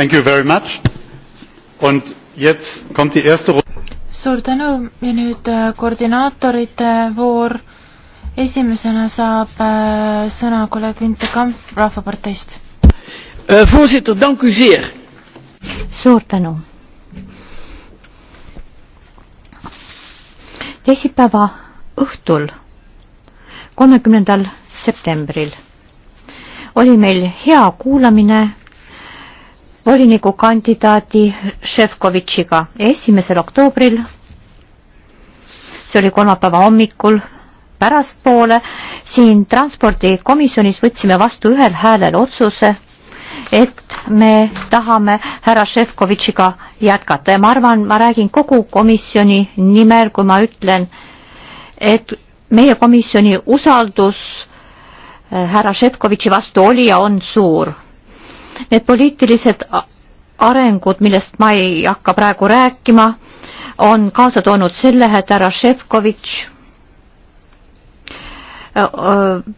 Thank you very much. Und jetzt kommt die erste Runde. suur tänu ja nüüd äh, koordinaatorite voor. esimesena saab äh, sõna kolleeg Vinte Kamp Rahvaparteist uh,. Voorzitter, dank u zeer. suur tänu. teisipäeva õhtul, kolmekümnendal septembril oli meil hea kuulamine volinikukandidaadi Šefkovitšiga esimesel oktoobril, see oli kolmapäeva hommikul pärastpoole, siin transpordikomisjonis võtsime vastu ühel häälel otsuse, et me tahame härra Šefkovitšiga jätkata ja ma arvan, ma räägin kogu komisjoni nimel, kui ma ütlen, et meie komisjoni usaldus eh, härra Šefkovitši vastu oli ja on suur Need poliitilised arengud, millest ma ei hakka praegu rääkima, on kaasa toonud selle, et härra Šefkovitš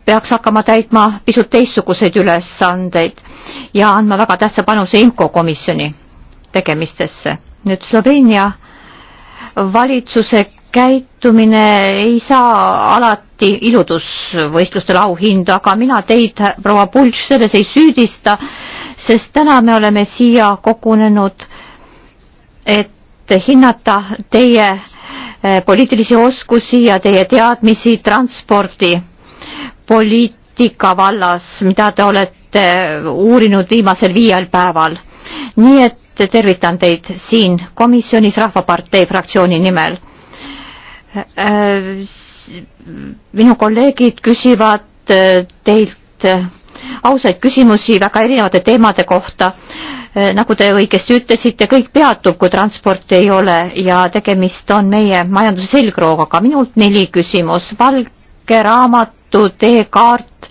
peaks hakkama täitma pisut teistsuguseid ülesandeid ja andma väga tähtsa panuse IMCO komisjoni tegemistesse. nüüd Sloveenia valitsuse käitumine ei saa alati iludusvõistlustel auhindu, aga mina teid, proua Pulš, selles ei süüdista sest täna me oleme siia kogunenud, et hinnata teie eh, poliitilisi oskusi ja teie teadmisi transpordipoliitika vallas, mida te olete uurinud viimasel viiel päeval. nii et tervitan teid siin komisjonis Rahvapartei fraktsiooni nimel. Eh, minu kolleegid küsivad eh, teilt ausaid küsimusi väga erinevate teemade kohta. Eh, nagu te õigesti ütlesite, kõik peatub, kui transporti ei ole ja tegemist on meie majanduse selgroogaga. minult neli küsimus. valge raamatu teekaart,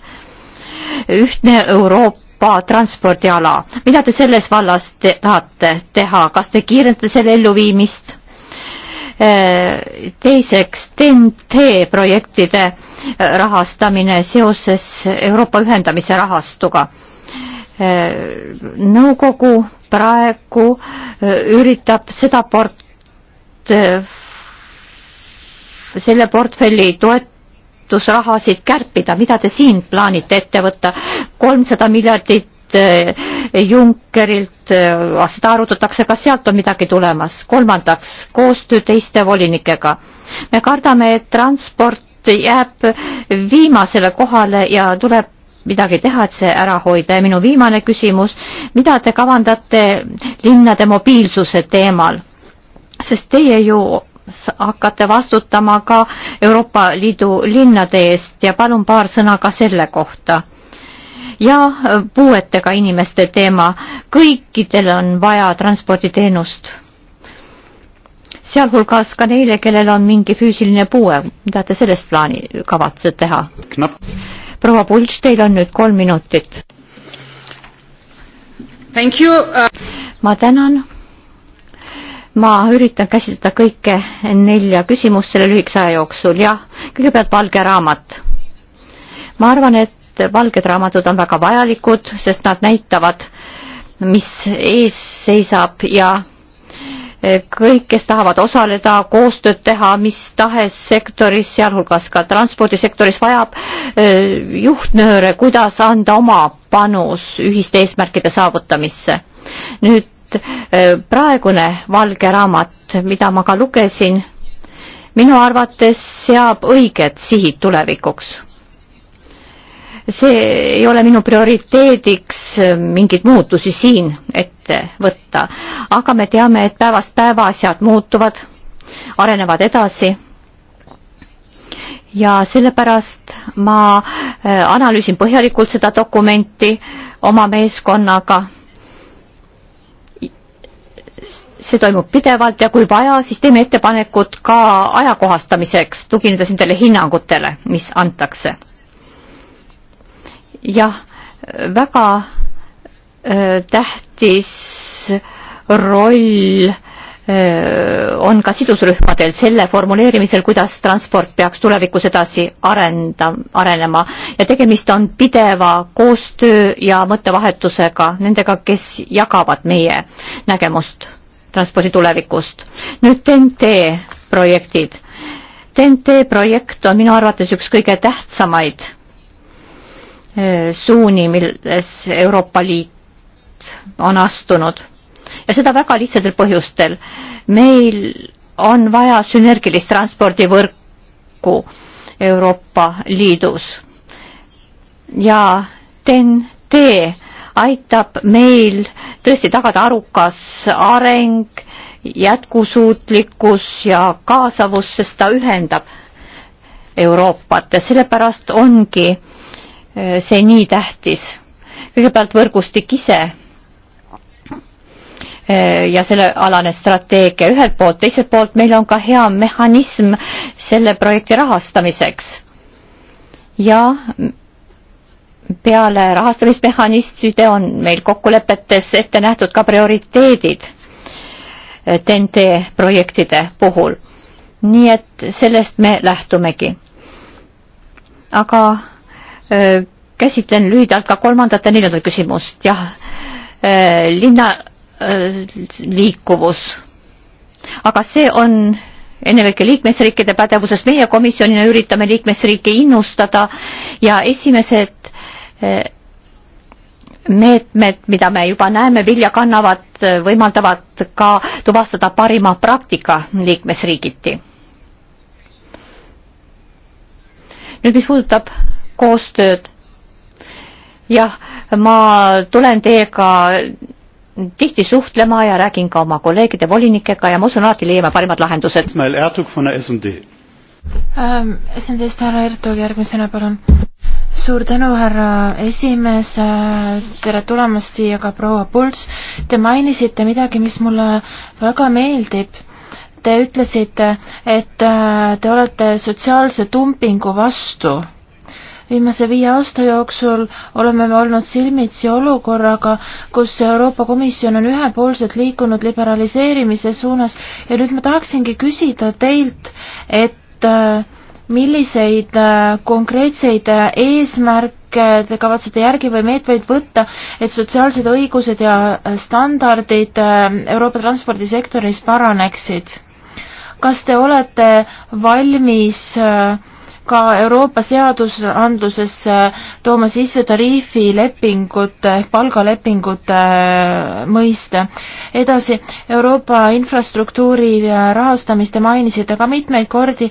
ühtne Euroopa Euroopa transpordiala. mida te selles vallas te tahate teha, kas te kiirendate selle elluviimist? Äh, teiseks TNT projektide äh, rahastamine seoses Euroopa ühendamise rahastuga. Äh, nõukogu praegu üritab seda port-, selle portfelli toetusrahasid kärpida, mida te siin plaanite ette võtta? kolmsada miljardit Eh, Junckerilt, eh, seda arutatakse, kas sealt on midagi tulemas. kolmandaks, koostöö teiste volinikega. me kardame, et transport jääb viimasele kohale ja tuleb midagi teha, et see ära hoida ja minu viimane küsimus, mida te kavandate linnade mobiilsuse teemal? sest teie ju hakkate vastutama ka Euroopa Liidu linnade eest ja palun paar sõna ka selle kohta ja puuetega inimeste teema. kõikidel on vaja transporditeenust, sealhulgas ka neile, kellel on mingi füüsiline puue. mida te selles plaani kavatsete teha? proua Pulš, teil on nüüd kolm minutit. Uh... ma tänan ma üritan käsitleda kõike nelja küsimust selle lühikese aja jooksul. jah, kõigepealt valge raamat. ma arvan, et et valged raamatud on väga vajalikud, sest nad näitavad, mis ees seisab ja e, kõik, kes tahavad osaleda, koostööd teha mis tahes sektoris, sealhulgas ka transpordisektoris, vajab e, juhtnööre, kuidas anda oma panus ühiste eesmärkide saavutamisse. nüüd e, praegune valge raamat, mida ma ka lugesin, minu arvates seab õiged sihid tulevikuks see ei ole minu prioriteediks äh, mingeid muutusi siin ette võtta, aga me teame, et päevast päeva asjad muutuvad, arenevad edasi. ja sellepärast ma äh, analüüsin põhjalikult seda dokumenti oma meeskonnaga. see toimub pidevalt ja kui vaja, siis teeme ettepanekud ka ajakohastamiseks, tuginedes nendele hinnangutele, mis antakse jah, väga äh, tähtis roll äh, on ka sidusrühmadel selle formuleerimisel, kuidas transport peaks tulevikus edasi arenda, arenema ja tegemist on pideva koostöö ja mõttevahetusega nendega, kes jagavad meie nägemust transpordi tulevikust. nüüd TNT projektid. TNT projekt on minu arvates üks kõige tähtsamaid Eh, suuni, milles Euroopa Liit on astunud. ja seda väga lihtsatel põhjustel. meil on vaja sünergilist transpordivõrku Euroopa Liidus ja TEN-T aitab meil tõesti tagada arukas areng, jätkusuutlikkus ja kaasavus, sest ta ühendab Euroopat ja sellepärast ongi äh, Äh, see nii tähtis. kõigepealt võrgustik ise äh, ja sellealane strateegia ühelt poolt, teiselt poolt meil on ka hea mehhanism selle projekti rahastamiseks. ja peale rahastamismehhanistide on meil kokkulepetes ette nähtud ka prioriteedid TNT äh, projektide puhul. nii et sellest me lähtumegi. aga käsitlen lühidalt ka kolmandat ja neljandat küsimust, jah. linna liikuvus. aga see on ennekõike liikmesriikide pädevuses, meie komisjonina üritame liikmesriike innustada ja esimesed meetmed, mida me juba näeme, vilja kannavad, võimaldavad ka tuvastada parima praktika liikmesriigiti. nüüd, mis puudutab koostööd. jah, ma tulen teiega tihti suhtlema ja räägin ka oma kolleegide volinikega ja ma usun, alati leiame parimad lahendused. Ismail Ertug von der ähm, SMD. SMD-st härra Ertug järgmisena, palun. suur tänu, härra esimees, äh, tere tulemast siia ka proua Puls. Te mainisite midagi, mis mulle väga meeldib. Te ütlesite, et äh, te olete sotsiaalse dumpingu vastu viimase viie aasta jooksul oleme me olnud silmitsi olukorraga, kus Euroopa Komisjon on ühepoolselt liikunud liberaliseerimise suunas ja nüüd ma tahaksingi küsida teilt, et äh, milliseid äh, konkreetseid äh, eesmärke te kavatsete järgi või meetmeid võtta, et sotsiaalsed õigused ja standardid Euroopa transpordisektoris paraneksid? kas te olete valmis äh, ka Euroopa seadusandlusesse tooma sisse tariifilepingute ehk palgalepingute äh, mõiste. edasi, Euroopa infrastruktuuri rahastamist te mainisite ka mitmeid kordi,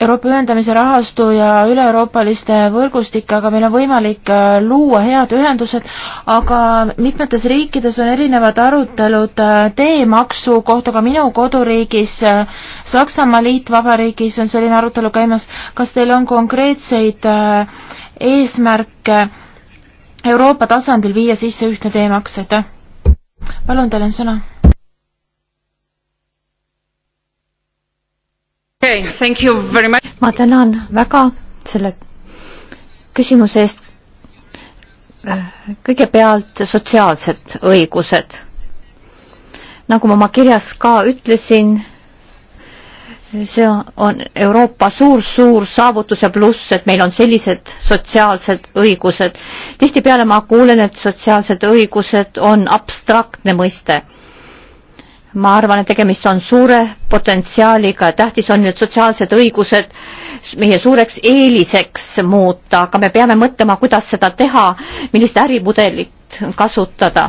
Euroopa ühendamise rahastu ja üle-euroopaliste võrgustikega meil on võimalik äh, luua head ühendused, aga mitmetes riikides on erinevad arutelud äh, teemaksu kohta, ka minu koduriigis, äh, Saksamaa liitvabariigis on selline arutelu käimas. kas teil on konkreetseid eesmärke Euroopa tasandil viia sisse ühtne teemaks, aitäh? palun, teil on sõna okay,. ma tänan väga selle küsimuse eest. kõigepealt sotsiaalsed õigused. nagu ma oma kirjas ka ütlesin, see on Euroopa suur-suur saavutus ja pluss, et meil on sellised sotsiaalsed õigused. tihtipeale ma kuulen, et sotsiaalsed õigused on abstraktne mõiste ma arvan, et tegemist on suure potentsiaaliga, tähtis on need sotsiaalsed õigused meie suureks eeliseks muuta, aga me peame mõtlema, kuidas seda teha, millist ärimudelit kasutada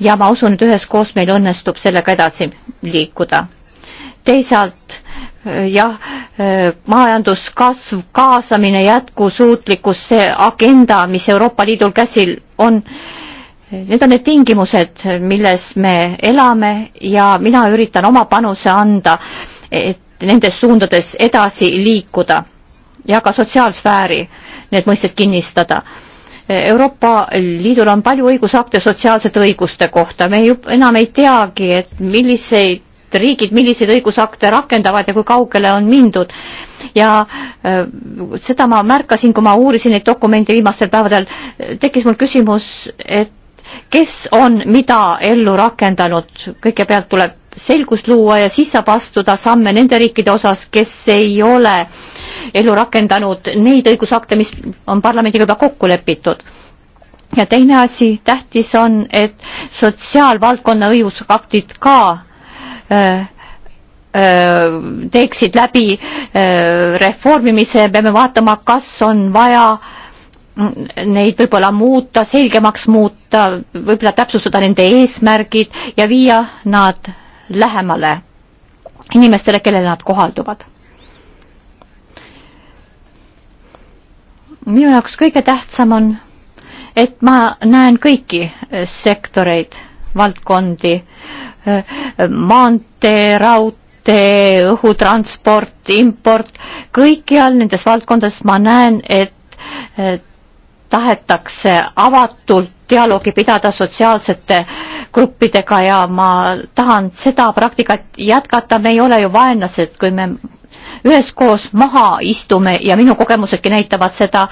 ja ma usun, et üheskoos meil õnnestub sellega edasi liikuda. teisalt jah, majanduskasv, kaasamine, jätkusuutlikkus, see agenda, mis Euroopa Liidul käsil on, Need on need tingimused, milles me elame ja mina üritan oma panuse anda, et nendes suundades edasi liikuda ja ka sotsiaalsfääri need mõisted kinnistada. Euroopa Liidul on palju õigusakte sotsiaalsete õiguste kohta, me ju enam ei teagi, et milliseid riigid milliseid õigusakte rakendavad ja kui kaugele on mindud. ja äh, seda ma märkasin, kui ma uurisin neid dokumente viimastel päevadel, tekkis mul küsimus, et kes on mida ellu rakendanud, kõigepealt tuleb selgus luua ja siis saab astuda samme nende riikide osas, kes ei ole ellu rakendanud neid õigusakte, mis on parlamendiga juba kokku lepitud. ja teine asi, tähtis on, et sotsiaalvaldkonna õigusaktid ka öö, äh, äh, teeksid läbi äh, reformimise, peame vaatama, kas on vaja äh, neid võib-olla muuta, selgemaks muuta, võib-olla täpsustada nende eesmärgid ja viia nad lähemale inimestele, kellele nad kohalduvad. minu jaoks kõige tähtsam on, et ma näen kõiki sektoreid, valdkondi, maantee, raudtee, õhutransport, import, kõikjal nendes valdkondades ma näen, et tahetakse avatult dialoogi pidada sotsiaalsete gruppidega ja ma tahan seda praktikat jätkata, me ei ole ju vaenlased, kui me üheskoos maha istume ja minu kogemusedki näitavad seda,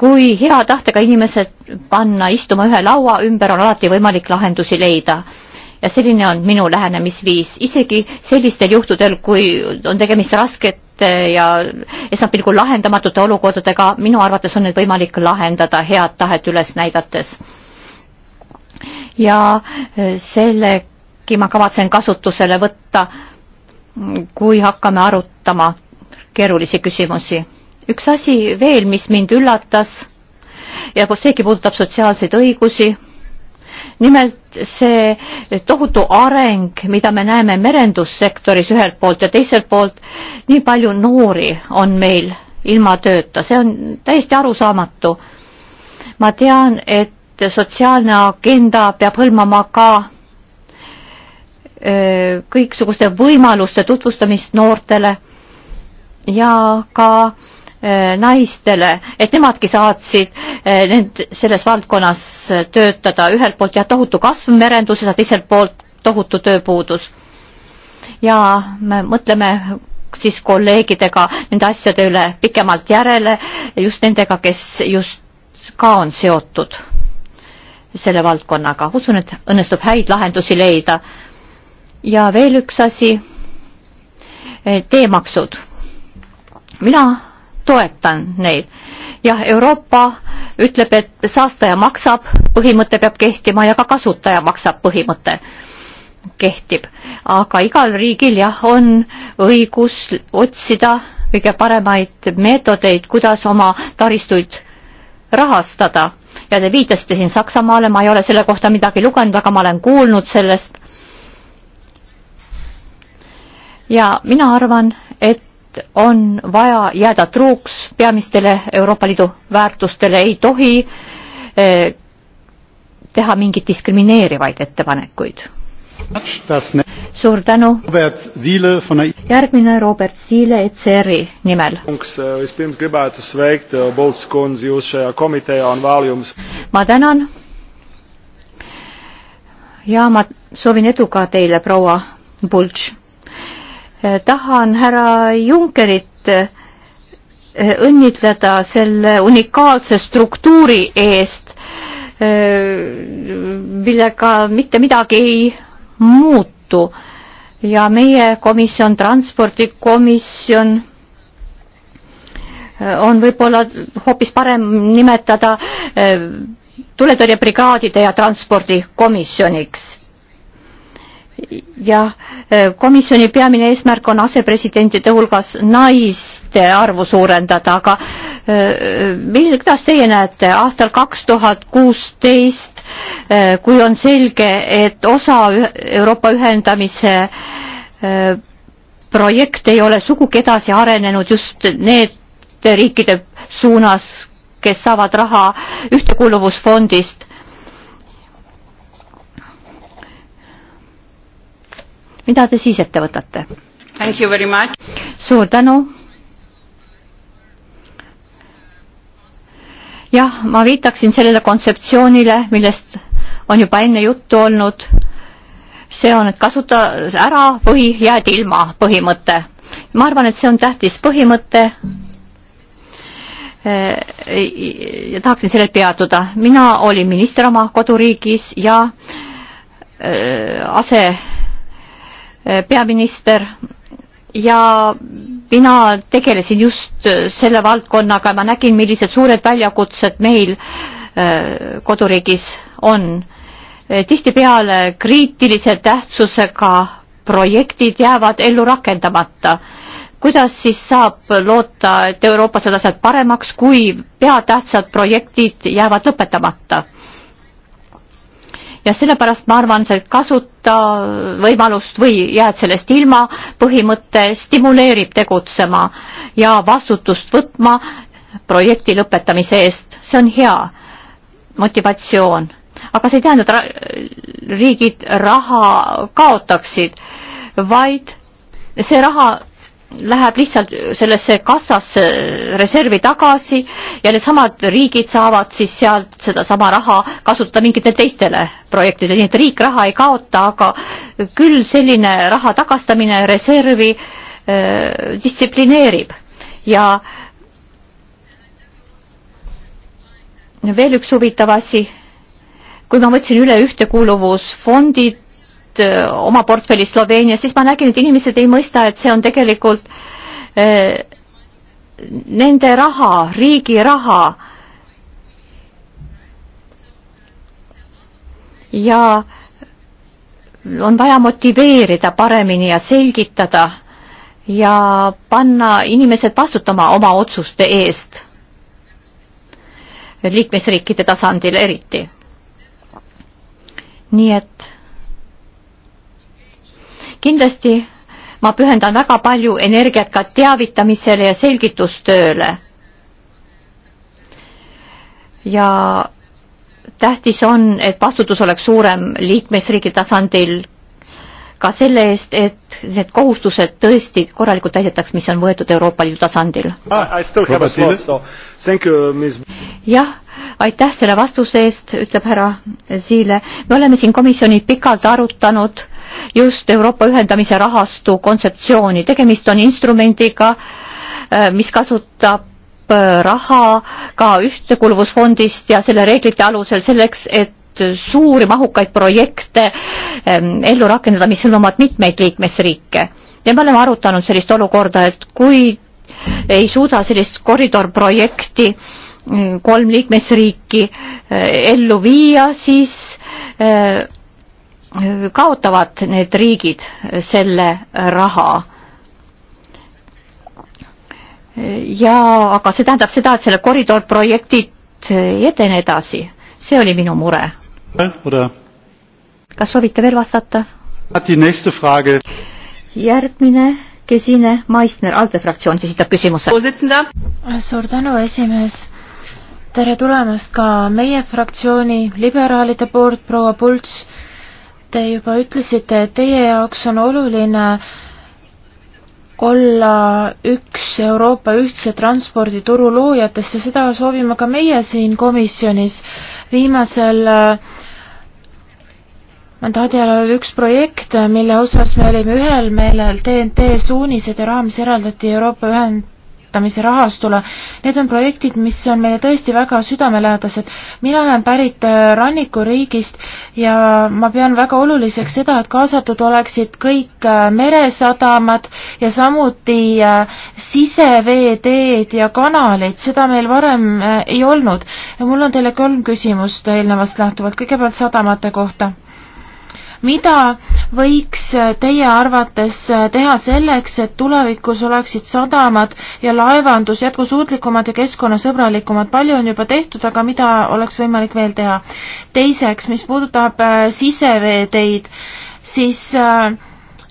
kui hea tahtega inimesed panna istuma ühe laua ümber, on alati võimalik lahendusi leida ja selline on minu lähenemisviis, isegi sellistel juhtudel, kui on tegemist raskete ja esmapilgul lahendamatute olukordadega, minu arvates on need võimalik lahendada head tahet üles näidates. ja sellegi ma kavatsen kasutusele võtta, kui hakkame arutama keerulisi küsimusi. üks asi veel, mis mind üllatas ja seegi puudutab sotsiaalseid õigusi nimelt see tohutu areng, mida me näeme merendussektoris ühelt poolt ja teiselt poolt, nii palju noori on meil ilma tööta, see on täiesti arusaamatu. ma tean, et sotsiaalne agenda peab hõlmama ka kõiksuguste võimaluste tutvustamist noortele ja ka Eh, naistele, et nemadki saatsid eh, nend-, selles valdkonnas eh, töötada, ühelt poolt jah, tohutu kasv merenduses, aga teiselt poolt tohutu tööpuudus. ja me mõtleme siis kolleegidega nende asjade üle pikemalt järele, just nendega, kes just ka on seotud selle valdkonnaga. usun, et õnnestub häid lahendusi leida. ja veel üks asi, teemaksud. mina toetan neid. jah, Euroopa ütleb, et saastaja maksab, põhimõte peab kehtima ja ka kasutaja maksab põhimõte kehtib, aga igal riigil jah, on õigus otsida kõige paremaid meetodeid, kuidas oma taristuid rahastada. ja te viitasite siin Saksamaale, ma ei ole selle kohta midagi lugenud, aga ma olen kuulnud sellest. ja mina arvan, et on vaja jääda truuks peamistele Euroopa Liidu väärtustele, ei tohi eh, teha mingeid diskrimineerivaid ettepanekuid. suur tänu. järgmine Robert Siile ECR-i nimel. Eh, eh, ma tänan. ja ma soovin edu ka teile, proua Bultš tahan härra Junckerit eh, õnnitleda selle unikaalse struktuuri eest, eh, millega mitte midagi ei muutu ja meie komisjon, transpordikomisjon eh, on võib-olla hoopis parem nimetada tuletõrjebrigaadide ja transpordikomisjoniks jah, eh, komisjoni peamine eesmärk on asepresidentide hulgas naiste arvu suurendada, aga eh, mil-, kuidas teie näete, aastal kaks tuhat kuusteist, eh, kui on selge, et osa Euroopa ühendamise projekt ei ole sugugi edasi arenenud just need riikide suunas, kes saavad raha ühtekuuluvusfondist mida te siis ette võtate? suur tänu. jah, ma viitaksin sellele kontseptsioonile, millest on juba enne juttu olnud. see on, et kasuta ära või jääd ilma põhimõte. ma arvan, et see on tähtis põhimõte äh, ja tahaksin sellel peatuda. mina olin minister oma koduriigis ja äh, ase Eh, peaminister ja mina tegelesin just eh, selle valdkonnaga, ma nägin, millised suured väljakutsed meil eh, koduriigis on. tihtipeale kriitilise tähtsusega projektid jäävad ellu rakendamata. kuidas siis saab loota, et Euroopas need asjad paremaks, kui peatähtsad projektid jäävad lõpetamata? ja sellepärast ma arvan, et kasuta võimalust või jääd sellest ilma, põhimõte stimuleerib tegutsema ja vastutust võtma projekti lõpetamise eest, see on hea motivatsioon. aga see ei tähenda, et ra riigid raha kaotaksid, vaid see raha läheb lihtsalt sellesse kassasse reservi tagasi ja needsamad riigid saavad siis sealt sedasama raha kasutada mingitele teistele projektidele, nii et riik raha ei kaota, aga küll selline raha tagastamine reservi äh, distsiplineerib ja veel üks huvitav asi, kui ma võtsin üle ühtekuuluvusfondid, Äh, oma portfelli Sloveenias, siis ma nägin, et inimesed ei mõista, et see on tegelikult eh, nende raha, riigi raha. ja on vaja motiveerida paremini ja selgitada ja panna inimesed vastutama oma otsuste eest, liikmesriikide tasandil eriti. nii et kindlasti ma pühendan väga palju energiat ka teavitamisele ja selgitustööle. ja tähtis on, et vastutus oleks suurem liikmesriigi tasandil ka selle eest, et need kohustused tõesti korralikult täidetaks, mis on võetud Euroopa Liidu tasandil. Ah, jah, aitäh selle vastuse eest, ütleb härra Ziile. me oleme siin komisjoni pikalt arutanud äh, just Euroopa ühendamise rahastu kontseptsiooni. tegemist on instrumendiga, äh, mis kasutab äh, raha ka ühtekuluvusfondist ja selle reeglite alusel selleks, et suuri mahukaid projekte ähm, ellu rakendada, mis hõlmavad mitmeid liikmesriike. ja me oleme arutanud sellist olukorda, et kui ei suuda sellist koridorprojekti mm, kolm liikmesriiki äh, ellu viia, siis kaotavad need riigid selle raha. ja aga see tähendab seda, et selle koridor projektid ei edene edasi, see oli minu mure. kas soovite veel vastata? järgmine Gesine Meissner, ALDE fraktsioon esitab küsimuse. suur tänu, esimees. tere tulemast ka meie fraktsiooni liberaalide poolt, proua Pults Te juba ütlesite, et teie jaoks on oluline olla üks Euroopa ühtse transpordituru loojatest ja seda soovime ka meie siin komisjonis. viimasel äh, mandaadi ajal oli üks projekt, mille osas me olime ühel meelel, TNT suunised ja raames eraldati Euroopa ühend-, toetamise rahastule. Need on projektid, mis on meile tõesti väga südamelähedased. mina olen pärit äh, rannikuriigist ja ma pean väga oluliseks seda, et kaasatud oleksid kõik äh, meresadamad ja samuti äh, siseveeteed ja kanalid, seda meil varem ei olnud. ja mul on teile kolm küsimust eelnevast lähtuvalt, kõigepealt sadamate kohta mida võiks teie arvates teha selleks, et tulevikus oleksid sadamad ja laevandus jätkusuutlikumad ja keskkonnasõbralikumad? palju on juba tehtud, aga mida oleks võimalik veel teha? teiseks, mis puudutab äh, siseveeteid, siis äh,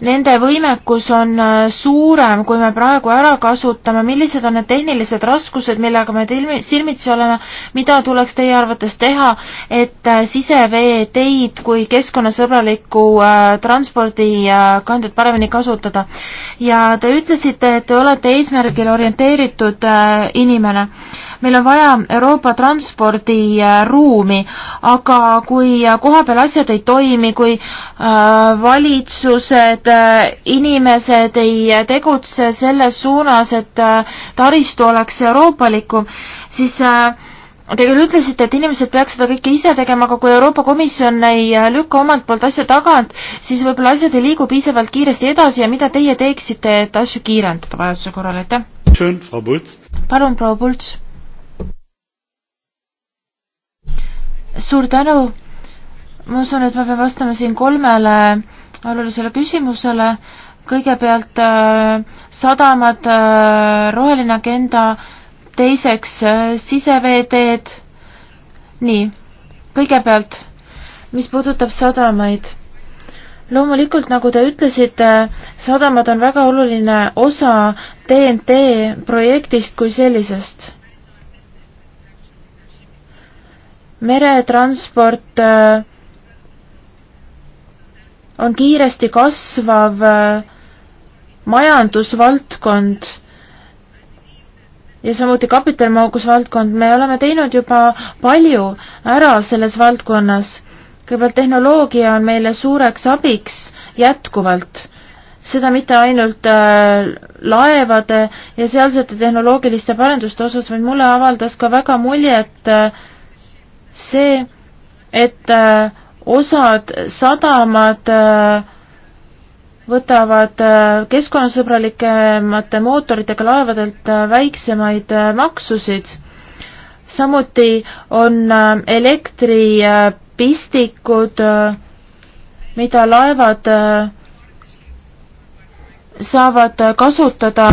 nende võimekus on äh, suurem, kui me praegu ära kasutame, millised on need tehnilised raskused, millega me silmitsi oleme, mida tuleks teie arvates teha, et äh, siseveeteid kui keskkonnasõbraliku äh, transpordikandjat paremini kasutada? ja te ütlesite, et te olete eesmärgil orienteeritud inimene meil on vaja Euroopa transpordiruumi, aga kui kohapeal asjad ei toimi, kui äh, valitsused, äh, inimesed ei tegutse selles suunas, et äh, taristu oleks euroopalikum, siis Te küll ütlesite, et inimesed peaks seda kõike ise tegema, aga kui Euroopa Komisjon ei lükka omalt poolt asja tagant, siis võib-olla asjad ei liigu piisavalt kiiresti edasi ja mida teie teeksite, et asju kiirendada vajaduse korral, aitäh? palun, proua Pults suur tänu. ma usun, et ma pean vastama siin kolmele olulisele küsimusele. kõigepealt äh, sadamad, äh, roheline agenda, teiseks äh, siseveeteed. nii, kõigepealt, mis puudutab sadamaid loomulikult, nagu te ütlesite, sadamad on väga oluline osa TNT projektist kui sellisest. meretransport äh, on kiiresti kasvav äh, majandusvaldkond ja samuti kapitalimahukasvaldkond, me oleme teinud juba palju ära selles valdkonnas. kõigepealt tehnoloogia on meile suureks abiks jätkuvalt, seda mitte ainult äh, laevade ja sealsete tehnoloogiliste paranduste osas, vaid mulle avaldas ka väga muljet äh, see, et äh, osad sadamad äh, võtavad äh, keskkonnasõbralikemate mootoritega laevadelt väiksemaid maksusid. samuti on elektripistikud, mida laevad saavad kasutada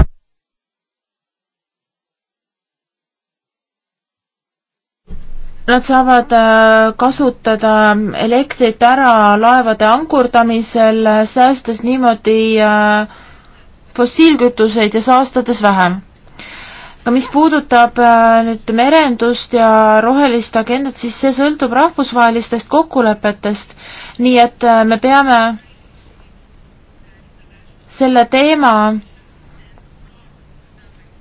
Nad saavad äh, kasutada elektrit ära laevade ankurdamisel, äh, säästes niimoodi äh, fossiilkütuseid ja saastades vähem. aga mis puudutab nüüd merendust ja rohelist agendat, siis see sõltub rahvusvahelistest kokkulepetest, nii et me peame selle teema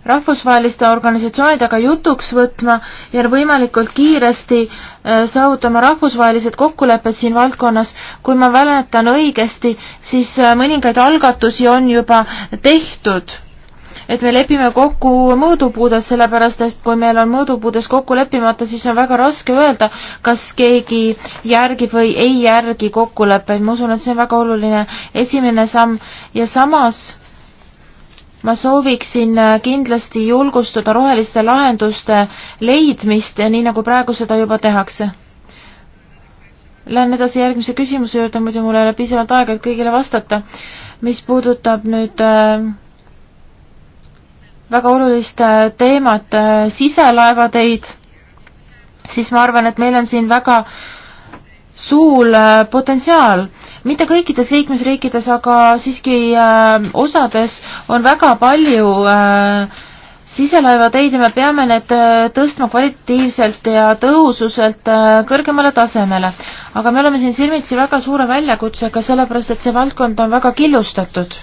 rahvusvaheliste organisatsioonidega jutuks võtma ja võimalikult kiiresti äh, saavutama rahvusvahelised kokkulepped siin valdkonnas. kui ma mäletan õigesti, siis äh, mõningaid algatusi on juba tehtud, et me lepime kokku mõõdupuudes, sellepärast et kui meil on mõõdupuudes kokku leppimata, siis on väga raske öelda, kas keegi järgib või ei järgi kokkuleppeid. ma usun, et see on väga oluline esimene samm ja samas ma sooviksin äh, kindlasti julgustada roheliste lahenduste leidmist, äh, nii nagu praegu seda juba tehakse. Lähen edasi järgmise küsimuse juurde, muidu mul ei ole piisavalt aega, et kõigile vastata. mis puudutab nüüd äh, väga olulist äh, teemat, siselaevateid, siis ma arvan, et meil on siin väga äh, suur äh, potentsiaal, mitte kõikides liikmesriikides, aga siiski äh, osades on väga palju äh, siselaevateid ja me peame need äh, tõstma kvalitatiivselt ja tõhususelt äh, kõrgemale tasemele. aga me oleme siin silmitsi väga suure väljakutsega, sellepärast et see valdkond on väga killustatud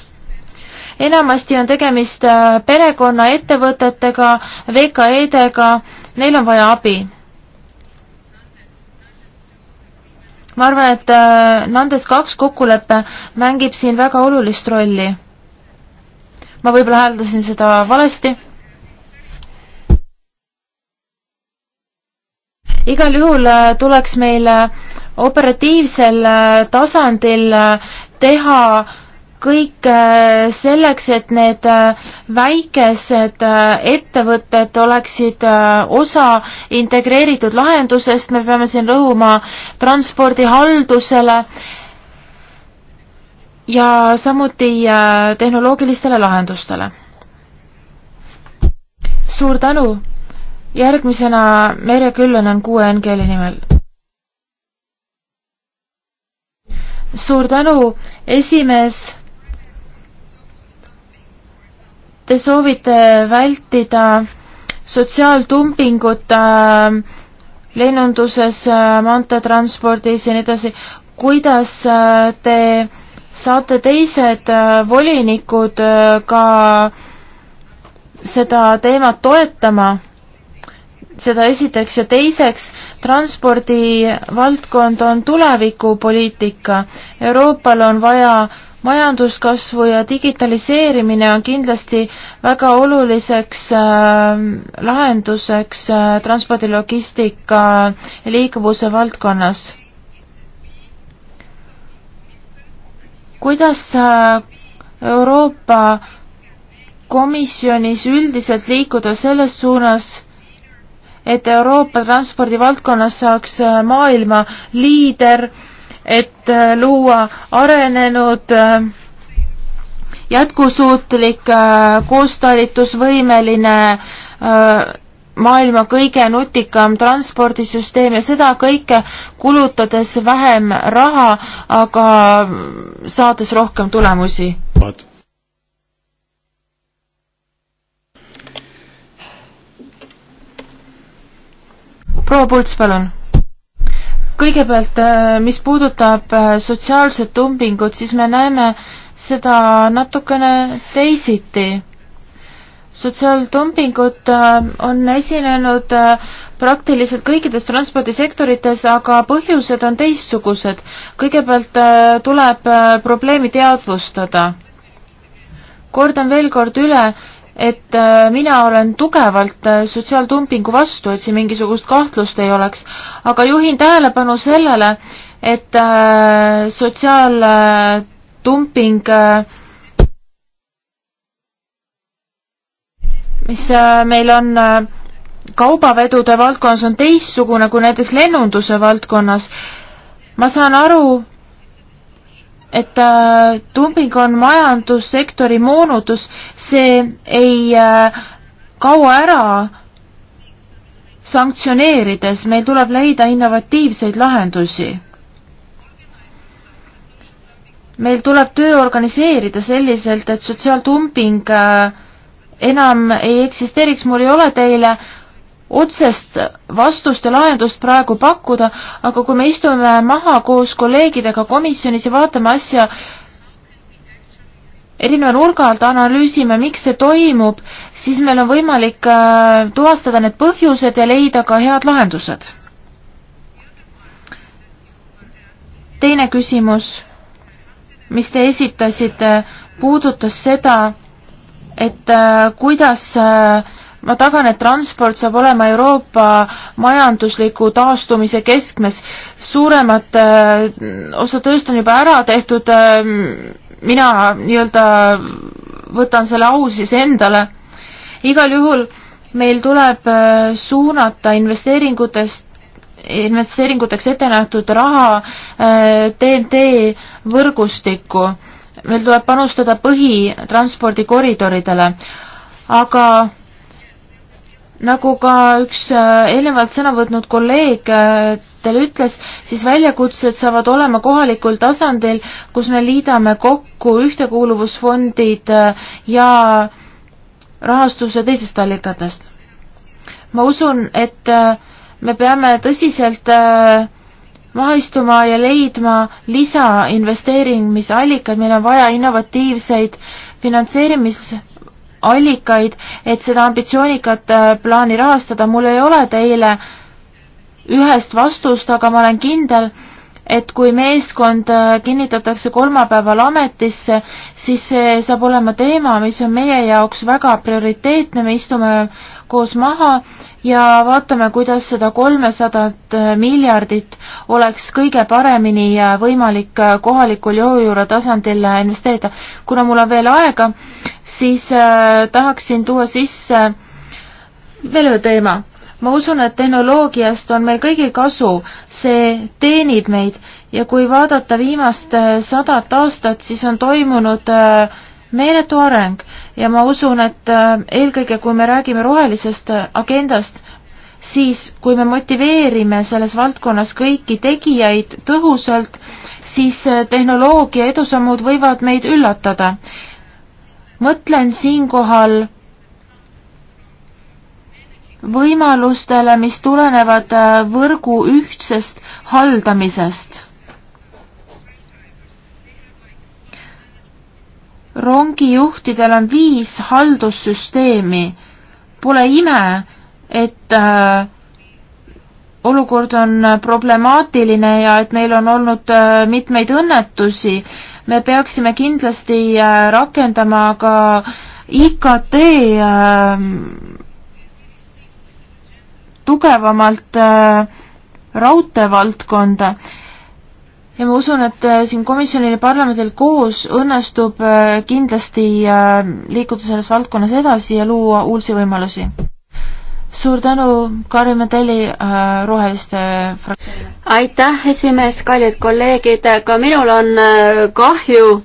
enamasti on tegemist äh, perekonnaettevõtetega, VKE-dega, neil on vaja abi ma arvan, et äh, Nandes kaks kokkulepe mängib siin väga olulist rolli. ma võib-olla hääldasin seda valesti. igal juhul äh, tuleks meil äh, operatiivsel tasandil teha kõik äh, selleks, et need äh, väikesed äh, ettevõtted oleksid osa integreeritud lahendusest, me peame siin rõhuma transpordihaldusele ja samuti tehnoloogilistele lahendustele. suur tänu, järgmisena Merje Küllönen kuue NGL-i nimel. suur tänu, esimees te soovite vältida sotsiaaltumpingut äh, lennunduses äh,, maanteetranspordis ja nii edasi, kuidas äh, te saate teised äh, volinikud äh, ka seda teemat toetama, seda esiteks, ja teiseks, transpordivaldkond on tulevikupoliitika, Euroopal on vaja majanduskasvu ja digitaliseerimine on kindlasti väga oluliseks äh, lahenduseks äh, transpordilogistika ja liikuvuse valdkonnas. kuidas äh, Euroopa Komisjonis üldiselt liikuda selles suunas, et Euroopa transpordivaldkonnas saaks äh, maailma liider äh, et äh, luua arenenud äh, jätkusuutlik äh, koostalitusvõimeline maailma kõige nutikam transpordisüsteem ja seda kõike kulutades vähem raha, aga saades rohkem tulemusi. proua Pults, palun kõigepealt, äh, mis puudutab äh, sotsiaalset dumpingut, siis me näeme seda natukene teisiti. sotsiaaldumpingut äh, on esinenud praktiliselt kõikides transpordisektorites, aga põhjused on teistsugused. kõigepealt tuleb probleemi teadvustada. kordan veel kord üle, et äh, mina olen tugevalt äh, sotsiaaltumpingu vastu, et siin mingisugust kahtlust ei oleks, aga juhin tähelepanu sellele, et äh, sotsiaaltumping, mis meil on kaubavedude valdkonnas, on teistsugune kui näiteks lennunduse valdkonnas. ma saan aru, et äh, dumping on majandussektori moonutus, see ei äh, kao ära sanktsioneerides, meil tuleb leida innovatiivseid lahendusi. meil tuleb töö organiseerida selliselt, et sotsiaaldumping äh, enam ei eksisteeriks, mul ei ole teile otsest vastust ja lahendust praegu pakkuda, aga kui me istume maha koos kolleegidega komisjonis ja vaatame asja erineva nurga alt, analüüsime, miks see toimub, siis meil on võimalik äh, tuvastada need põhjused ja leida ka head lahendused. teine küsimus, mis te esitasite, puudutas seda, et äh, kuidas äh, ma tagan, et transport saab olema Euroopa majandusliku taastumise keskmes. suuremad äh, osa tööst on juba ära tehtud äh,, mina nii-öelda võtan selle au siis endale. igal juhul meil tuleb äh, suunata investeeringutest investeeringuteks ette nähtud raha äh, TNT võrgustikku. meil tuleb panustada põhitranspordikoridoridele, aga nagu ka üks äh, eelnevalt sõna võtnud kolleeg äh, teile ütles, siis väljakutsed saavad olema kohalikul tasandil, kus me liidame kokku ühtekuuluvusfondid äh, ja rahastuse teisest allikatest. ma usun, et me peame tõsiselt maha istuma ja leidma lisainvesteerimisallikaid, meil on vaja innovatiivseid finantseerimis- allikaid, et seda ambitsioonikat äh, plaani rahastada. mul ei ole teile ühest vastust, aga ma olen kindel, et kui meeskond äh, kinnitatakse kolmapäeval ametisse, siis see saab olema teema, mis on meie jaoks väga prioriteetne, me istume koos maha ja vaatame, kuidas seda kolmesadat miljardit oleks kõige paremini võimalik kohalikul jõujuure tasandil investeerida. kuna mul on veel aega, siis äh, tahaksin tuua sisse veel ühe teema. ma usun, et tehnoloogiast on meil kõigil kasu, see teenib meid ja kui vaadata viimast äh, sadat aastat, siis on toimunud äh, meeletu areng ja ma usun, et äh, eelkõige, kui me räägime rohelisest äh, agendast, siis kui me motiveerime selles valdkonnas kõiki tegijaid tõhusalt, siis äh, tehnoloogia edusammud võivad meid üllatada. mõtlen siinkohal võimalustele, mis tulenevad võrgu ühtsest haldamisest rongijuhtidel on viis haldussüsteemi. Pole ime, et äh, olukord on problemaatiline ja et meil on olnud äh, mitmeid õnnetusi. me peaksime kindlasti äh, rakendama ka IKT äh, tugevamalt äh, raudteevaldkonda ja ma usun, et äh, siin komisjonil ja parlamendil koos õnnestub äh, kindlasti äh, liikuda selles valdkonnas edasi ja luua uusi võimalusi. suur tänu, Kari Medeli Roheliste fraktsioonile. aitäh, esimees, kallid kolleegid, ka minul on kahju,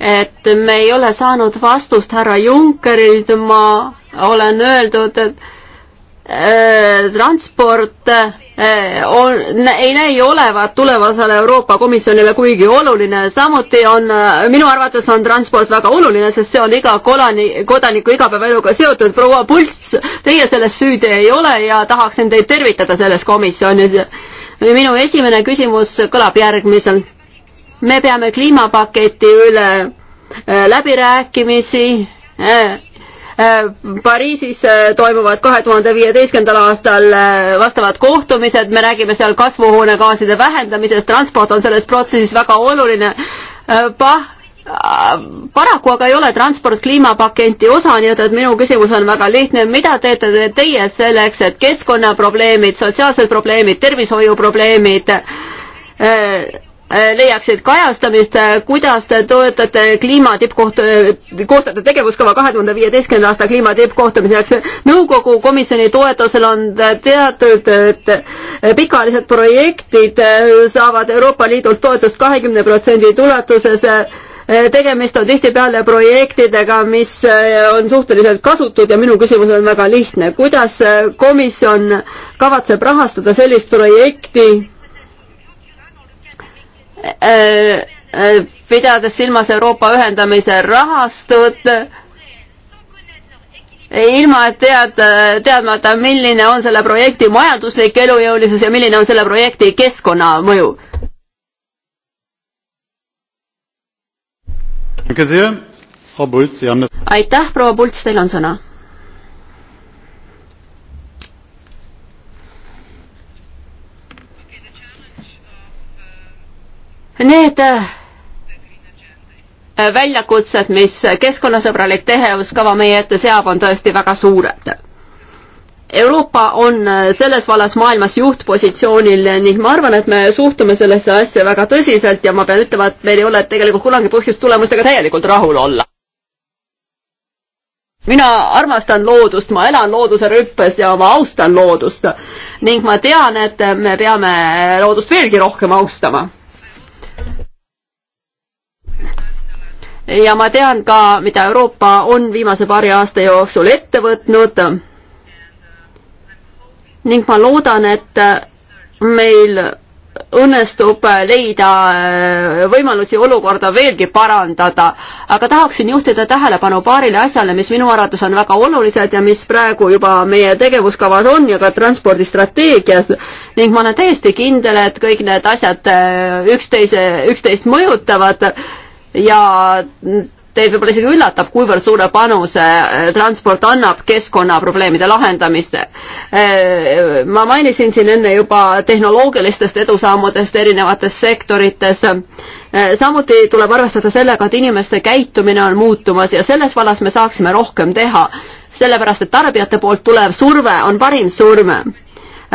et me ei ole saanud vastust härra Junckerilt, ma olen öeldud, et äh, transport äh, Eh, on, ei näi olevat tulevasele Euroopa Komisjonile kuigi oluline, samuti on, eh, minu arvates on transport väga oluline, sest see on iga kolani, kodaniku igapäevaeluga seotud. proua Pults, teie selles süüdi ei ole ja tahaksin teid tervitada selles komisjonis. minu esimene küsimus kõlab järgmiselt. me peame kliimapaketi üle eh, läbirääkimisi Äh, Pariisis äh, toimuvad kahe tuhande viieteistkümnendal aastal äh, vastavad kohtumised, me räägime seal kasvuhoonegaaside vähendamisest, transport on selles protsessis väga oluline. Pah-, paraku aga ei ole transport kliimapaketi osa, nii et, et minu küsimus on väga lihtne, mida teete teie selleks, et keskkonnaprobleemid, sotsiaalsed probleemid, tervishoiuprobleemid äh, Äh, leiaksid kajastamist, äh, kuidas te toetate kliima tippkoht-, äh, koostate tegevuskava kahe tuhande viieteistkümnenda aasta kliima tippkohtumiseks. nõukogu komisjoni toetusel on teatud, et pikaajalised projektid saavad Euroopa Liidult toetust kahekümne protsendi ulatuses tegemist on tihtipeale projektidega, mis on suhteliselt kasutud ja minu küsimus on väga lihtne. kuidas komisjon kavatseb rahastada sellist projekti, Äh, äh, pidades silmas Euroopa ühendamise rahastut, ilma et tead, teadmata, milline on selle projekti majanduslik elujõulisus ja milline on selle projekti keskkonnamõju. aitäh, proua Pults, teil on sõna Need äh, äh, väljakutsed, mis keskkonnasõbralik tegevuskava meie ette seab, on tõesti väga suured. Euroopa on äh, selles vallas maailmas juhtpositsioonil ning ma arvan, et me suhtume sellesse asja väga tõsiselt ja ma pean ütlema, et meil ei ole tegelikult kunagi põhjust tulemustega täielikult rahul olla. mina armastan loodust, ma elan looduse rüppes ja ma austan loodust ning ma tean, et me peame loodust veelgi rohkem austama ja ma tean ka, mida Euroopa on viimase paari aasta jooksul ette võtnud. ning ma loodan, et meil õnnestub leida äh, võimalusi olukorda veelgi parandada, aga tahaksin juhtida tähelepanu paarile asjale, mis minu arvates on väga olulised ja mis praegu juba meie tegevuskavas on ja ka transpordistrateegias ning ma olen täiesti kindel, et kõik need asjad äh, üksteise, üksteist mõjutavad ja teid võib-olla isegi üllatab, kuivõrd suure panuse äh, transport annab keskkonnaprobleemide lahendamisse. Äh, ma mainisin siin enne juba tehnoloogilistest edusammudest erinevates sektorites. Äh, samuti tuleb arvestada sellega, et inimeste käitumine on muutumas ja selles vallas me saaksime rohkem teha, sellepärast et tarbijate poolt tulev surve on parim surve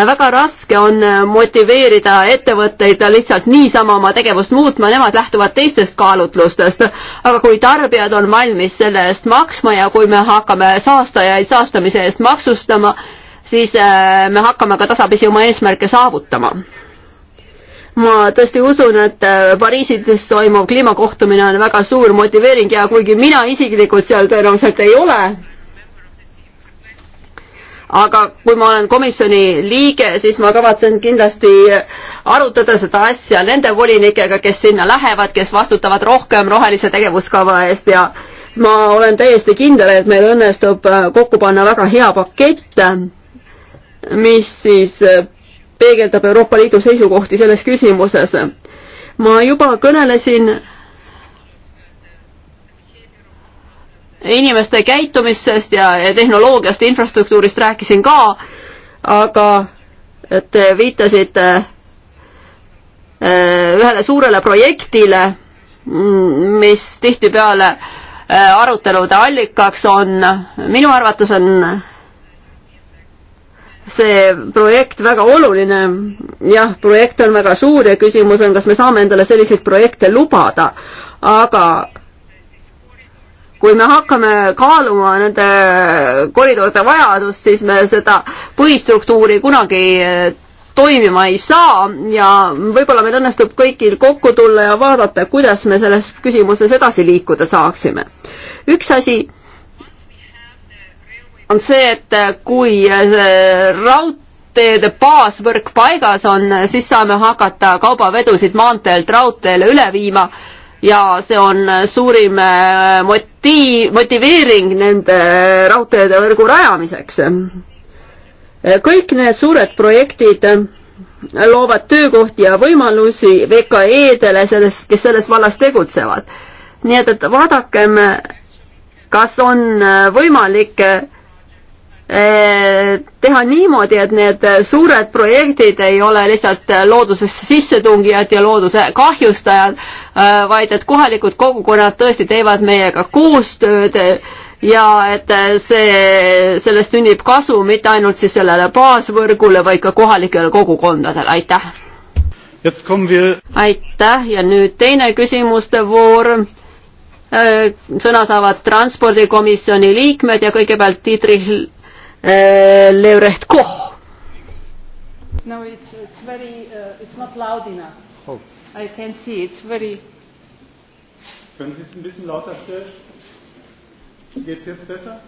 väga raske on äh, motiveerida ettevõtteid lihtsalt niisama oma tegevust muutma, nemad lähtuvad teistest kaalutlustest. aga kui tarbijad on valmis selle eest maksma ja kui me hakkame saastajaid saastamise eest maksustama, siis äh, me hakkame ka tasapisi oma eesmärke saavutama. ma tõesti usun, et äh, Pariisis toimuv kliimakohtumine on väga suur motiveering ja kuigi mina isiklikult seal tõenäoliselt ei ole, aga kui ma olen komisjoni liige, siis ma kavatsen kindlasti arutada seda asja nende volinikega, kes sinna lähevad, kes vastutavad rohkem rohelise tegevuskava eest ja ma olen täiesti kindel, et meil õnnestub äh, kokku panna väga hea pakett, äh, mis siis äh, peegeldab Euroopa Liidu seisukohti selles küsimuses. ma juba kõnelesin inimeste käitumisest ja, ja tehnoloogiast, infrastruktuurist rääkisin ka, aga et viitasite äh, ühele suurele projektile, mis tihtipeale äh, arutelude allikaks on, minu arvates on see projekt väga oluline. jah, projekt on väga suur ja küsimus on, kas me saame endale selliseid projekte lubada, aga kui me hakkame kaaluma nende koridoride vajadust, siis me seda põhistruktuuri kunagi eh, toimima ei saa ja võib-olla meil õnnestub kõigil kokku tulla ja vaadata, kuidas me selles küsimuses edasi liikuda saaksime. üks asi on see, et kui raud-, raudteede baasvõrk paigas on, siis saame hakata kaubavedusid maanteelt raudteele üle viima ja see on suurim äh, motiiv, motiveering nende raudteede võrgu rajamiseks. kõik need suured projektid loovad töökohti ja võimalusi VKE-dele selles, kes selles vallas tegutsevad. nii et, et vaadakem, kas on võimalik Eh, teha niimoodi, et need suured projektid ei ole lihtsalt loodusesse sissetungijad ja looduse kahjustajad, eh, vaid et kohalikud kogukonnad tõesti teevad meiega koostööd ja et see, sellest sünnib kasu mitte ainult siis sellele baasvõrgule, vaid ka kohalikele kogukondadele, aitäh! aitäh ja nüüd teine küsimuste voor eh, sõna saavad transpordikomisjoni liikmed ja kõigepealt Dietrich Eh, Leurecht Koch. No, it's, it's very, uh, it's not loud enough. Oh. I can see, it's very... Können Sie es ein bisschen lauter stellen? Geht es jetzt besser?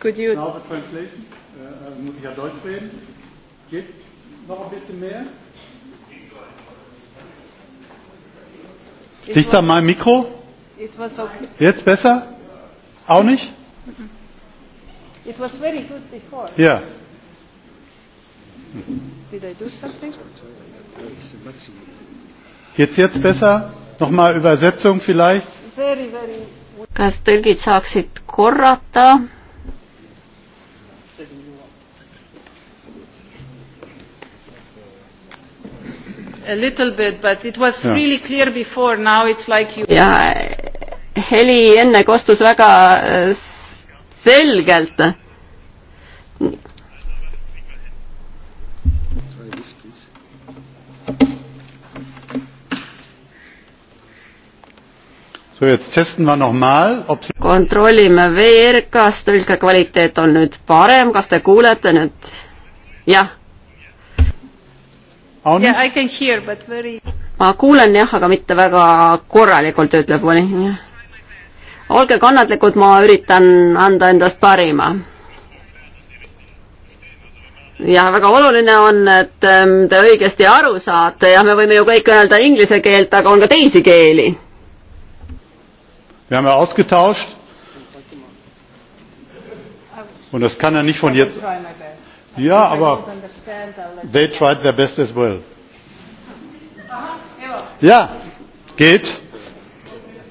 Could you... Now the translation. Äh, äh, muss ich ja Deutsch reden. Geht noch ein bisschen mehr? Liegt an meinem Mikro? It was okay. Jetzt besser? Auch nicht? Mm -mm. It was very good before. Yeah. Did I do something? Geht's jetzt besser? Nochmal Übersetzung vielleicht? Very, very... Kas tõlgid saaksid korrata? A little bit, but it was yeah. really clear before, now it's like you... ja heli enne kostus väga äh, selgelt kontrollime veel, kas tõlkekvaliteet on nüüd parem, kas te kuulete nüüd? jah. Yeah, I can hear, but very ma kuulen jah, aga mitte väga korralikult, ütleb mõni. olge kannatlikud, ma üritan anda endast parima. jah, väga oluline on, et ähm, te õigesti aru saate ja me võime ju kõik öelda inglise keelt, aga on ka teisi keeli Wir haben ja ausgetauscht. Und das kann er nicht von jetzt. Ja, aber they tried their best as well. Uh-huh. Ja, geht.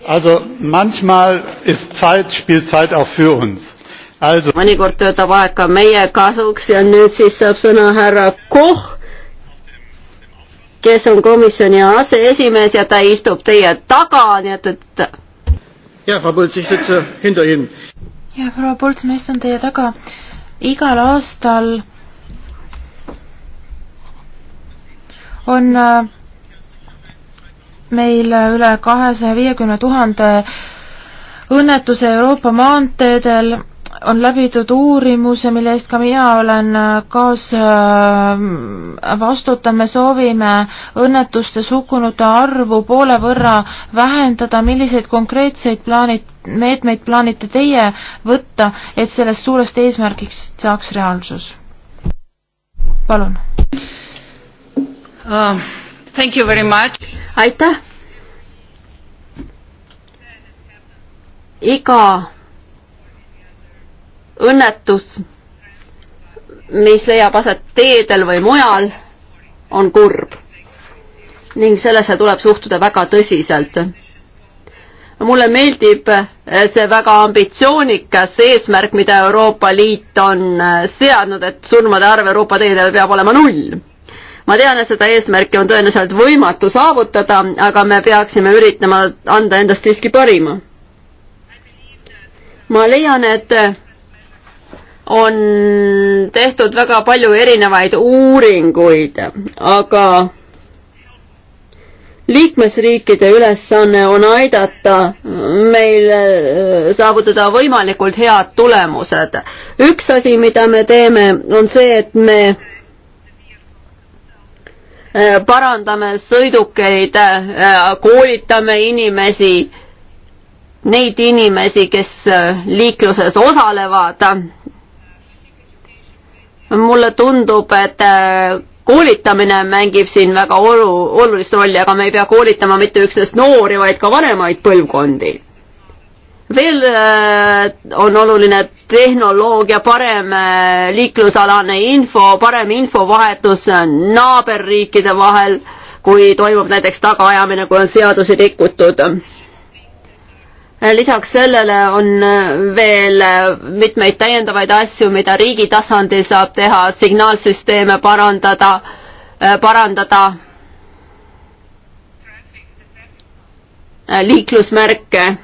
Also manchmal ist Zeit, spielt Zeit auch für uns. Also. mõnikord töötab aeg ka meie kasuks ja nüüd siis saab sõna härra Koch, kes on komisjoni aseesimees ja ta istub teie taga, nii et, et jah, ma põltsin seda hinda ilm. jah, proua Polts, ma istun teie taga. igal aastal on äh, meil äh, üle kahesaja viiekümne tuhande õnnetuse Euroopa maanteedel on läbi viidud uurimuse, mille eest ka mina olen äh, kaasvastutav, äh, me soovime õnnetustes hukkunute arvu poole võrra vähendada, milliseid konkreetseid plaanid, meetmeid plaanite teie võtta, et sellest suurest eesmärgist saaks reaalsus? palun uh,. Thank you very much. aitäh. iga õnnetus, mis leiab aset teedel või mujal, on kurb ning sellesse tuleb suhtuda väga tõsiselt. mulle meeldib see väga ambitsioonikas eesmärk, mida Euroopa Liit on seadnud, et surmade arv Euroopa teedel peab olema null ma tean, et seda eesmärki on tõenäoliselt võimatu saavutada, aga me peaksime üritama anda endast siiski parima. ma leian, et on tehtud väga palju erinevaid uuringuid, aga liikmesriikide ülesanne on aidata meil äh, saavutada võimalikult head tulemused. üks asi, mida me teeme, on see, et me äh, parandame sõidukeid, äh, koolitame inimesi, neid inimesi, kes liikluses osalevad mulle tundub, et äh, koolitamine mängib siin väga olu-, olulist rolli, aga me ei pea koolitama mitte üksnes noori, vaid ka vanemaid põlvkondi. veel äh, on oluline tehnoloogia, parem äh, liiklusalane info, parem infovahetus naaberriikide vahel, kui toimub näiteks tagaajamine, kui on seadusi rikutud lisaks sellele on äh, veel äh, mitmeid täiendavaid asju, mida riigi tasandil saab teha, signaalsüsteeme parandada, äh, parandada liiklusmärke.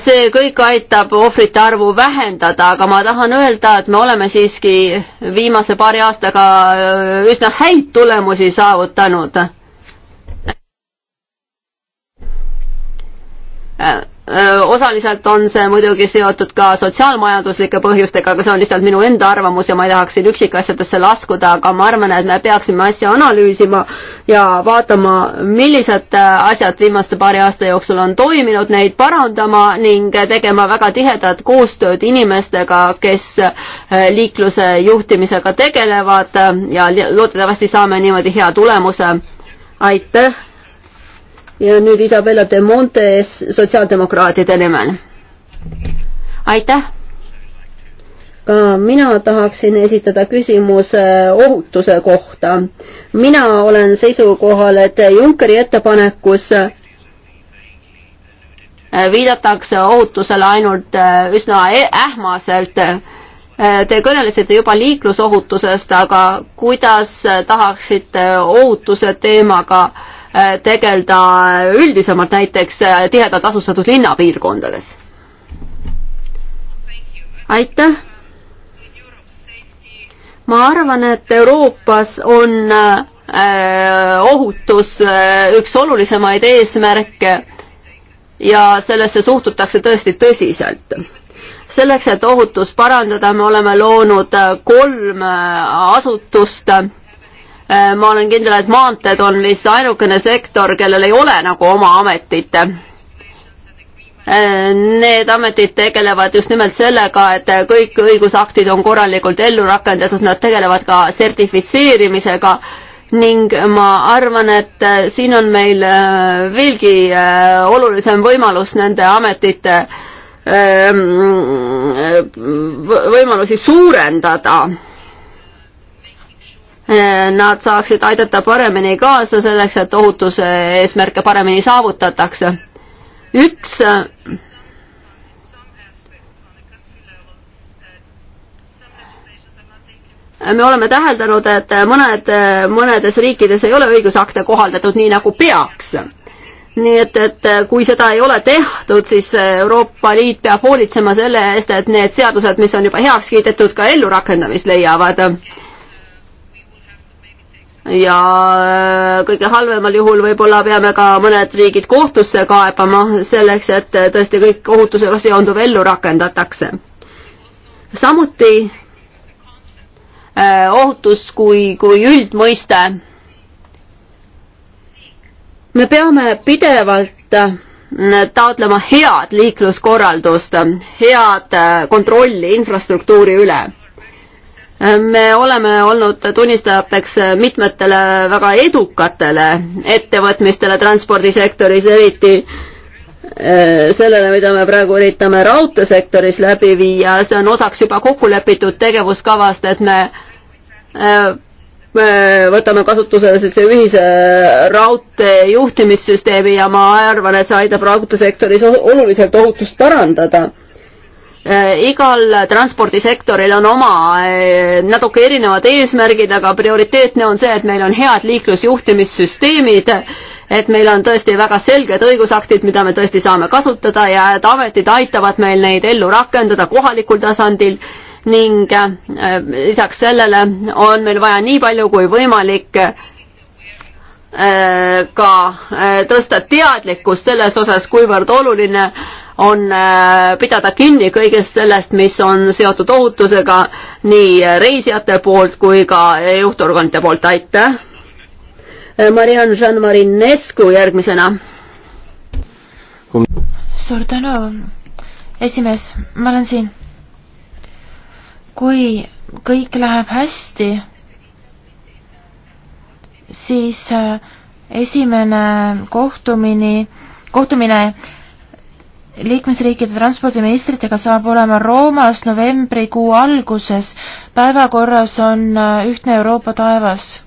see kõik aitab ohvrite arvu vähendada, aga ma tahan öelda, et me oleme siiski viimase paari aastaga üsna häid tulemusi saavutanud Äh, äh, osaliselt on see muidugi seotud ka sotsiaalmajanduslike põhjustega, aga see on lihtsalt minu enda arvamus ja ma ei tahaks siin üksikasjadesse laskuda, aga ma arvan, et me peaksime asja analüüsima ja vaatama, millised äh, asjad viimaste paari aasta jooksul on toiminud, neid parandama ning tegema väga tihedat koostööd inimestega, kes liikluse juhtimisega tegelevad ja loodetavasti saame niimoodi hea tulemuse. aitäh! ja nüüd Isabella de Monte sotsiaaldemokraatide nimel. aitäh! ka mina tahaksin esitada küsimuse ohutuse kohta. mina olen seisukohal, et Junckeri ettepanekus viidatakse ohutusele ainult äh, üsna e-, ähmaselt. Äh, te kõnelesite juba liiklusohutusest, aga kuidas äh, tahaksite ohutuse teemaga äh, Äh, tegeleda üldisemalt näiteks äh, tihedalt asustatud linnapiirkondades? aitäh! ma arvan, et Euroopas on äh, ohutus üks olulisemaid eesmärke ja sellesse suhtutakse tõesti tõsiselt selleks, et ohutust parandada, me oleme loonud kolm asutust Äh, ma olen kindel, et maanteed on vist ainukene sektor, kellel ei ole nagu oma ametit. Äh, need ametid tegelevad just nimelt sellega, et kõik õigusaktid on korralikult ellu rakendatud, nad tegelevad ka sertifitseerimisega ning ma arvan, et äh, siin on meil veelgi olulisem võimalus nende ametite mm, võimalusi suurendada Eh, nad saaksid aidata paremini kaasa selleks, et ohutuse eesmärke paremini saavutatakse. üks eh, me oleme täheldanud, et mõned, mõnedes riikides ei ole õigusakte kohaldatud nii, nagu peaks. nii et, et kui seda ei ole tehtud, siis Euroopa Liit peab hoolitsema selle eest, et need seadused, mis on juba heaks kiidetud, ka ellurakendamist leiavad ja äh, kõige halvemal juhul võib-olla peame ka mõned riigid kohtusse kaebama selleks, et äh, tõesti kõik ohutusega seonduv ellu rakendatakse. samuti äh, ohutus kui, kui üldmõiste. me peame pidevalt taotlema head liikluskorraldust, head kontrolli infrastruktuuri üle me oleme olnud tunnistajateks mitmetele väga edukatele ettevõtmistele transpordisektoris, eriti eh, sellele, mida me praegu üritame raudteesektoris läbi viia, see on osaks juba kokku lepitud tegevuskavast, et me eh, me võtame kasutusele sellise ühise raudtee juhtimissüsteemi ja ma arvan, et see aitab raudteesektoris oluliselt ohutust parandada Äh, igal transpordisektoril on oma äh, natuke erinevad eesmärgid, aga prioriteetne on see, et meil on head liiklusjuhtimissüsteemid, et meil on tõesti väga selged õigusaktid, mida me tõesti saame kasutada ja et ametid aitavad meil neid ellu rakendada kohalikul tasandil ning äh, lisaks sellele on meil vaja nii palju kui võimalik ka tõsta teadlikkust selles osas, kuivõrd oluline on äh, pidada kinni kõigest sellest, mis on seotud ohutusega nii reisijate poolt kui ka juhtorganite poolt, aitäh. Äh, Mariann Jean-Marinescu järgmisena. suur tänu, esimees, ma olen siin. kui kõik läheb hästi, siis äh, esimene kohtumini, kohtumine, kohtumine liikmesriikide transpordiministritega saab olema Roomas novembrikuu alguses. päevakorras on äh, ühtne Euroopa taevas.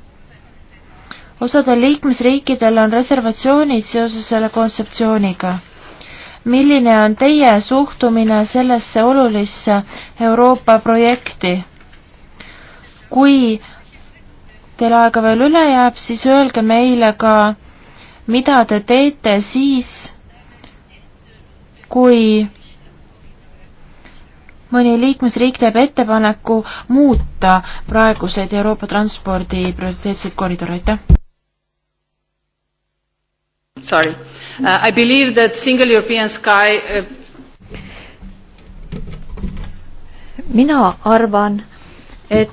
osadel liikmesriikidel on reservatsioonid seoses selle kontseptsiooniga. milline on teie suhtumine sellesse olulisse Euroopa projekti? kui teil aega veel üle jääb, siis öelge meile ka, mida te teete siis, kui mõni liikmesriik teeb ettepaneku muuta praeguseid Euroopa transpordi prioriteetseid koridore, aitäh! Sorry uh,, I believe that single European sky uh... mina arvan, et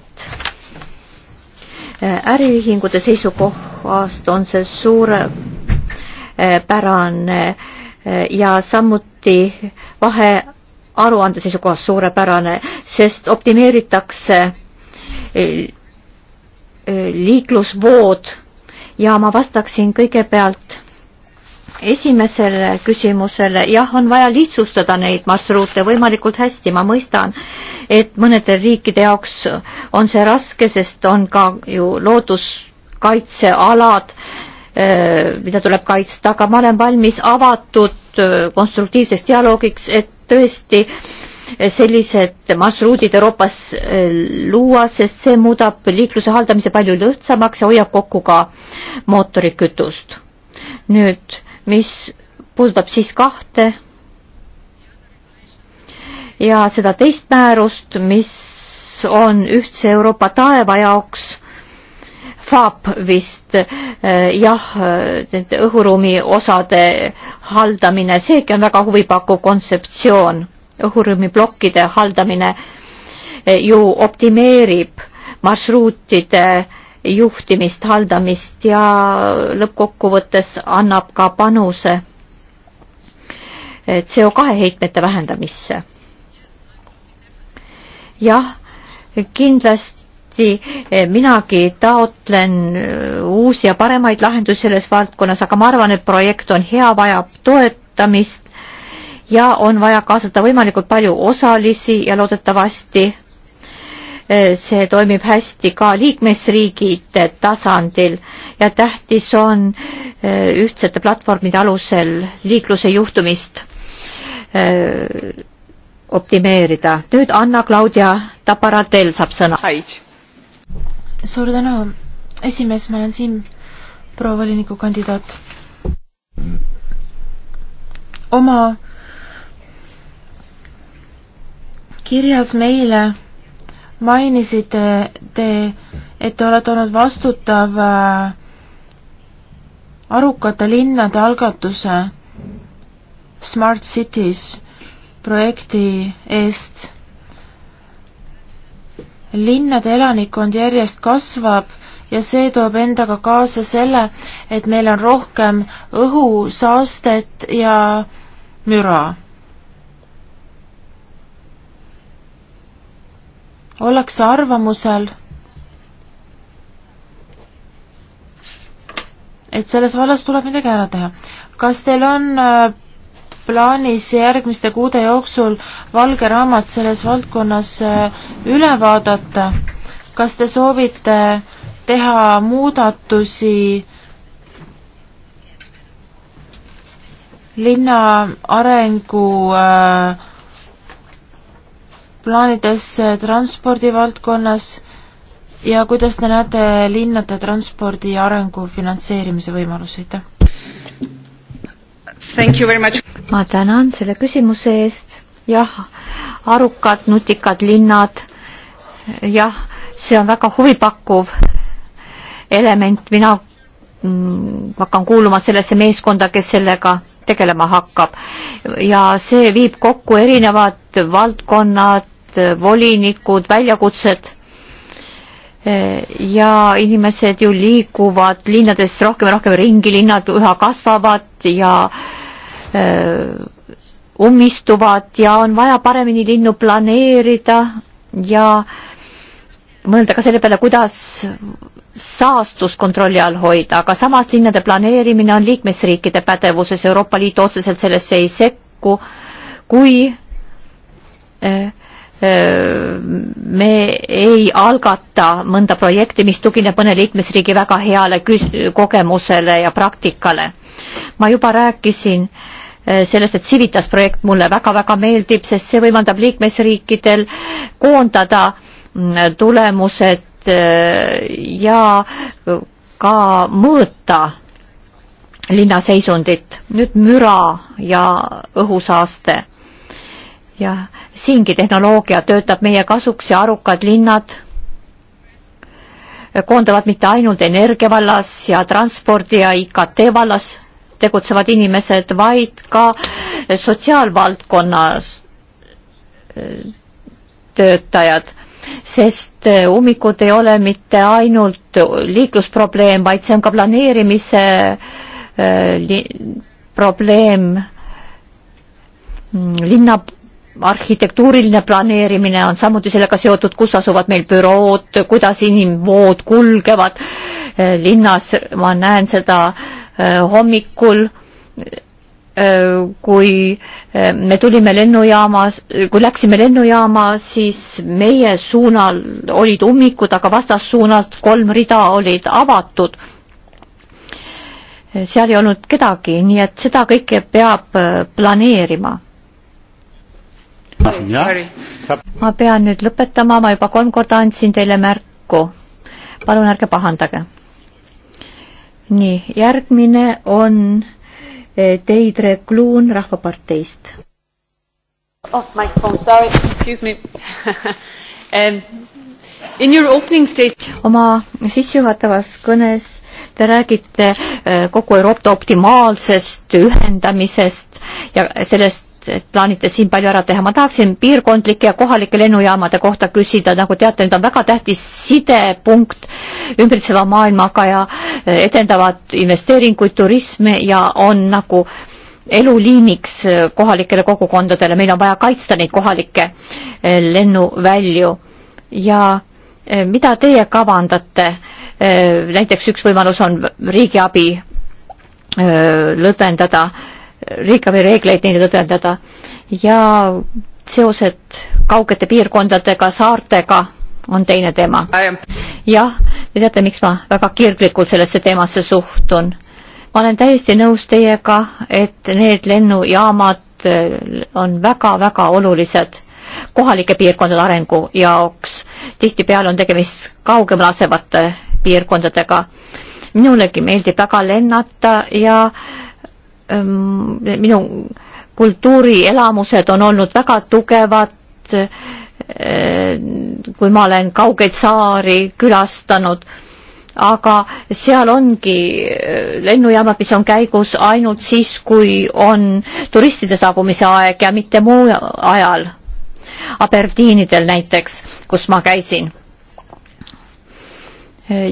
uh, äriühingute seisukohast on see suurepärane uh, äh, ja samuti vahearuande seisukohast suurepärane, sest optimeeritakse e, e, liiklusvood ja ma vastaksin kõigepealt esimesele küsimusele, jah, on vaja lihtsustada neid marsruute võimalikult hästi, ma mõistan, et mõnede riikide jaoks on see raske, sest on ka ju looduskaitsealad Äh, mida tuleb kaitsta, aga ma olen valmis avatud äh, konstruktiivseks dialoogiks, et tõesti äh, sellised marsruudid Euroopas luua, sest see muudab liikluse haldamise palju lõhtsamaks ja hoiab kokku ka mootorikütust. nüüd, mis puudutab siis kahte ja seda teist määrust, mis on ühtse Euroopa taeva jaoks FAP vist eh, jah, nende õhuruumi osade haldamine, seegi on väga huvipakkuv kontseptsioon, õhuruumi plokkide haldamine eh, ju optimeerib marsruutide juhtimist, haldamist ja lõppkokkuvõttes annab ka panuse eh, CO2 heitmete vähendamisse. jah, kindlasti alati eh, minagi taotlen eh, uusi ja paremaid lahendusi selles valdkonnas, aga ma arvan, et projekt on hea, vajab toetamist ja on vaja kaasata võimalikult palju osalisi ja loodetavasti eh, see toimib hästi ka liikmesriigide tasandil ja tähtis on ühtsete platvormide alusel liikluse juhtumist optimeerida. nüüd Anna-Claudia Taparadel saab sõna suur tänu, esimees, ma olen siin, proua volinikukandidaat. oma kirjas meile mainisite te, et te olete olnud vastutav äh, arukate linnade algatuse Smart Cities projekti eest linnade elanikkond järjest kasvab ja see toob endaga kaasa selle, et meil on rohkem õhusaastet ja müra. ollakse arvamusel, et selles vallas tuleb midagi ära teha. kas teil on äh, plaanis järgmiste kuude jooksul valge raamat selles valdkonnas äh, üle vaadata? kas te soovite teha muudatusi linna arengu äh, plaanides äh, transpordi valdkonnas ja kuidas te näete linnade transpordi arengu finantseerimise võimalusi, aitäh? ma tänan selle küsimuse eest. jah, arukad nutikad linnad. jah, see on väga huvipakkuv element, mina mm, hakkan kuuluma sellesse meeskonda, kes sellega tegelema hakkab. ja see viib kokku erinevad valdkonnad, volinikud, väljakutsed ja inimesed ju liiguvad linnadest rohkem ja rohkem ringi, linnad üha kasvavad ja Äh, ummistuvad ja on vaja paremini linnu planeerida ja mõelda ka selle peale, kuidas saastus kontrolli all hoida, aga samas linnade planeerimine on liikmesriikide pädevuses, Euroopa Liit otseselt sellesse ei sekku, kui äh, äh, me ei algata mõnda projekti, mis tugineb mõne liikmesriigi väga heale kogemusele ja praktikale. ma juba rääkisin äh, Äh, sellest, et Civitas projekt mulle väga-väga meeldib, sest see võimaldab liikmesriikidel koondada mm, tulemused äh, ja ka mõõta linna seisundit, nüüd müra ja õhusaaste. ja siingi tehnoloogia töötab meie kasuks ja arukad linnad koondavad mitte ainult energia vallas ja transpordi ja IKT vallas tegutsevad inimesed, vaid ka sotsiaalvaldkonnas äh, töötajad, sest äh, ummikud ei ole mitte ainult liiklusprobleem, vaid see on ka planeerimise äh, li probleem, mm, linna arhitektuuriline planeerimine on samuti sellega seotud, kus asuvad meil bürood, kuidas inimvood kulgevad linnas, ma näen seda äh, Äh, hommikul, äh, kui äh, me tulime lennujaamas, kui läksime lennujaama, siis meie suunal olid ummikud, aga vastassuunalt kolm rida olid avatud. seal ei olnud kedagi, nii et seda kõike peab planeerima ah, ma pean nüüd lõpetama, ma juba kolm korda andsin teile märku. palun ärge pahandage nii, järgmine on eh, Teidre Kluun Rahvaparteist. Oh, my phone, sorry, excuse me um, In your opening state... oma sissejuhatavas kõnes te räägite eh, kogu Euroopa optimaalsest ühendamisest ja sellest, et plaanite siin palju ära teha. ma tahaksin piirkondlike ja kohalike lennujaamade kohta küsida, nagu teate, need on väga tähtis sidepunkt ümbritseva maailmaga ja eh, edendavad investeeringuid, turismi ja on nagu eluliiniks eh, kohalikele kogukondadele, meil on vaja kaitsta neid kohalikke eh, lennuvälju ja mida teie kavandate? näiteks üks võimalus on riigiabi lõdvendada riigiabireegleid neile tõdendada ja seosed kaugete piirkondadega, saartega on teine teema. jah, te teate, miks ma väga kirglikult sellesse teemasse suhtun. ma olen täiesti nõus teiega, et need lennujaamad eh, on väga-väga olulised kohalike piirkondade arengu jaoks. tihtipeale on tegemist kaugemal asevate piirkondadega. minulegi meeldib väga lennata ja äh, Ehm, minu kultuurielamused on olnud väga tugevad, ehm, kui ma olen kaugeid saari külastanud, aga seal ongi ehm, lennujaamad, mis on käigus ainult siis, kui on turistide saabumise aeg ja mitte muu ajal. Aberdiinidel näiteks, kus ma käisin.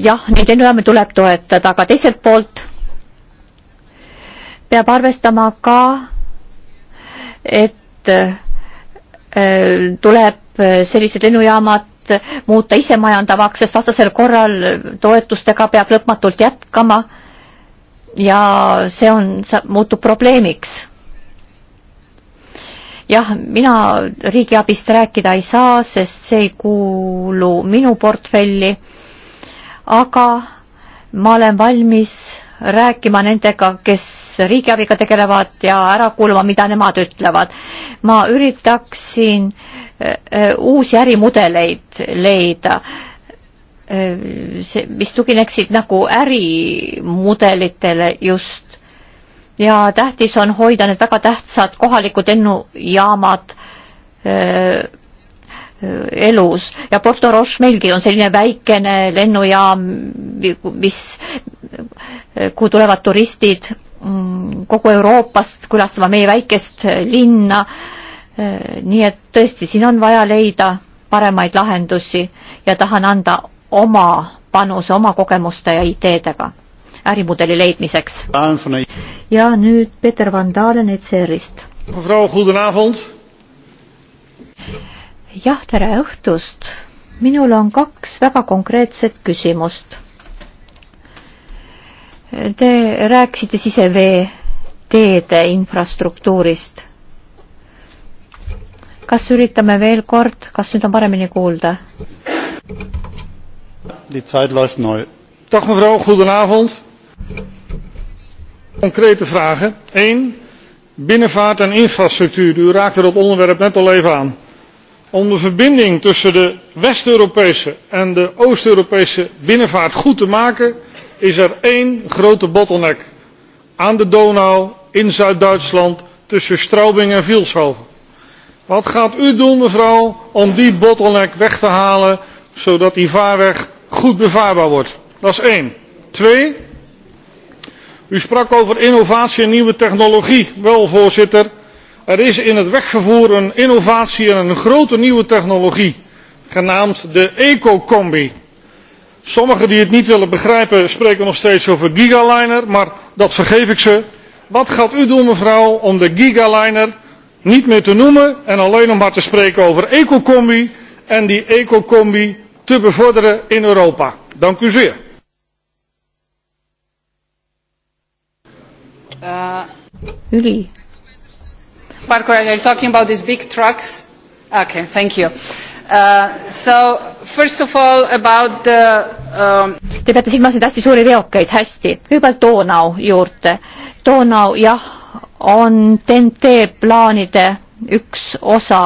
jah, neid lennujaame tuleb toetada, aga teiselt poolt peab arvestama ka, et äh, tuleb sellised lennujaamad muuta isemajandavaks, sest vastasel korral toetustega peab lõpmatult jätkama ja see on, muutub probleemiks jah, mina riigiabist rääkida ei saa, sest see ei kuulu minu portfelli, aga ma olen valmis rääkima nendega, kes riigiabiga tegelevad ja ära kuulama, mida nemad ütlevad. ma üritaksin e, e, uusi ärimudeleid leida, e, mis tugineksid nagu ärimudelitele just ja tähtis on hoida need väga tähtsad kohalikud lennujaamad Äh, elus ja Porto Roche meilgi on selline väikene lennujaam, mis, äh, kuhu tulevad turistid mm, kogu Euroopast külastama meie väikest äh, linna. nii et tõesti, siin on vaja leida paremaid lahendusi ja tahan anda oma panuse, oma kogemuste ja ideedega ärimudeli leidmiseks. ja nüüd Peeter Van Dalen ECR-ist. mevrouw, goedenavond jah, tere õhtust. minul on kaks väga konkreetset küsimust. Te rääkisite siseveeteede infrastruktuurist. kas üritame veel kord, kas nüüd on paremini kuulda? Die Zeit läuft neu. Dag mevrouw, goedenavond. Concrete vragen. 1. Binnenvaart en infrastructuur. U raakte er dat onderwerp net al even aan om de verbinding tussen de west europese en de oost europese binnenvaart goed te maken is er één grote bottleneck aan de donau in zuid duitsland tussen straubing en vilshofen. wat gaat u doen mevrouw om die bottleneck weg te halen zodat die vaarweg goed bevaarbaar wordt? dat is één. twee u sprak over innovatie en nieuwe technologie. wel voorzitter er is in het wegvervoer een innovatie en een grote nieuwe technologie genaamd de ecocombi. sommigen die het niet willen begrijpen spreken nog steeds over gigaliner maar dat vergeef ik ze. wat gaat u doen mevrouw om de gigaliner niet meer te noemen en alleen nog maar te spreken over ecocombi en die ecocombi te bevorderen in europa? dank u zeer. Yli eh, Parkour, you're talking about these big trucks? Okay, thank you. Uh, so first of all about the um... Te peate silmas neid hästi suuri veokeid, hästi. kõigepealt Donau juurde. Donau jah, on TNT plaanide üks osa,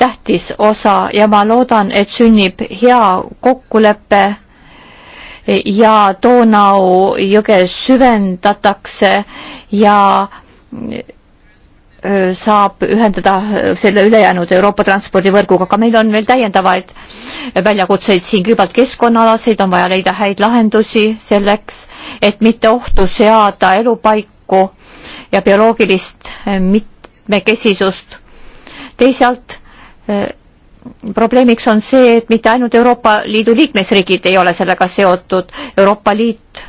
tähtis osa ja ma loodan, et sünnib hea kokkulepe ja Donau jõge süvendatakse ja saab ühendada selle ülejäänud Euroopa transpordivõrguga, aga meil on veel täiendavaid väljakutseid siin, kõigepealt keskkonnaalaseid, on vaja leida häid lahendusi selleks, et mitte ohtu seada elupaiku ja bioloogilist mitmekesisust. teisalt probleemiks on see, et mitte ainult Euroopa Liidu liikmesriigid ei ole sellega seotud, Euroopa Liit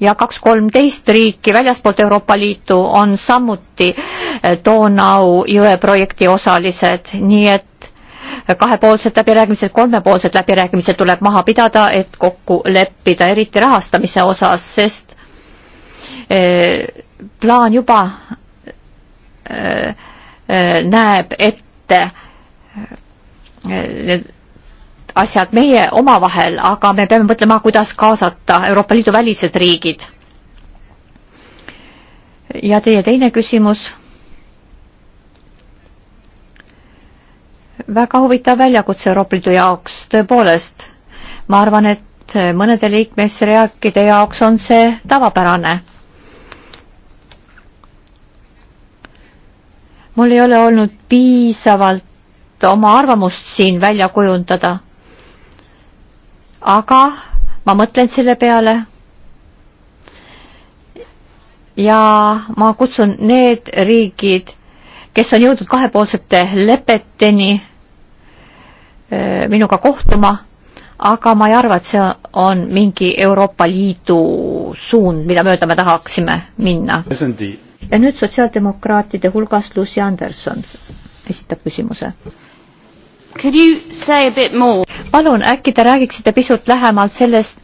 ja kaks kolmteist riiki väljaspoolt Euroopa Liitu on samuti Donau eh, jõe projekti osalised, nii et kahepoolsed läbirääkimised, kolmepoolsed läbirääkimised tuleb maha pidada, et kokku leppida, eriti rahastamise osas, sest eh, plaan juba eh, näeb ette need asjad meie omavahel, aga me peame mõtlema, kuidas kaasata Euroopa Liidu välised riigid. ja teie teine küsimus? väga huvitav väljakutse Euroopa Liidu jaoks, tõepoolest. ma arvan, et mõnede liikmesriikide jaoks on see tavapärane mul ei ole olnud piisavalt oma arvamust siin välja kujundada aga ma mõtlen selle peale ja ma kutsun need riigid, kes on jõudnud kahepoolsete lepeteni äh, minuga kohtuma, aga ma ei arva, et see on mingi Euroopa Liidu suund, mida mööda me tahaksime minna. ja nüüd sotsiaaldemokraatide hulgast Lucy Anderson esitab küsimuse palun, äkki te räägiksite pisut lähemalt sellest,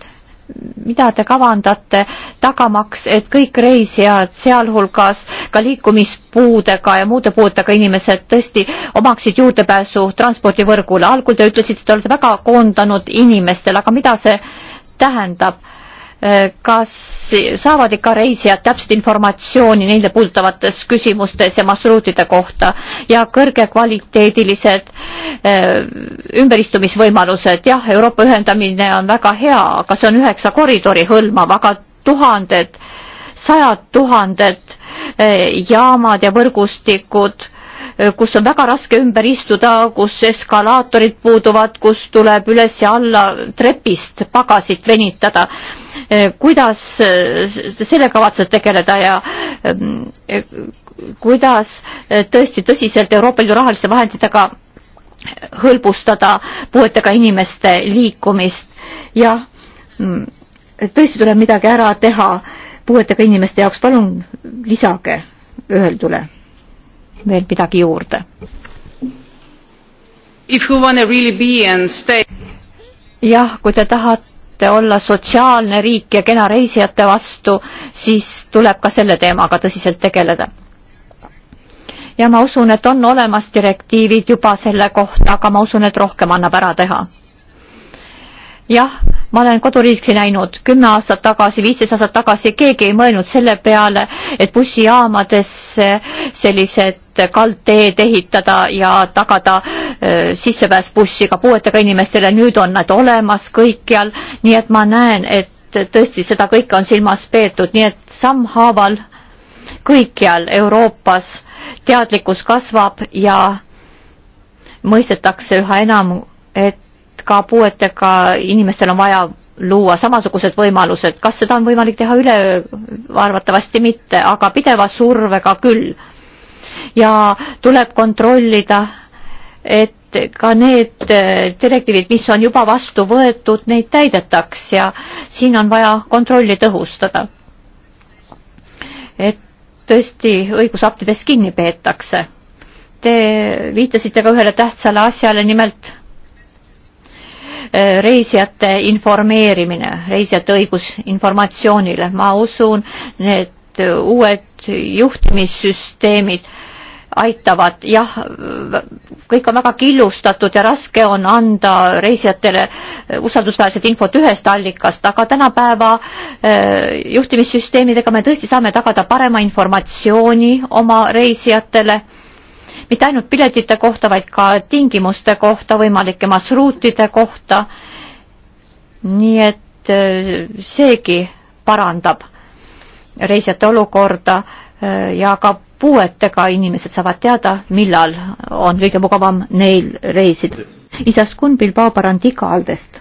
mida te kavandate tagamaks, et kõik reisijad, sealhulgas ka liikumispuudega ja muude puudega inimesed tõesti omaksid juurdepääsu transpordivõrgule. algul te ütlesite, et te olete väga koondanud inimestele, aga mida see tähendab? Äh, kas saavad ikka reisijad täpset informatsiooni neile puudutavates küsimustes ja marsruutide kohta ja kõrgekvaliteedilised äh, ümberistumisvõimalused. jah, Euroopa ühendamine on väga hea, aga see on üheksa koridori hõlmav, aga tuhanded, sajad tuhanded äh, jaamad ja võrgustikud kus on väga raske ümber istuda, kus eskalaatorid puuduvad, kus tuleb üles ja alla trepist pagasit venitada. Eh, kuidas eh, selle kavatsed tegeleda ja eh, kuidas tõesti tõsiselt Euroopa Liidu rahaliste vahenditega hõlbustada puuetega inimeste liikumist ja mm, tõesti tuleb midagi ära teha puuetega inimeste jaoks, palun lisage öeldule veel midagi juurde. jah, kui te tahate tahate olla sotsiaalne riik ja kena reisijate vastu, siis tuleb ka selle teemaga tõsiselt tegeleda. ja ma usun, et on olemas direktiivid juba selle kohta, aga ma usun, et rohkem annab ära teha jah, ma olen koduriiski näinud kümme aastat tagasi, viisteist aastat tagasi, keegi ei mõelnud selle peale, et bussijaamadesse eh, sellised kaldteed ehitada ja tagada äh, sissepääs bussi ka puuetega inimestele, nüüd on nad olemas kõikjal, nii et ma näen, et tõesti seda kõike on silmas peetud, nii et sammhaaval kõikjal Euroopas teadlikkus kasvab ja mõistetakse üha enam, et et ka puuetega inimestel on vaja luua samasugused võimalused, kas seda on võimalik teha üleöö, arvatavasti mitte, aga pideva survega küll. ja tuleb kontrollida, et ka need äh, direktiivid, mis on juba vastu võetud, neid täidetaks ja siin on vaja kontrolli tõhustada. et tõesti õigusaktidest kinni peetakse. Te viitasite ka ühele tähtsale asjale, nimelt Eh, reisijate informeerimine, reisijate õigus informatsioonile. ma usun, need uued juhtimissüsteemid aitavad, jah, kõik on väga killustatud ja raske on anda reisijatele usaldusväärset infot ühest allikast, aga tänapäeva eh, juhtimissüsteemidega me tõesti saame tagada parema informatsiooni oma reisijatele mitte ainult piletite kohta, vaid ka tingimuste kohta, võimalike marsruutide kohta. nii et äh, seegi parandab reisijate olukorda äh, ja ka puuetega inimesed saavad teada, millal on kõige mugavam neil reisida. Isaskun Bilbao Barandiga Aldest.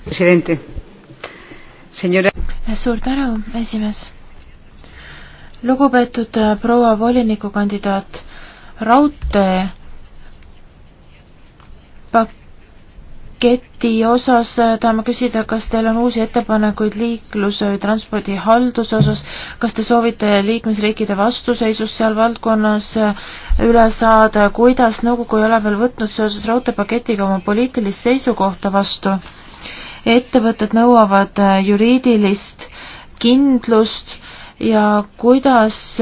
suur tänu, esimees. lugupeetud äh, proua volinikukandidaat, raudtee paketi osas äh, tahame küsida, kas teil on uusi ettepanekuid liikluse või transpordi halduse osas, kas te soovite liikmesriikide vastuseisust seal valdkonnas äh, üle saada, kuidas nõukogu ei ole veel võtnud seoses raudteepaketiga oma poliitilist seisukohta vastu? ettevõtted nõuavad äh, juriidilist kindlust ja kuidas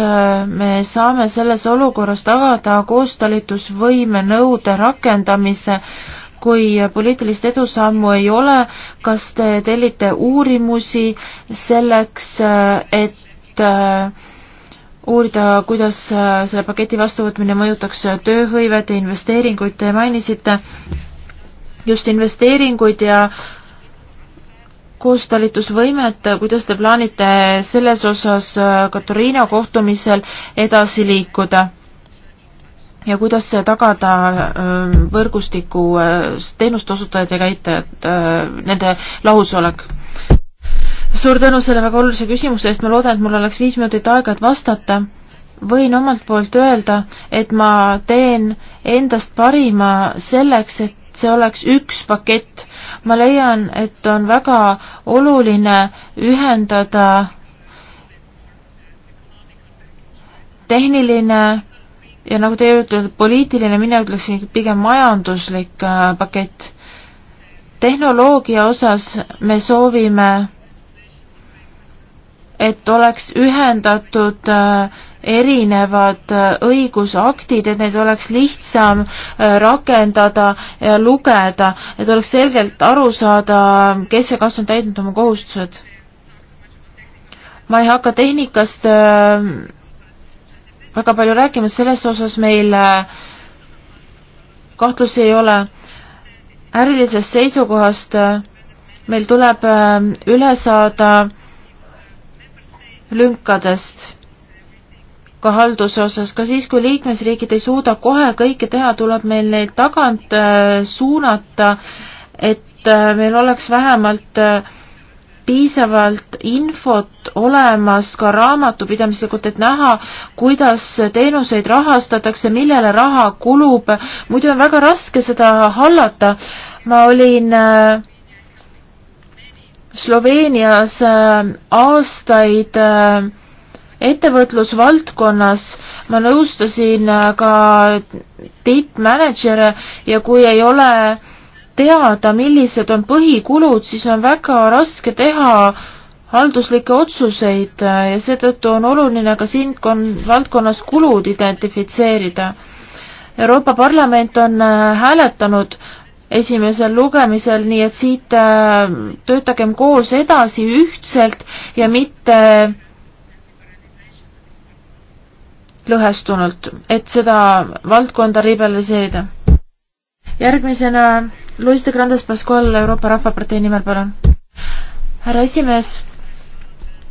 me saame selles olukorras tagada koostalitusvõime nõude rakendamise äh, kui poliitilist edusammu ei ole, kas te tellite uurimusi selleks, et äh, uurida, kuidas äh, selle paketi vastuvõtmine mõjutaks tööhõivet ja investeeringuid, te mainisite just investeeringuid ja koostalitusvõimet, kuidas te plaanite selles osas äh, Katariina kohtumisel edasi liikuda? ja kuidas tagada äh, võrgustiku äh, teenuste osutajad ja käitajad, äh, nende lahusolek? suur tänu selle väga olulise küsimuse eest, ma loodan, et mul oleks viis minutit aega, et vastata. võin omalt poolt öelda, et ma teen endast parima selleks, et see oleks üks pakett. ma leian, et on väga oluline ühendada tehniline ja nagu te ütlete, poliitiline, mina ütleksin pigem majanduslik äh, pakett. tehnoloogia osas me soovime, et oleks ühendatud äh, erinevad äh, õigusaktid, et neid oleks lihtsam rakendada ja lugeda, et oleks selgelt aru saada, kes ja kas on täitnud oma kohustused. ma ei hakka tehnikast väga palju rääkimas, selles osas meil äh, kahtlusi ei ole. ärilisest seisukohast äh, meil tuleb äh, üle saada lünkadest ka halduse osas, ka siis, kui liikmesriigid ei suuda kohe kõike teha, tuleb meil neid tagant suunata, et meil oleks vähemalt äh, piisavalt infot olemas ka raamatupidamislikult, et näha, kuidas teenuseid rahastatakse, millele raha kulub, muidu on väga raske seda hallata. ma olin äh, Sloveenias äh, aastaid äh, ettevõtlusvaldkonnas ma nõustasin ka tippmänedžere ja kui ei ole teada, millised on põhikulud, siis on väga raske teha halduslikke otsuseid ja seetõttu on oluline ka siin valdkonnas kulud identifitseerida. Euroopa Parlament on äh, hääletanud esimesel lugemisel, nii et siit äh, töötagem koos edasi ühtselt ja mitte lõhestunult, et seda valdkonda liberaliseerida järgmisena Luis de Grandes Pascual Euroopa Rahvapartei nimel, palun. härra esimees,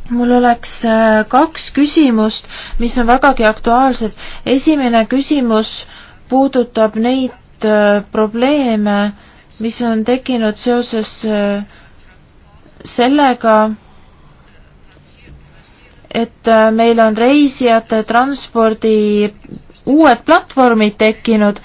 mul oleks äh, kaks küsimust, mis on vägagi aktuaalsed. esimene küsimus puudutab neid äh, probleeme, mis on tekkinud seoses äh, sellega, et meil on reisijate transpordi uued platvormid tekkinud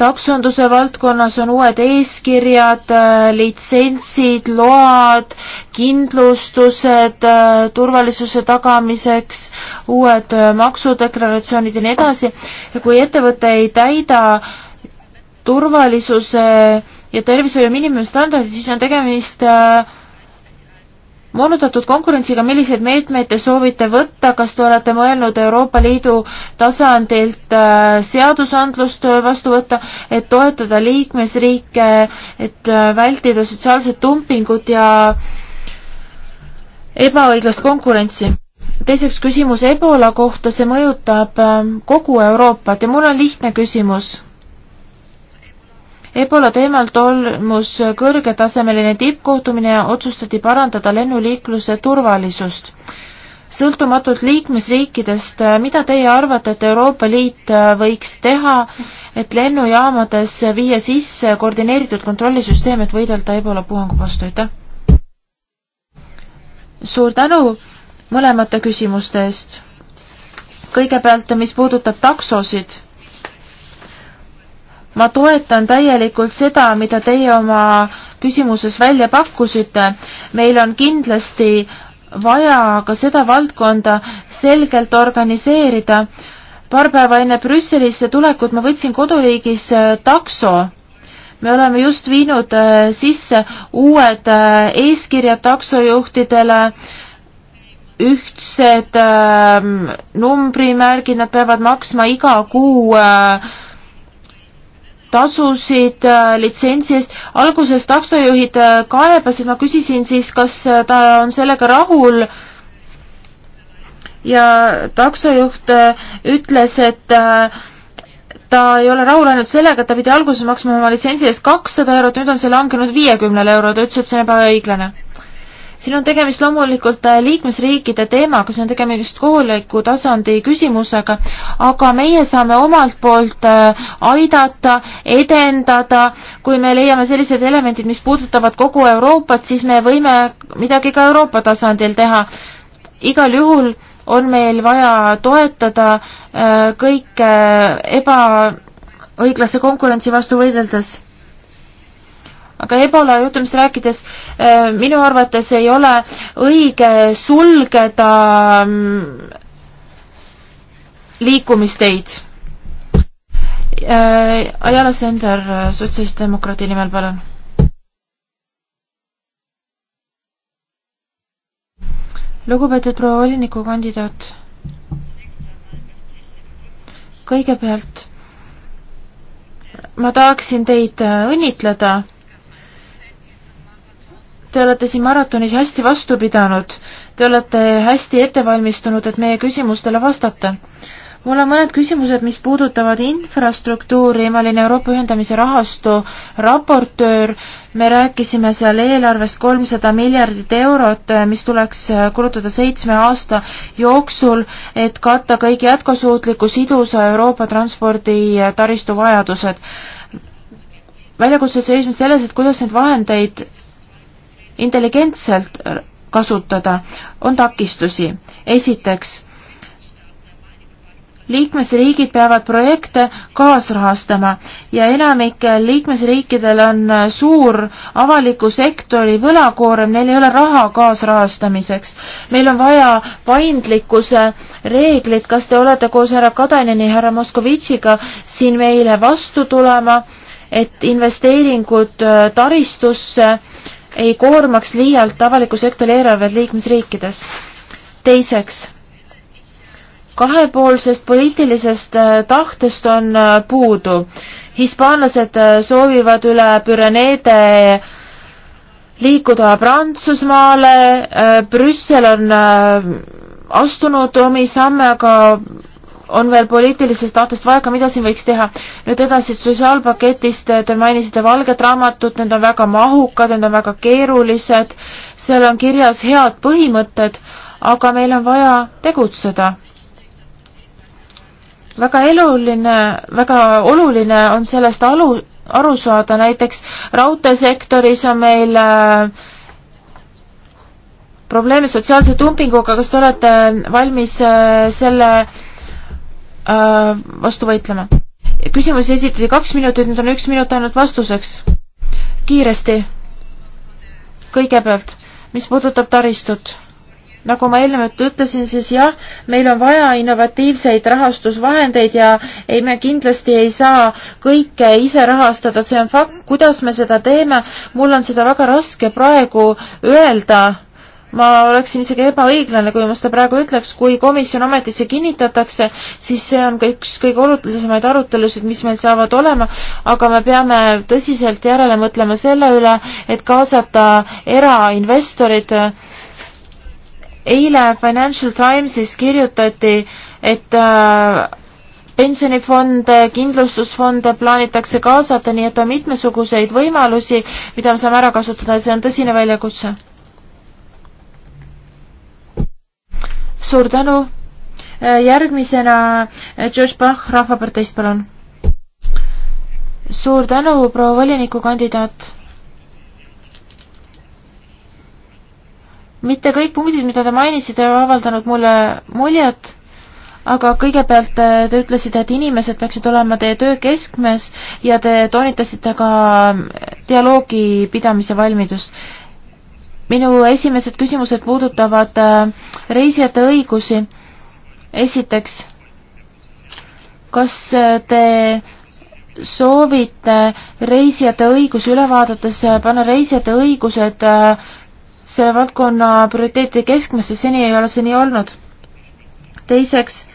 taksonduse valdkonnas on uued eeskirjad, äh, litsentsid, load, kindlustused äh, turvalisuse tagamiseks, uued äh, maksudeklaratsioonid ja nii edasi. ja kui ettevõte ei täida turvalisuse ja tervishoiu miinimumstandardid, siis on tegemist äh, moonutatud konkurentsiga, milliseid meetmeid te soovite võtta, kas te olete mõelnud Euroopa Liidu tasandilt äh, seadusandlust äh, vastu võtta, et toetada liikmesriike, et äh, vältida sotsiaalset dumpingut ja ebaõiglast konkurentsi? teiseks küsimus Ebola kohta, see mõjutab kogu Euroopat ja mul on lihtne küsimus Ebola teemal toimus kõrgetasemeline tippkohtumine ja otsustati parandada lennuliikluse turvalisust. sõltumatult liikmesriikidest, äh, mida teie arvate, et Euroopa Liit äh, võiks teha, et lennujaamades viia sisse koordineeritud kontrollisüsteem, et võidelda Ebola puhangu vastu, aitäh! suur tänu mõlemate küsimuste eest! kõigepealt, mis puudutab taksosid ma toetan täielikult seda, mida teie oma küsimuses välja pakkusite. meil on kindlasti vaja ka seda valdkonda selgelt organiseerida. paar päeva enne Brüsselisse tulekut ma võtsin koduriigis äh, takso. me oleme just viinud äh, sisse uued äh, eeskirjad taksojuhtidele, ühtsed ähm, numbrimärgid, nad peavad maksma iga kuu äh, tasusid äh, litsentsi eest. alguses taksojuhid äh, kaebasid, ma küsisin siis, kas äh, ta on sellega rahul ja taksojuht ütles, et ta ei ole rahul ainult sellega, et ta pidi alguses maksma oma litsentsi eest kakssada eurot, nüüd on see langenud viiekümnele eurole, ta ütles, et see on ebaõiglane siin on tegemist loomulikult äh, liikmesriikide teemaga, siin on tegemist kohaliku tasandi küsimusega, aga meie saame omalt poolt äh, aidata, edendada, kui me leiame sellised elemendid, mis puudutavad kogu Euroopat, siis me võime midagi ka Euroopa tasandil teha. igal juhul on meil vaja toetada äh, kõike ebaõiglase konkurentsi vastu võideldes aga Ebola juhtumist rääkides, äh, minu arvates ei ole õige sulgeda mm, liikumisteid. Äh, Ajala Sender, sotsialistdemokraadi nimel, palun. lugupeetud proua volinikukandidaat, kõigepealt ma tahaksin teid õnnitleda Te olete siin maratonis hästi vastu pidanud. Te olete hästi ette valmistunud, et meie küsimustele vastata. mul on mõned küsimused, mis puudutavad infrastruktuuri, ma olin Euroopa Ühendamise Rahastu raportöör, me rääkisime seal eelarvest kolmsada miljardit eurot, mis tuleks kulutada seitsme aasta jooksul, et katta kõik jätkusuutliku sidusa Euroopa transporditaristu vajadused väljakutse seisnes selles, et kuidas neid vahendeid intelligentselt kasutada, on takistusi. esiteks, liikmesriigid peavad projekte kaasrahastama ja enamikel liikmesriikidel on suur avaliku sektori võlakoorem, neil ei ole raha kaasrahastamiseks. meil on vaja paindlikkuse reeglid, kas te olete koos härra Kadanini, härra Moskovitšiga siin meile vastu tulema, et investeeringud äh, taristusse äh, ei koormaks liialt avaliku sektori eelarved liikmesriikides. teiseks, kahepoolsest poliitilisest äh, tahtest on äh, puudu. hispaanlased äh, soovivad üle Püreneede liikuda Prantsusmaale, Brüssel on astunud omi samme, aga on veel poliitilisest tahtest vaja ka, mida siin võiks teha. nüüd edasi sotsiaalpaketist, te mainisite valget raamatut, need on väga mahukad, need on väga keerulised, seal on kirjas head põhimõtted, aga meil on vaja tegutseda. väga eluline, väga oluline on sellest alu, aru saada, näiteks raudteesektoris on meil äh, probleeme sotsiaalse dumpinguga, kas te olete valmis äh, selle Äh, vastu võitlema. küsimusi esitati kaks minutit, nüüd on üks minut ainult vastuseks. kiiresti. kõigepealt, mis puudutab taristut nagu ma eelnevalt ütlesin, siis jah, meil on vaja innovatiivseid rahastusvahendeid ja ei, me kindlasti ei saa kõike ise rahastada, see on fakt, kuidas me seda teeme, mul on seda väga raske praegu öelda ma oleksin isegi ebaõiglane, kui ma seda praegu ütleks, kui komisjon ametisse kinnitatakse, siis see on ka üks kõige olulisemaid arutelusid, mis meil saavad olema, aga me peame tõsiselt järele mõtlema selle üle, et kaasata erainvestorid. eile Financial Timesis kirjutati, et äh, pensionifonde, kindlustusfonde plaanitakse kaasata, nii et on mitmesuguseid võimalusi, mida me saame ära kasutada ja see on tõsine väljakutse suur tänu. Äh, järgmisena äh, George Bach Rahvaparteist, palun. suur tänu, proua volinikukandidaat. mitte kõik punktid, mida te mainisite, ei avaldanud mulle muljet aga kõigepealt äh, te ütlesite, et inimesed peaksid olema teie töö keskmes ja te toonitasite ka dialoogi pidamise valmidust minu esimesed küsimused puudutavad äh, reisijate õigusi. esiteks, kas äh, te soovite reisijate õigusi üle vaadates äh, panna reisijate õigused selle valdkonna prioriteeti keskmesse, seni ei ole see nii olnud. teiseks,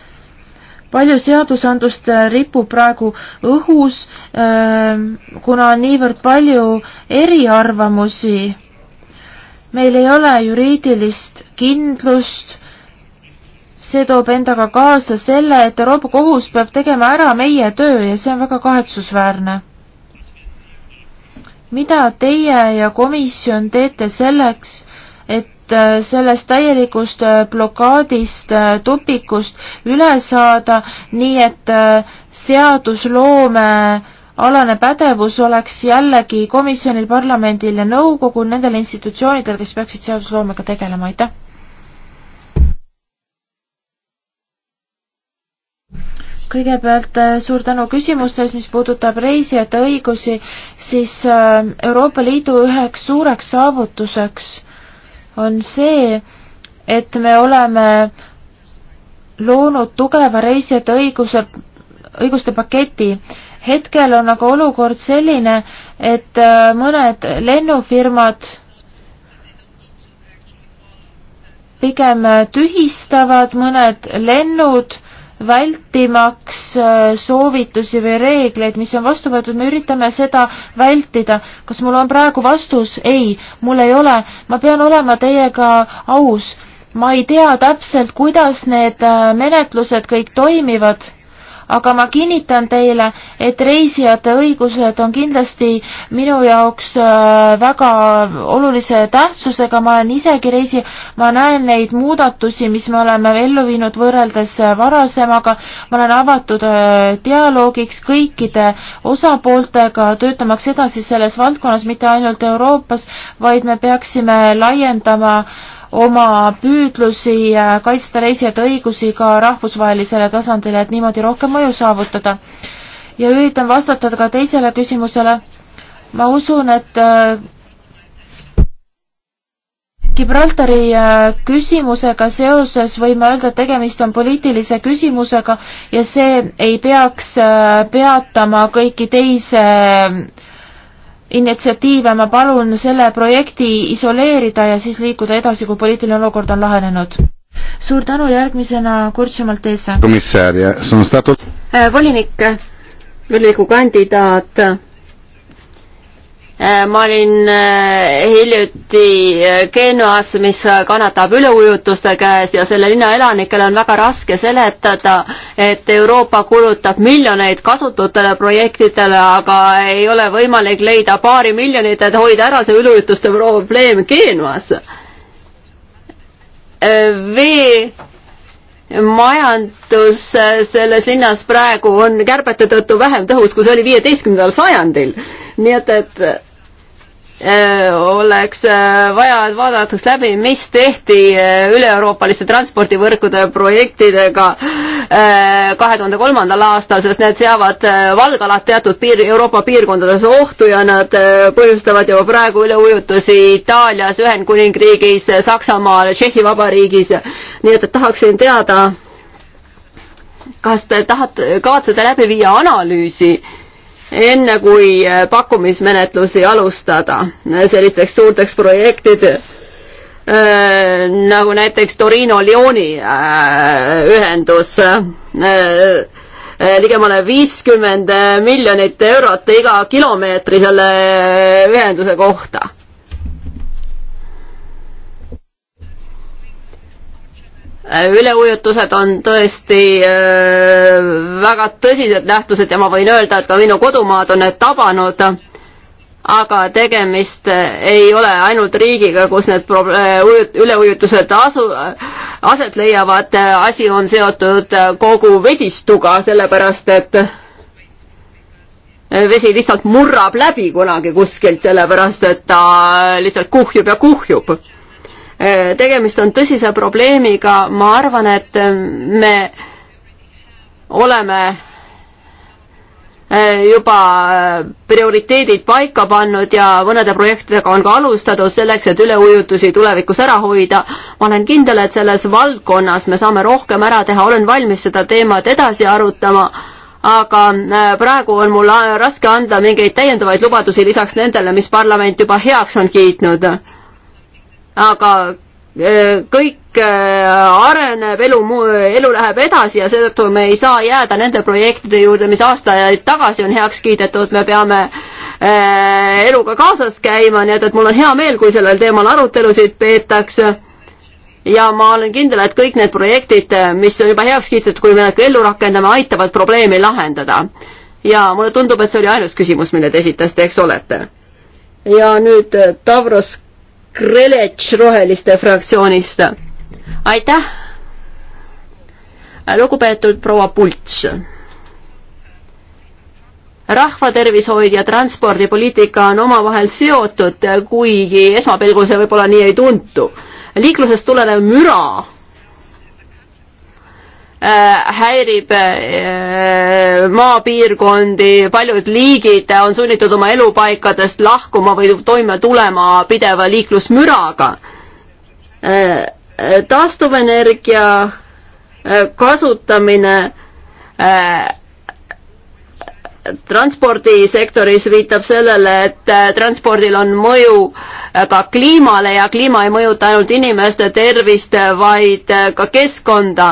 palju seadusandlust ripub praegu õhus, kuna on niivõrd palju eriarvamusi meil ei ole juriidilist kindlust, see toob endaga kaasa selle, et Euroopa Kohus peab tegema ära meie töö ja see on väga kahetsusväärne. mida teie ja komisjon teete selleks, et äh, sellest täielikust äh, blokaadist, äh, tupikust üle saada, nii et seadusloome äh, alane pädevus oleks jällegi komisjonil, parlamendil ja nõukogul, nendel institutsioonidel, kes peaksid seadusloomega tegelema, aitäh! kõigepealt äh, suur tänu küsimuste eest, mis puudutab reisijate õigusi, siis äh, Euroopa Liidu üheks suureks saavutuseks on see, et me oleme loonud tugeva reisijate õiguse, õiguste paketi hetkel on aga olukord selline, et äh, mõned lennufirmad pigem äh, tühistavad mõned lennud, vältimaks äh, soovitusi või reegleid, mis on vastu võetud, me üritame seda vältida. kas mul on praegu vastus? ei, mul ei ole. ma pean olema teiega aus. ma ei tea täpselt, kuidas need menetlused kõik toimivad aga ma kinnitan teile, et reisijate õigused on kindlasti minu jaoks äh, väga olulise tähtsusega, ma olen isegi reisi, ma näen neid muudatusi, mis me oleme ellu viinud võrreldes äh, varasemaga, ma olen avatud äh, dialoogiks kõikide osapooltega, töötamaks edasi selles valdkonnas, mitte ainult Euroopas, vaid me peaksime laiendama äh, oma püüdlusi äh, kaitsta reisijate õigusi ka rahvusvahelisele tasandile, et niimoodi rohkem mõju saavutada. ja üritan vastata ka teisele küsimusele. ma usun, et äh, Gibraltari äh, küsimusega seoses võime öelda, et tegemist on poliitilise küsimusega ja see ei peaks peatama kõiki teise initsiatiive, ma palun selle projekti isoleerida ja siis liikuda edasi, kui poliitiline olukord on lahenenud. suur tänu, järgmisena Kurtsi Maltese. Eh, volinik, voliniku kandidaat Äh, ma olin äh, hiljuti Genoas, äh, mis kannatab üleujutuste käes ja selle linna elanikele on väga raske seletada, et Euroopa kulutab miljoneid kasututele projektidele, aga ei ole võimalik leida paari miljonit, et hoida ära see üleujutuste probleem Genoas. vee majandus selles linnas praegu on kärbete tõttu vähem tõhus, kui see oli viieteistkümnendal sajandil. nii et, et Äh, oleks äh, vaja, et vaadataks läbi, mis tehti äh, üle-euroopaliste transpordivõrkude projektidega kahe tuhande kolmandal aastal, sest need seavad valgalad teatud piir, Euroopa piirkondades ohtu ja nad põhjustavad juba praegu üleujutusi Itaalias, Ühendkuningriigis, Saksamaal, Tšehhi Vabariigis. nii et, et tahaksin teada, kas te tahate, kavatsete läbi viia analüüsi äh, enne kui äh, pakkumismenetlusi alustada äh, sellisteks suurteks projektideks äh, nagu näiteks Torino-Lyoni ühendus ligemale viiskümmend miljonit eurot iga kilomeetri selle ühenduse kohta. Äh, üleujutused on tõesti äh, väga tõsised nähtused ja ma võin öelda, et ka minu kodumaad on need tabanud. aga tegemist äh, ei ole ainult riigiga, kus need üleujutused asu, aset leiavad, asi on seotud kogu vesistuga, sellepärast et vesi lihtsalt murrab läbi kunagi kuskilt, sellepärast et ta lihtsalt kuhjub ja kuhjub Äh, tegemist on tõsise probleemiga, ma arvan, et äh, me oleme äh, juba prioriteedid paika pannud ja mõnede projektidega on ka alustatud selleks, et üleujutusi tulevikus ära hoida. ma olen kindel, et selles valdkonnas me saame rohkem ära teha, olen valmis seda teemat edasi arutama aga praegu on mul raske anda mingeid täiendavaid lubadusi lisaks nendele, mis parlament juba heaks on kiitnud aga e, kõik e, areneb, elu, elu läheb edasi ja seetõttu me ei saa jääda nende projektide juurde, mis aastaid tagasi on heaks kiidetud, me peame e, eluga kaasas käima, nii et, et mul on hea meel, kui sellel teemal arutelusid peetakse. ja ma olen kindel, et kõik need projektid, mis on juba heaks kiidetud, kui me need ellu rakendame, aitavad probleemi lahendada. ja mulle tundub, et see oli ainus küsimus, mille te esitasite, eks olete? ja nüüd Tavros Kreletš Roheliste fraktsioonist. aitäh, lugupeetud proua Pults. rahvatervishoid ja transpordipoliitika on omavahel seotud, kuigi esmapilgul see võib-olla nii ei tuntu. liiklusest tulenev müra Äh, häirib äh, maapiirkondi, paljud liigid on sunnitud oma elupaikadest lahkuma või toime tulema pideva liiklusmüraga. Äh, taastuvenergia kasutamine transpordisektoris viitab sellele, et transpordil on mõju ka kliimale ja kliima ei mõjuta ainult inimeste tervist, vaid ka keskkonda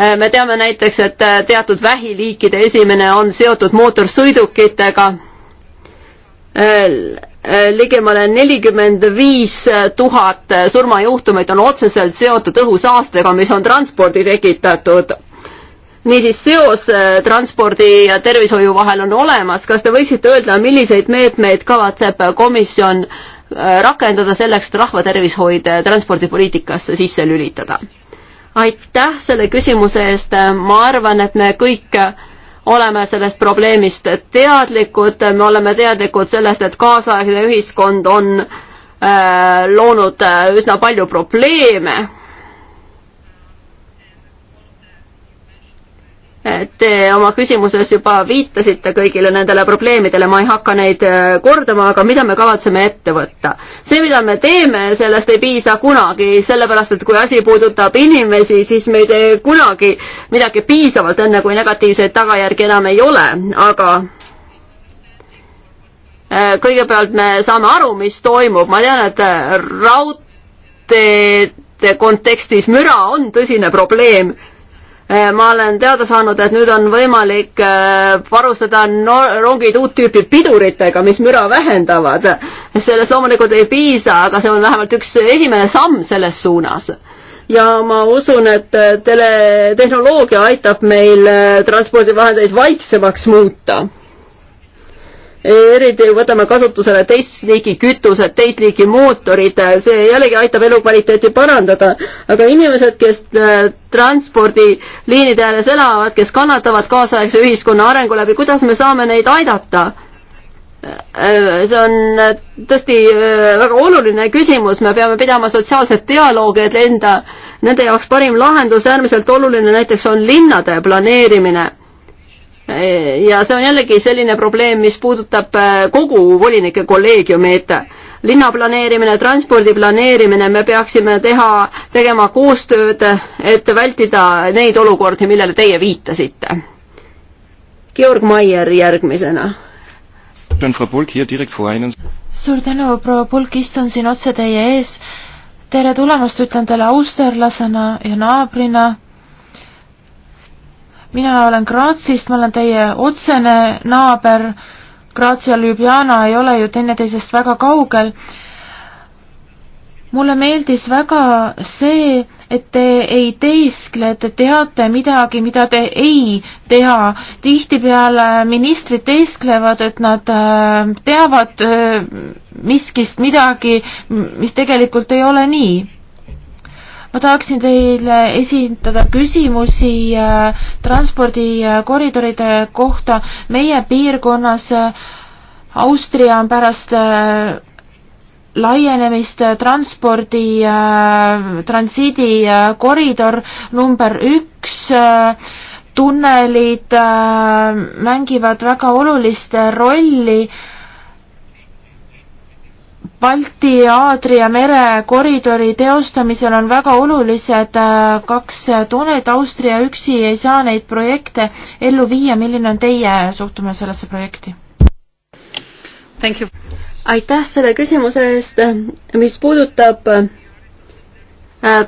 Äh, me teame näiteks, et äh, teatud vähiliikide esimene on seotud mootorsõidukitega. Äh, ligemale nelikümmend viis tuhat surmajuhtumit on otseselt seotud õhusaastega, mis on transpordi tekitatud niisiis seos transpordi ja tervishoiu vahel on olemas, kas te võiksite öelda, milliseid meetmeid kavatseb komisjon rakendada selleks, et rahvatervishoid transpordipoliitikasse sisse lülitada? aitäh selle küsimuse eest, ma arvan, et me kõik oleme sellest probleemist teadlikud, me oleme teadlikud sellest, et kaasaegne ühiskond on äh, loonud äh, üsna palju probleeme Te oma küsimuses juba viitasite kõigile nendele probleemidele, ma ei hakka neid äh, kordama, aga mida me kavatseme ette võtta? see, mida me teeme, sellest ei piisa kunagi, sellepärast et kui asi puudutab inimesi, siis me ei tee kunagi midagi piisavalt, enne kui negatiivseid tagajärgi enam ei ole, aga äh, kõigepealt me saame aru, mis toimub, ma tean, et äh, raudteed kontekstis müra on tõsine probleem Äh, ma olen teada saanud, et nüüd on võimalik äh, varustada no rongid uut tüüpi piduritega, mis müra vähendavad. sellest loomulikult ei piisa, aga see on vähemalt üks esimene samm selles suunas. ja ma usun, et äh, teletehnoloogia aitab meil transpordivahendeid vaiksemaks muuta eriti kui võtame kasutusele teist liiki kütused, teist liiki mootorid, see jällegi aitab elukvaliteeti parandada, aga inimesed, kes äh, transpordiliinide ääres elavad, kes kannatavad kaasaegse ühiskonna arengu läbi, kuidas me saame neid aidata? Äh, see on äh, tõesti väga oluline küsimus, me peame pidama sotsiaalset dialoogi, et enda, nende jaoks parim lahendus, äärmiselt oluline näiteks on linnade planeerimine ja see on jällegi selline probleem, mis puudutab äh, kogu volinike kolleegiumit linnaplaneerimine, transpordi planeerimine, me peaksime teha, tegema koostööd, et vältida neid olukordi, millele teie viitasite. Georg Maier järgmisena. suur tänu, proua Pulk, istun siin otse teie ees. tere tulemast, ütlen teile austerlasena ja naabrina mina olen Graatsist, ma olen teie otsene naaber, Graats ja Ljubljana ei ole ju teineteisest väga kaugel. mulle meeldis väga see, et te ei teiskle, et te teate midagi, mida te ei teha. tihtipeale ministrid teisklevad, et nad äh, teavad äh, miskist midagi, mis tegelikult ei ole nii ma tahaksin teile esitada küsimusi äh, transpordikoridoride äh, kohta. meie piirkonnas äh, Austria on pärast äh, laienemist äh, transpordi äh, transiidikoridor number üks tunnelid mängivad väga olulist rolli äh, Balti, Aadria mere koridori teostamisel on väga olulised äh, kaks tunnelit, Austria üksi ei saa neid projekte ellu viia, milline on teie suhtumine sellesse projekti? aitäh selle küsimuse eest, mis puudutab äh,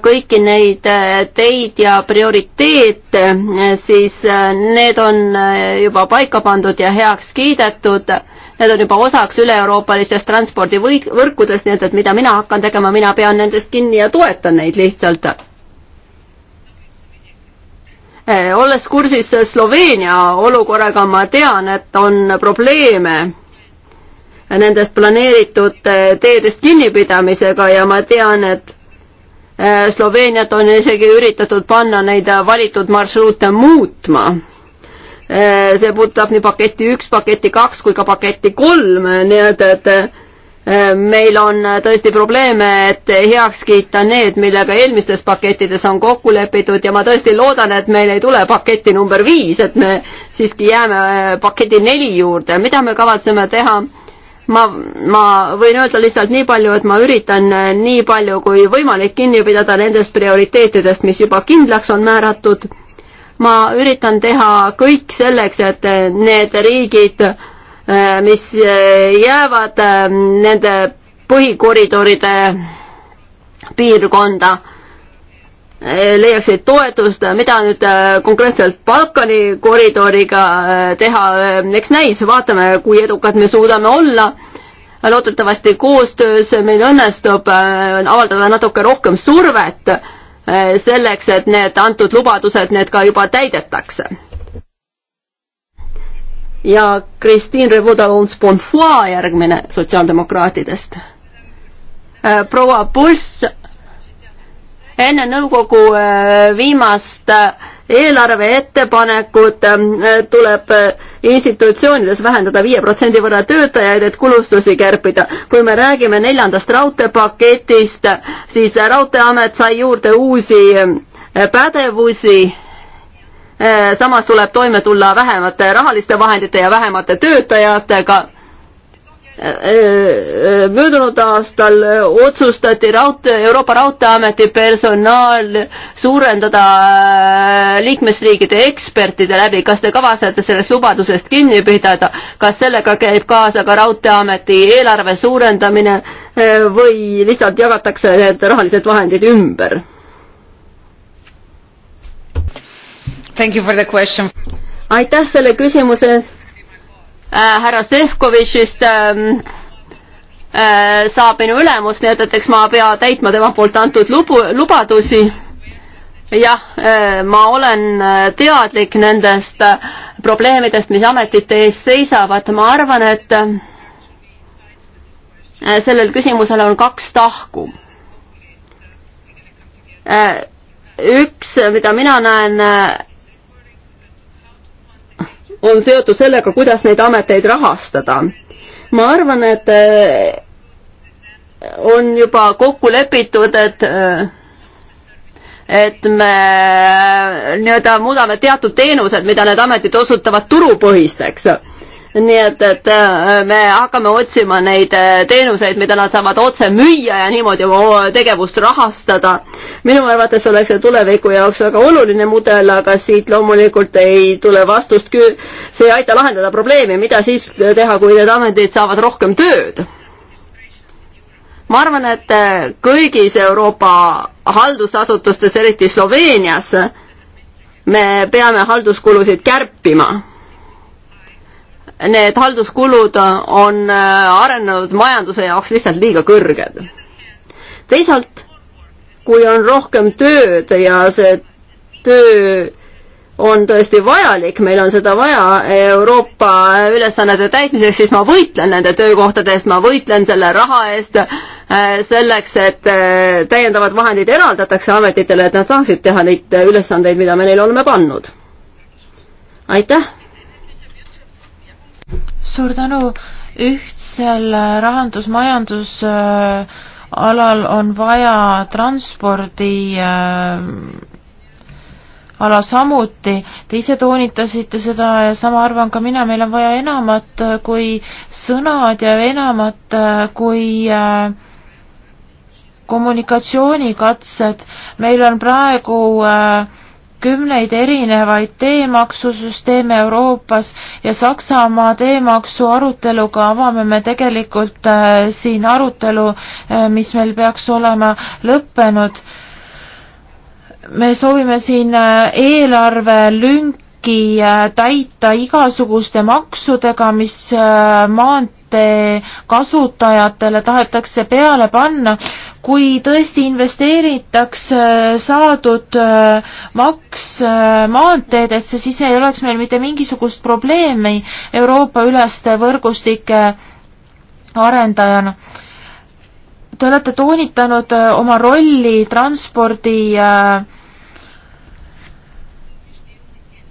kõiki neid äh, teid ja prioriteete, siis need on juba paika pandud ja heaks kiidetud need on juba osaks üle-euroopalistest transpordivõrkudest, nii et, et mida mina hakkan tegema, mina pean nendest kinni ja toetan neid lihtsalt. Eh, olles kursis Sloveenia olukorraga, ma tean, et on probleeme nendest planeeritud eh, teedest kinnipidamisega ja ma tean, et eh, Sloveeniat on isegi üritatud panna neid valitud marsruute muutma Äh, see puudutab nii paketti üks, paketti kaks kui ka paketti kolm, nii et, et äh, meil on tõesti probleeme, et heaks kiita need, millega eelmistes pakettides on kokku lepitud ja ma tõesti loodan, et meil ei tule paketti number viis, et me siiski jääme äh, paketi neli juurde, mida me kavatseme teha ma, ma võin öelda lihtsalt nii palju, et ma üritan nii palju kui võimalik kinni pidada nendest prioriteetidest, mis juba kindlaks on määratud ma üritan teha kõik selleks, et need riigid, äh, mis äh, jäävad äh, nende põhikoridoride piirkonda, leiaksid toetust, mida nüüd konkreetselt Balkani koridoriga teha, eks näis, vaatame, kui edukad me suudame olla. loodetavasti koostöös meil õnnestub avaldada natuke rohkem survet Äh, selleks, et need antud lubadused, need ka juba täidetakse. ja Christine Revaudalon-Sponfoy järgmine sotsiaaldemokraatidest. Äh, proua Puls, enne nõukogu äh, viimast äh, eelarve ettepanekud ähm, tuleb äh, institutsioonides vähendada viie protsendi võrra töötajaid, et kulustusi kärpida. kui me räägime neljandast raudteepaketist, siis Raudteeamet sai juurde uusi äh, pädevusi, äh, samas tuleb toime tulla vähemate rahaliste vahendite ja vähemate töötajatega möödunud aastal otsustati raudtee, Euroopa Raudteeameti personaal suurendada äh, liikmesriikide ekspertide läbi, kas te kavatsete sellest lubadusest kinni pidada, kas sellega käib kaasa ka Raudteeameti eelarve suurendamine äh, või lihtsalt jagatakse need rahalised vahendid ümber? aitäh selle küsimuse eest Äh, härra Sefkovitšist ähm, äh, saab minu ülemus, nii et, et eks ma pea täitma tema poolt antud lubu, lubadusi. jah, äh, ma olen teadlik nendest probleemidest, mis ametite ees seisavad, ma arvan, et sellel küsimusel on kaks tahku. üks, mida mina näen on seotud sellega, kuidas neid ameteid rahastada. ma arvan, et eh, on juba kokku lepitud, et eh, et me eh, nii-öelda muudame teatud teenused, mida need ametid osutavad turupõhisteks nii et, et äh, me hakkame otsima neid äh, teenuseid, mida nad saavad otse müüa ja niimoodi oma tegevust rahastada. minu arvates oleks see tuleviku jaoks väga oluline mudel, aga siit loomulikult ei tule vastust, see ei aita lahendada probleemi, mida siis teha, kui need ametid saavad rohkem tööd ma arvan, et äh, kõigis Euroopa haldusasutustes, eriti Sloveenias, me peame halduskulusid kärpima need halduskulud äh, on äh, arenenud majanduse jaoks lihtsalt liiga kõrged. teisalt, kui on rohkem tööd ja see töö on tõesti vajalik, meil on seda vaja Euroopa ülesannete täitmiseks, siis ma võitlen nende töökohtade eest, ma võitlen selle raha eest äh, selleks, et täiendavad vahendid eraldatakse ametitele, et nad saaksid teha neid ülesandeid, mida me neile oleme pannud. aitäh! suur tänu, ühtsel rahandusmajandus äh, alal on vaja transpordi äh, ala samuti, te ise toonitasite seda ja sama arvan ka mina, meil on vaja enamat äh, kui sõnad ja enamat kui kommunikatsioonikatsed, meil on praegu äh, kümneid erinevaid teemaksusüsteeme Euroopas ja Saksamaa teemaksu aruteluga avame me tegelikult äh, siin arutelu, äh, mis meil peaks olema lõppenud. me soovime siin äh, eelarvelünki täita igasuguste maksudega, mis maantee kasutajatele tahetakse peale panna kui tõesti investeeritakse saadud äh, maks äh, maanteedesse, siis ei oleks meil mitte mingisugust probleemi Euroopa-üleste võrgustike arendajana. Te olete toonitanud äh, oma rolli transpordi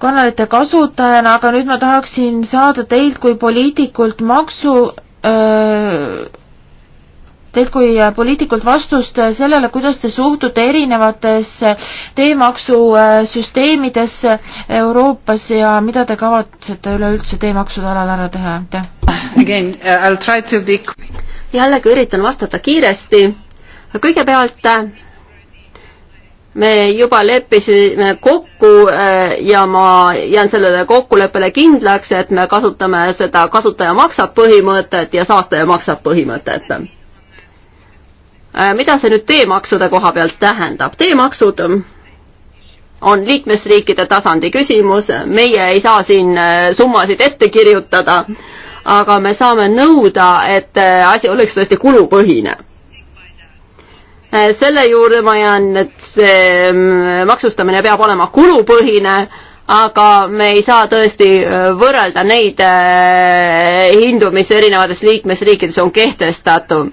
kanalite kasutajana, aga nüüd ma tahaksin saada teilt kui poliitikult maksu öö, teilt kui äh, poliitikult vastust äh, sellele, kuidas te suhtute erinevatesse teemaksusüsteemidesse äh, Euroopas ja mida te kavatsete üleüldse teemaksude alal ära teha, aitäh? Uh, jällegi üritan vastata kiiresti. kõigepealt me juba leppisime kokku ja ma jään sellele kokkuleppele kindlaks, et me kasutame seda kasutaja maksab põhimõtet ja saastaja maksab põhimõtet Äh, mida see nüüd teemaksude koha pealt tähendab? teemaksud on liikmesriikide tasandi küsimus, meie ei saa siin äh, summasid ette kirjutada, aga me saame nõuda, et äh, asi oleks tõesti kulupõhine. selle juurde ma jään, et see mm, maksustamine peab olema kulupõhine, aga me ei saa tõesti võrrelda neid hindu, mis erinevates liikmesriikides on kehtestatud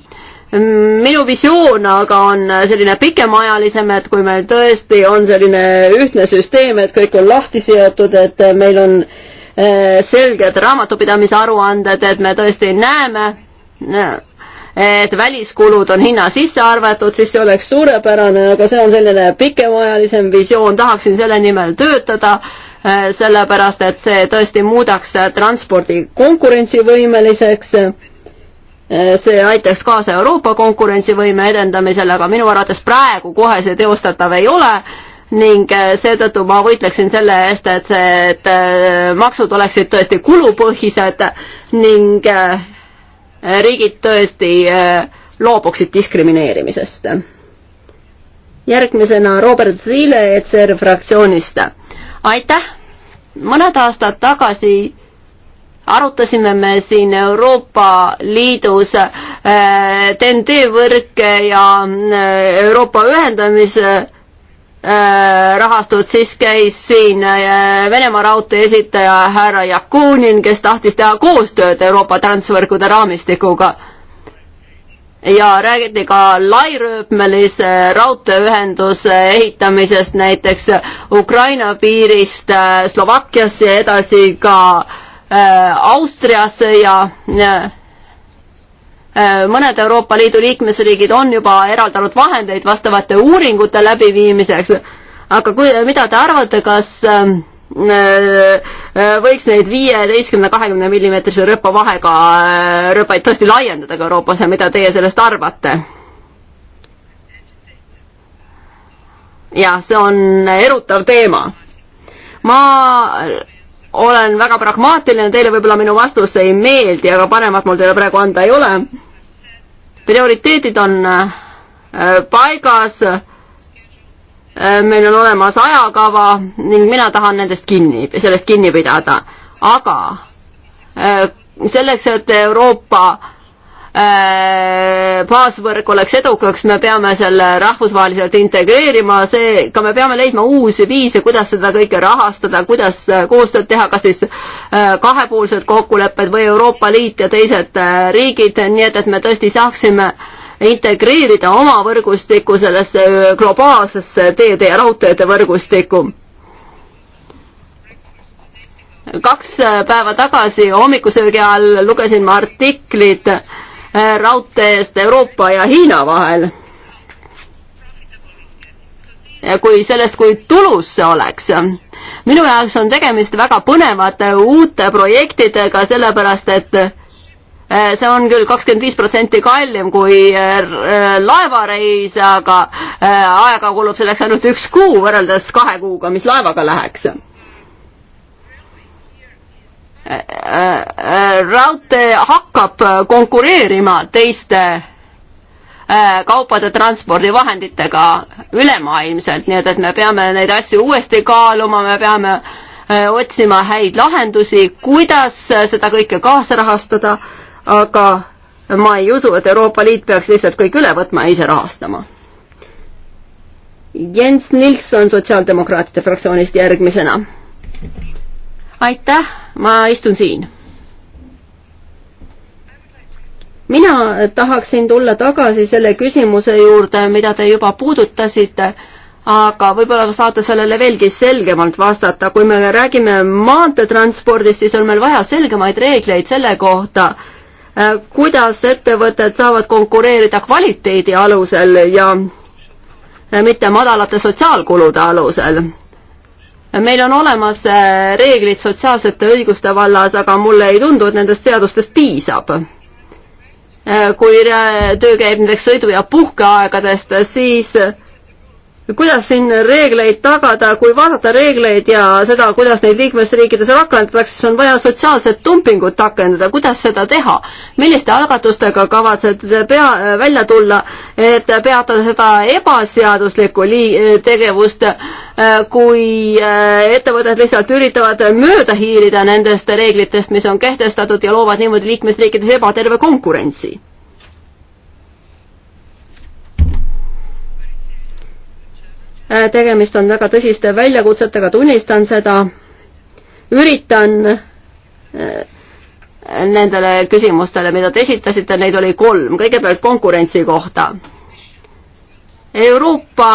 minu visioon aga on selline pikemaajalisem, et kui meil tõesti on selline ühtne süsteem, et kõik on lahti seotud, et meil on eh, selged raamatupidamise aruanded, et me tõesti näeme, et väliskulud on hinna sisse arvatud, siis see oleks suurepärane, aga see on selline pikemaajalisem visioon, tahaksin selle nimel töötada, eh, sellepärast et see tõesti muudaks transpordi konkurentsivõimeliseks Äh, see aitaks kaasa Euroopa konkurentsivõime edendamisele, aga minu arvates praegu kohe see teostatav ei ole ning äh, seetõttu ma võitleksin selle eest, et see, et äh, maksud oleksid tõesti kulupõhised ning riigid tõesti loobuksid diskrimineerimisest. järgmisena Robert Zile ECR fraktsioonist. aitäh! mõned aastad tagasi arutasime me siin Euroopa Liidus TNT äh, võrke ja äh, Euroopa ühendamise äh, rahastut, siis käis siin Venemaa raudtee esitaja härra Jakunin, kes tahtis teha koostööd Euroopa transvõrkude raamistikuga ja räägiti ka lairööpmelise raudteeühenduse ehitamisest näiteks Ukraina piirist Slovakkiasse ja edasi ka Äh, Austrias ja äh, äh, mõned Euroopa Liidu liikmesriigid on juba eraldanud vahendeid vastavate uuringute läbiviimiseks, aga kui, mida te arvate, kas ähm, võiks neid viieteistkümne, kahekümne millimeetrise rööpavahega rööpaid tõesti laiendada ka Euroopas ja mida teie sellest arvate? jah, see on erutav teema. ma olen väga pragmaatiline, teile võib-olla minu vastus ei meeldi, aga paremat mul teile praegu anda ei ole. prioriteedid on äh, paigas, äh, meil on olemas ajakava ning mina tahan nendest kinni, sellest kinni pidada. aga äh, selleks, et Euroopa Äh, baasvõrk oleks edukaks, me peame selle rahvusvaheliselt integreerima, seega me peame leidma uusi viise, kuidas seda kõike rahastada, kuidas äh, koostööd teha, kas siis äh, kahepoolsed kokkulepped või Euroopa Liit ja teised riigid, nii et, et me tõesti saaksime integreerida oma võrgustikku sellesse globaalsesse teede ja raudteede võrgustikku kaks päeva tagasi hommikusöögi all lugesin ma artiklit äh, Äh, raudteest Euroopa ja Hiina vahel. kui sellest, kui tulus see oleks. minu jaoks on tegemist väga põnevate uute projektidega, sellepärast et äh, see on küll kakskümmend viis protsenti kallim kui äh, laevareis, aga aega kulub selleks ainult üks kuu võrreldes kahe kuuga, mis laevaga läheks raudtee hakkab konkureerima teiste äh, kaupade transpordivahenditega ülemaailmselt, nii et, et me peame neid asju uuesti kaaluma, me peame äh, otsima häid lahendusi, kuidas seda kõike kaasrahastada, aga ma ei usu, et Euroopa Liit peaks lihtsalt kõik üle võtma ja ise rahastama. Jens Nilsson sotsiaaldemokraatide fraktsioonist järgmisena aitäh, ma istun siin. mina tahaksin tulla tagasi selle küsimuse juurde, mida te juba puudutasite, aga võib-olla saate sellele veelgi selgemalt vastata. kui me räägime maanteetranspordist, siis on meil vaja selgemaid reegleid selle kohta, äh, kuidas ettevõtted saavad konkureerida kvaliteedi alusel ja mitte madalate sotsiaalkulude alusel meil on olemas äh, reeglid sotsiaalsete õiguste vallas, aga mulle ei tundu, et nendest seadustest piisab. Äh, kui äh, töö käib näiteks sõidu- ja puhkeaegadest, siis kuidas siin reegleid tagada, kui vaadata reegleid ja seda, kuidas neid liikmesriikides rakendatakse, siis on vaja sotsiaalset dumpingut rakendada, kuidas seda teha? milliste algatustega kavatsed pea, välja tulla, et peatada seda ebaseaduslikku lii-, tegevust, kui äh, ettevõtted lihtsalt üritavad mööda hiilida nendest reeglitest, mis on kehtestatud ja loovad niimoodi liikmesriikides ebaterve konkurentsi? Äh, tegemist on väga tõsiste väljakutsetega, tunnistan seda, üritan äh, nendele küsimustele, mida te esitasite, neid oli kolm, kõigepealt konkurentsi kohta. Euroopa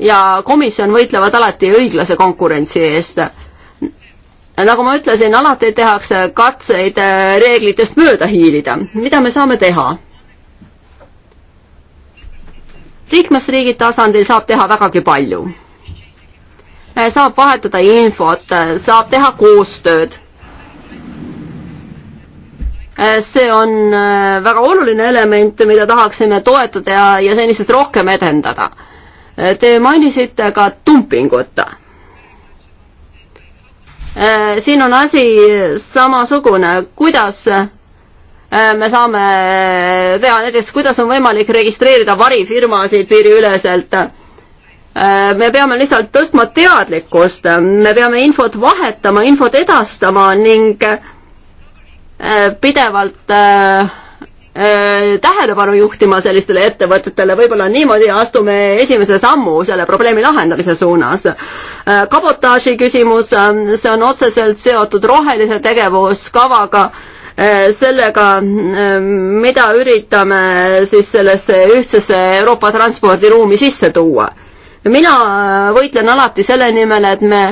ja komisjon võitlevad alati õiglase konkurentsi eest. nagu ma ütlesin, alati tehakse katseid äh, reeglitest mööda hiilida. mida me saame teha? liikmesriigi tasandil saab teha vägagi palju. saab vahetada infot, saab teha koostööd. see on äh, väga oluline element, mida tahaksime toetada ja, ja senisest rohkem edendada. Äh, te mainisite ka dumpingut äh, siin on asi samasugune, kuidas Äh, me saame äh, teha näiteks, kuidas on võimalik registreerida varifirmasid piiriüleselt. Äh, me peame lihtsalt tõstma teadlikkust, me peame infot vahetama, infot edastama ning pidevalt tähelepanu juhtima sellistele ettevõtetele, võib-olla niimoodi astume esimese sammu selle probleemi lahendamise suunas. kabotaaži küsimus, see on otseselt seotud rohelise tegevuskavaga Äh, sellega, äh, mida üritame siis sellesse ühtsesse Euroopa transpordiruumi sisse tuua. mina äh, võitlen alati selle nimel, et me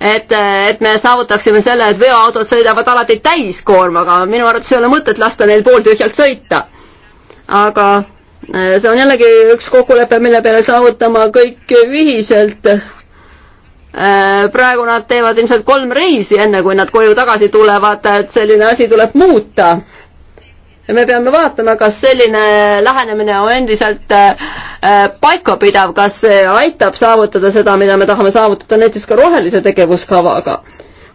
et, et me saavutaksime selle, et veoautod sõidavad alati täiskoormaga, minu arvates ei ole mõtet lasta neil pooltühjalt sõita. aga see on jällegi üks kokkulepe, mille peale saavutama kõik ühiselt Äh, praegu nad teevad ilmselt kolm reisi, enne kui nad koju tagasi tulevad, et selline asi tuleb muuta. me peame vaatama, kas selline lähenemine on endiselt äh, äh, paikapidav, kas see aitab saavutada seda, mida me tahame saavutada näiteks ka rohelise tegevuskavaga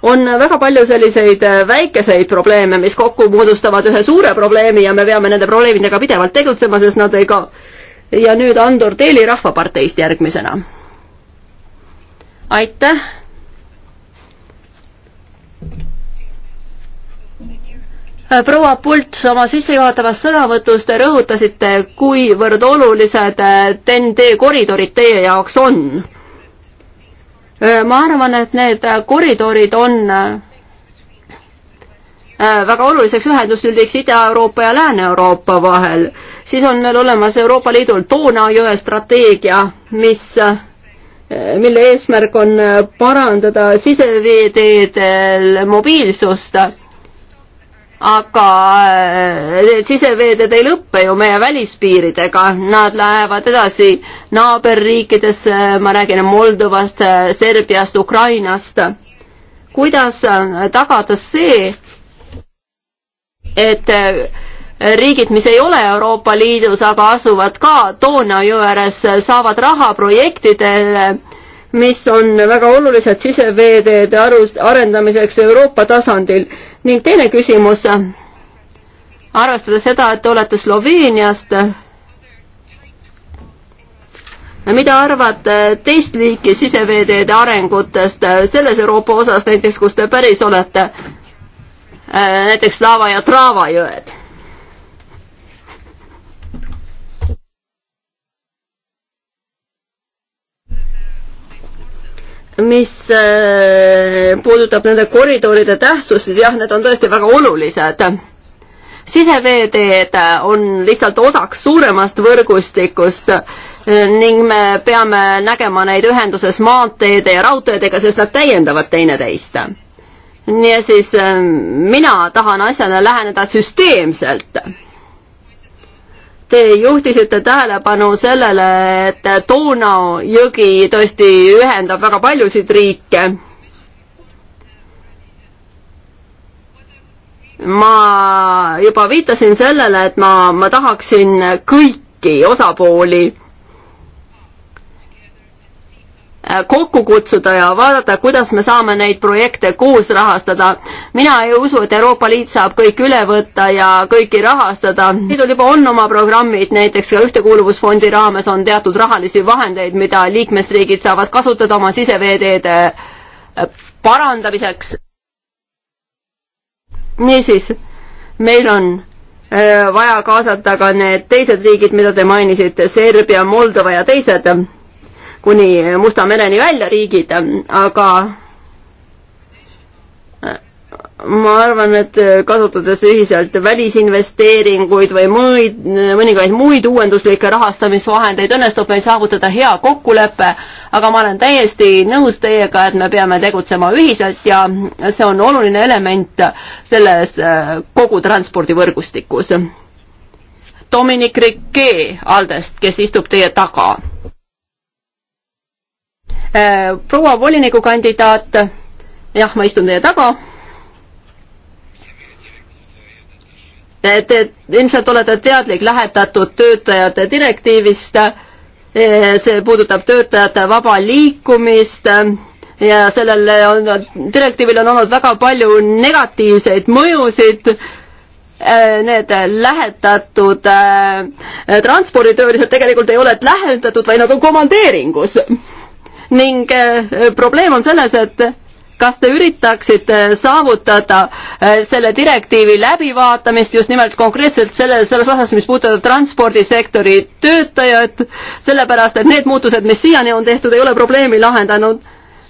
on väga palju selliseid väikeseid probleeme, mis kokku moodustavad ühe suure probleemi ja me peame nende probleemidega pidevalt tegutsema, sest nad ei kao. ja nüüd Andor Teeli Rahvaparteist järgmisena aitäh. proua Pult, oma sissejuhatavas sõnavõtus te rõhutasite, kuivõrd olulised TEN-T äh, koridorid teie jaoks on. Äh, ma arvan, et need äh, koridorid on väga oluliseks ühenduslüliks Ida-Euroopa ja Lääne-Euroopa vahel. siis on meil olemas Euroopa Liidul Doona jõe strateegia, mis Eh, mille eesmärk on eh, parandada siseveeteedel mobiilsust. aga need eh, siseveeteed ei lõppe ju meie välispiiridega, nad lähevad edasi naaberriikidesse, ma räägin Moldovast, Serbiast, Ukrainast. kuidas tagada see, et riigid, mis ei ole Euroopa Liidus, aga asuvad ka Doona jõe ääres, saavad raha projektidele, mis on väga olulised siseveeteede arendamiseks Euroopa tasandil. ning teine küsimus, arvestades seda, et te olete Sloveeniast, mida arvate teist liiki siseveeteede arengutest selles Euroopa osas näiteks, kus te päris olete, näiteks Lava ja Trava jõed? mis äh, puudutab nende koridoride tähtsust, siis jah, need on tõesti väga olulised. siseveeteed äh, on lihtsalt osaks suuremast võrgustikust äh, ning me peame nägema neid ühenduses maanteede ja raudteedega, sest nad täiendavad teineteist. nii ja siis mina tahan asjale läheneda süsteemselt Te juhtisite tähelepanu sellele, et Donau jõgi tõesti ühendab väga paljusid riike ma juba viitasin sellele, et ma, ma tahaksin kõiki osapooli Äh, kokku kutsuda ja vaadata, kuidas me saame neid projekte koos rahastada. mina ei usu, et Euroopa Liit saab kõik üle võtta ja kõiki rahastada. liidul juba on oma programmid, näiteks ka Ühtekuuluvusfondi raames on teatud rahalisi vahendeid, mida liikmesriigid saavad kasutada oma siseveeteede äh, parandamiseks. niisiis, meil on äh, vaja kaasata ka need teised riigid, mida te mainisite, Serbia, Moldova ja teised kuni Musta mereni välja riigid, aga äh, ma arvan, et kasutades ühiselt välisinvesteeringuid või muid, mõningaid muid uuenduslikke rahastamisvahendeid, õnnestub meil saavutada hea kokkulepe, aga ma olen täiesti nõus teiega, et me peame tegutsema ühiselt ja see on oluline element selles äh, kogu transpordivõrgustikus. Dominic Riquet Aldest, kes istub teie taga Äh, proua volinikukandidaat, jah, ma istun teie taga. Te ilmselt olete teadlik lähetatud töötajate direktiivist. Äh, see puudutab töötajate vaba liikumist ja sellel on, direktiivil on olnud väga palju negatiivseid mõjusid äh, need lähetatud äh, transporditöölised tegelikult ei ole lähetatud, vaid nad on komandeeringus ning eh, probleem on selles, et kas te üritaksite saavutada eh, selle direktiivi läbivaatamist just nimelt konkreetselt selle, selles osas, mis puudutab transpordisektori töötajat, sellepärast et need muutused, mis siiani on tehtud, ei ole probleemi lahendanud.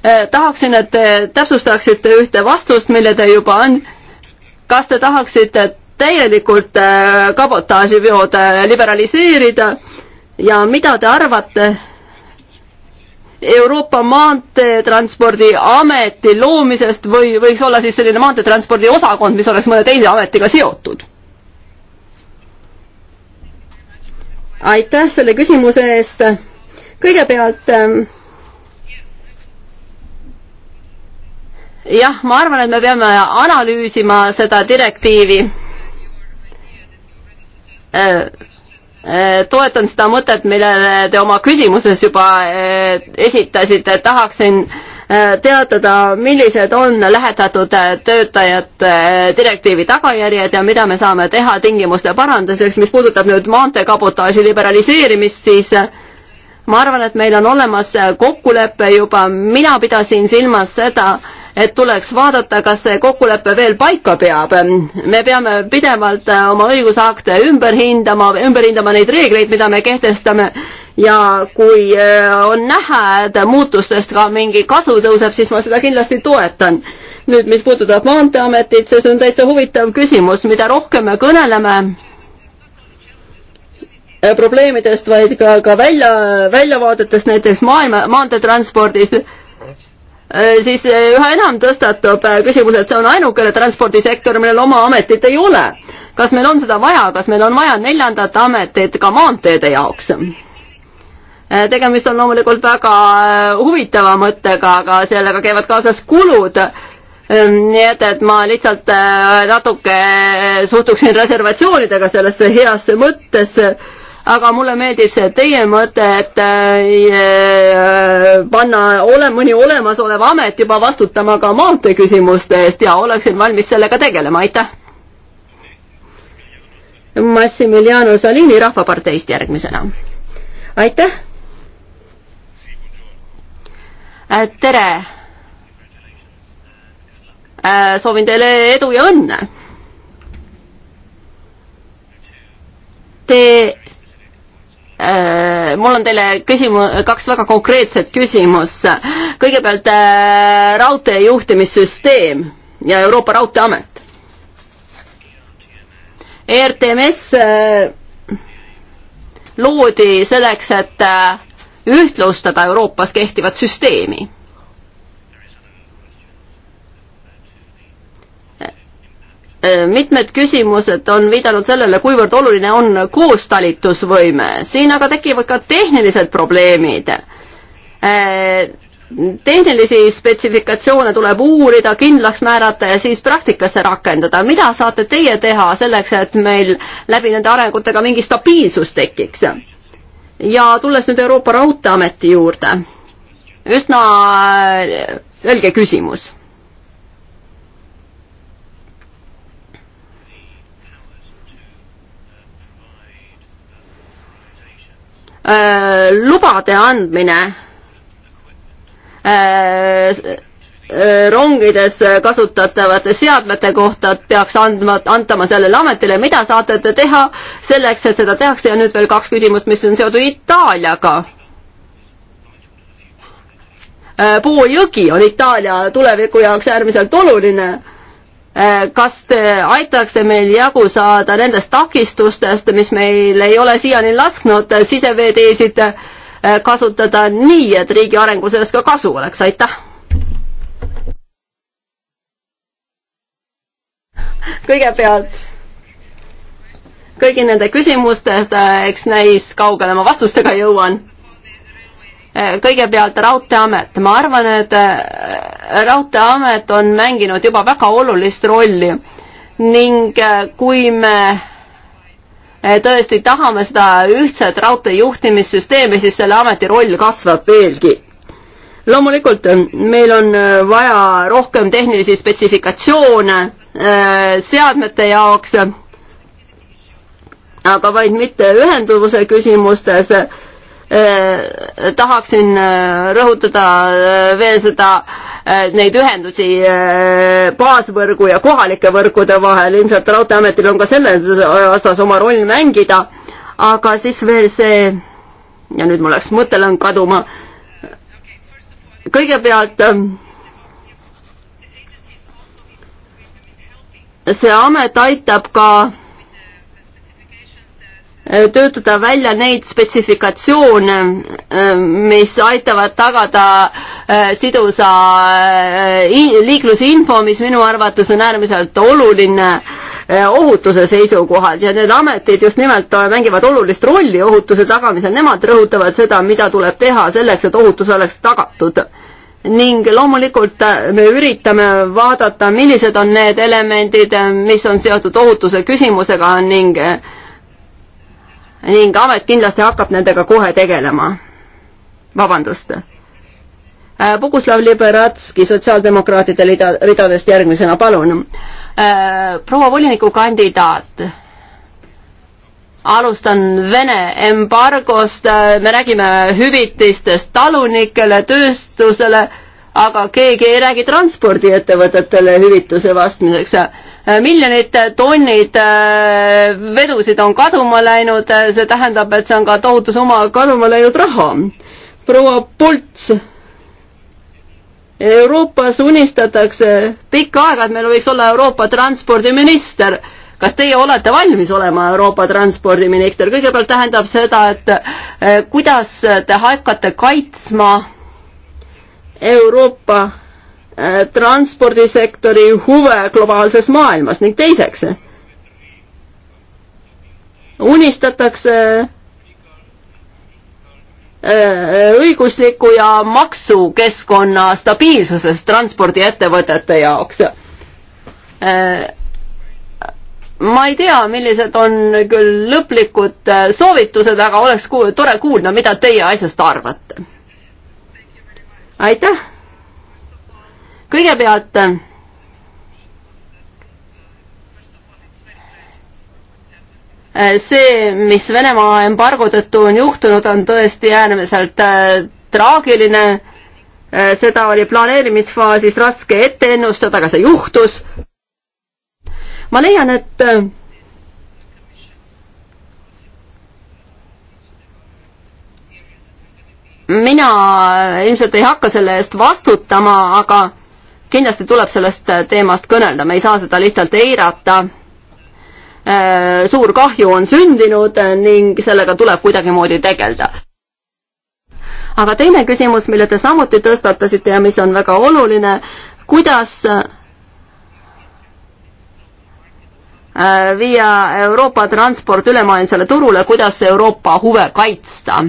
Eh, tahaksin, et te täpsustaksite ühte vastust, mille te juba on. kas te tahaksite täielikult kabotaaživeod liberaliseerida ja mida te arvate Euroopa Maanteetranspordiameti loomisest või võiks olla siis selline maanteetranspordi osakond, mis oleks mõne teise ametiga seotud? aitäh selle küsimuse eest. kõigepealt ähm, jah, ma arvan, et me peame analüüsima seda direktiivi äh, Äh, toetan seda mõtet, millele te oma küsimuses juba äh, esitasite, tahaksin äh, teatada, millised on lähetatud töötajate direktiivi tagajärjed ja mida me saame teha tingimuste paranduseks, mis puudutab nüüd maanteekabotaaži liberaliseerimist, siis ma arvan, et meil on olemas kokkulepe juba, mina pidasin silmas seda, et tuleks vaadata, kas see kokkulepe veel paika peab. me peame pidevalt äh, oma õigusakte ümber hindama, ümber hindama neid reegleid, mida me kehtestame ja kui äh, on näha, et muutustest ka mingi kasu tõuseb, siis ma seda kindlasti toetan. nüüd, mis puudutab Maanteeametit, see on täitsa huvitav küsimus, mida rohkem me kõneleme, äh, probleemidest, vaid ka, ka välja, väljavaadetest näiteks maailma, maanteetranspordis Äh, siis äh, üha enam tõstatub äh, küsimus, et see on ainukene transpordisektor, millel oma ametit ei ole. kas meil on seda vaja, kas meil on vaja neljandat ametit ka maanteede jaoks? tegemist on loomulikult väga huvitava mõttega, aga sellega käivad kaasas kulud. Ehm, nii et, et ma lihtsalt natuke suhtuksin reservatsioonidega sellesse heasse mõttesse aga mulle meeldib see teie mõte, et äh, äh, panna ole, mõni olemasolev amet juba vastutama ka maanteeküsimuste eest ja oleksin valmis sellega tegelema, aitäh. Massimiliano Salini Rahvaparteist järgmisena. aitäh. Äh, tere. Äh, soovin teile edu ja õnne te Äh, mul on teile küsimus, kaks väga konkreetset küsimust. kõigepealt äh, raudtee juhtimissüsteem ja Euroopa Raudteeamet. ERTMS äh, loodi selleks, et ühtlustada Euroopas kehtivat süsteemi Äh, mitmed küsimused on viidanud sellele, kuivõrd oluline on koostalitusvõime, siin aga tekivad ka tehnilised probleemid. Äh, tehnilisi spetsifikatsioone tuleb uurida, kindlaks määrata ja siis praktikasse rakendada. mida saate teie teha selleks, et meil läbi nende arengutega mingi stabiilsus tekiks? ja tulles nüüd Euroopa Raudteeameti juurde, üsna äh, selge küsimus Äh, lubade andmine äh, äh, rongides kasutatavate seadmete kohta peaks andma, antama sellele ametile, mida saate te teha selleks, et seda tehakse ja nüüd veel kaks küsimust, mis on seotud Itaaliaga. Poo jõgi on Itaalia tuleviku jaoks äärmiselt oluline Äh, kas te aitakse meil jagu saada nendest takistustest, mis meil ei ole siiani lasknud siseveeteesid äh, kasutada nii, et riigi arengul sellest ka kasu oleks, aitäh! kõigepealt kõigi nende küsimuste eest, äh, eks näis kaugele ma vastustega jõuan Eh, kõigepealt Raudteeamet, ma arvan, et eh, Raudteeamet on mänginud juba väga olulist rolli ning eh, kui me tõesti tahame seda ühtset raudteejuhtimissüsteemi, siis selle ameti roll kasvab veelgi. loomulikult meil on vaja rohkem tehnilisi spetsifikatsioone seadmete jaoks, aga vaid mitte ühenduvuse küsimustes Äh, tahaksin äh, rõhutada äh, veel seda, neid ühendusi baasvõrgu ja kohalike võrkude vahel, ilmselt Raudteeametil on ka selles osas oma roll mängida, aga siis veel see, ja nüüd mul läks mõttelõng kaduma, kõigepealt see amet aitab ka Äh, töötada välja neid spetsifikatsioone, äh, mis aitavad tagada äh, sidusa liiklusinfo, mis minu arvates on äärmiselt oluline ohutuse seisukohalt ja need ametid just nimelt mängivad olulist rolli ohutuse tagamisel, nemad rõhutavad seda, mida tuleb teha selleks, et ohutus oleks tagatud ning loomulikult me üritame vaadata, millised on need elemendid, mis on seotud ohutuse küsimusega ning äh, ning amet kindlasti hakkab nendega kohe tegelema. vabandust. Äh, Boguslav Liberatski sotsiaaldemokraatide rida, ridadest järgmisena, palun. Äh, proua volinikukandidaat, alustan Vene embargost, äh, me räägime hüvitistest talunikele, tööstusele aga keegi ei räägi transpordiettevõtetele hüvituse vastmiseks. miljonid tonnid äh, vedusid on kaduma läinud, äh, see tähendab, et see on ka tohutu summa kaduma läinud raha. proua Pults. Euroopas unistatakse pikka aega, et meil võiks olla Euroopa transpordiminister kas teie olete valmis olema Euroopa transpordiminister, kõigepealt tähendab seda, et äh, kuidas te hakkate kaitsma Euroopa äh, transpordisektori huve globaalses maailmas ning teiseks unistatakse äh, õigusliku ja maksukeskkonna stabiilsusest transpordiettevõtete jaoks. Äh, ma ei tea, millised on küll lõplikud soovitused, aga oleks ku tore kuulda, mida teie asjast arvate aitäh! kõigepealt äh, see, mis Venemaa embargo tõttu on juhtunud, on tõesti äärmiselt äh, traagiline. Äh, seda oli planeerimisfaasis raske ette ennustada, aga see juhtus. ma leian, et mina ilmselt ei hakka selle eest vastutama, aga kindlasti tuleb sellest teemast kõnelda, me ei saa seda lihtsalt eirata. Äh, suur kahju on sündinud ning sellega tuleb kuidagimoodi tegeleda. aga teine küsimus, mille te samuti tõstatasite ja mis on väga oluline, kuidas äh, viia Euroopa transport ülemaailmsele turule, kuidas Euroopa huve kaitsta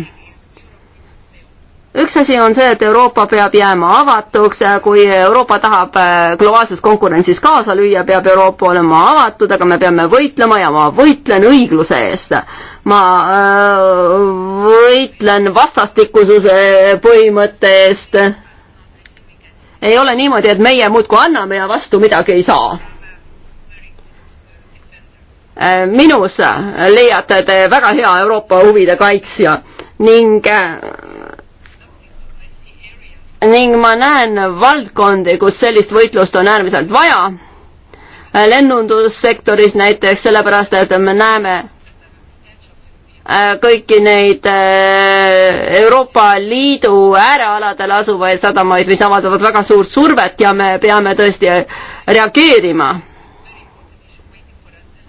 üks asi on see, et Euroopa peab jääma avatuks, äh, kui Euroopa tahab äh, globaalses konkurentsis kaasa lüüa, peab Euroopa olema avatud, aga me peame võitlema ja ma võitlen õigluse eest. ma äh, võitlen vastastikususe põhimõtte eest. ei ole niimoodi, et meie muudkui anname ja vastu midagi ei saa minus leiate te väga hea Euroopa huvide kaitsja ning ning ma näen valdkondi, kus sellist võitlust on äärmiselt vaja. Äh, lennundussektoris näiteks, sellepärast et me näeme äh, kõiki neid äh, Euroopa Liidu äärealadel asuvaid sadamaid, mis avaldavad väga suurt survet ja me peame tõesti reageerima.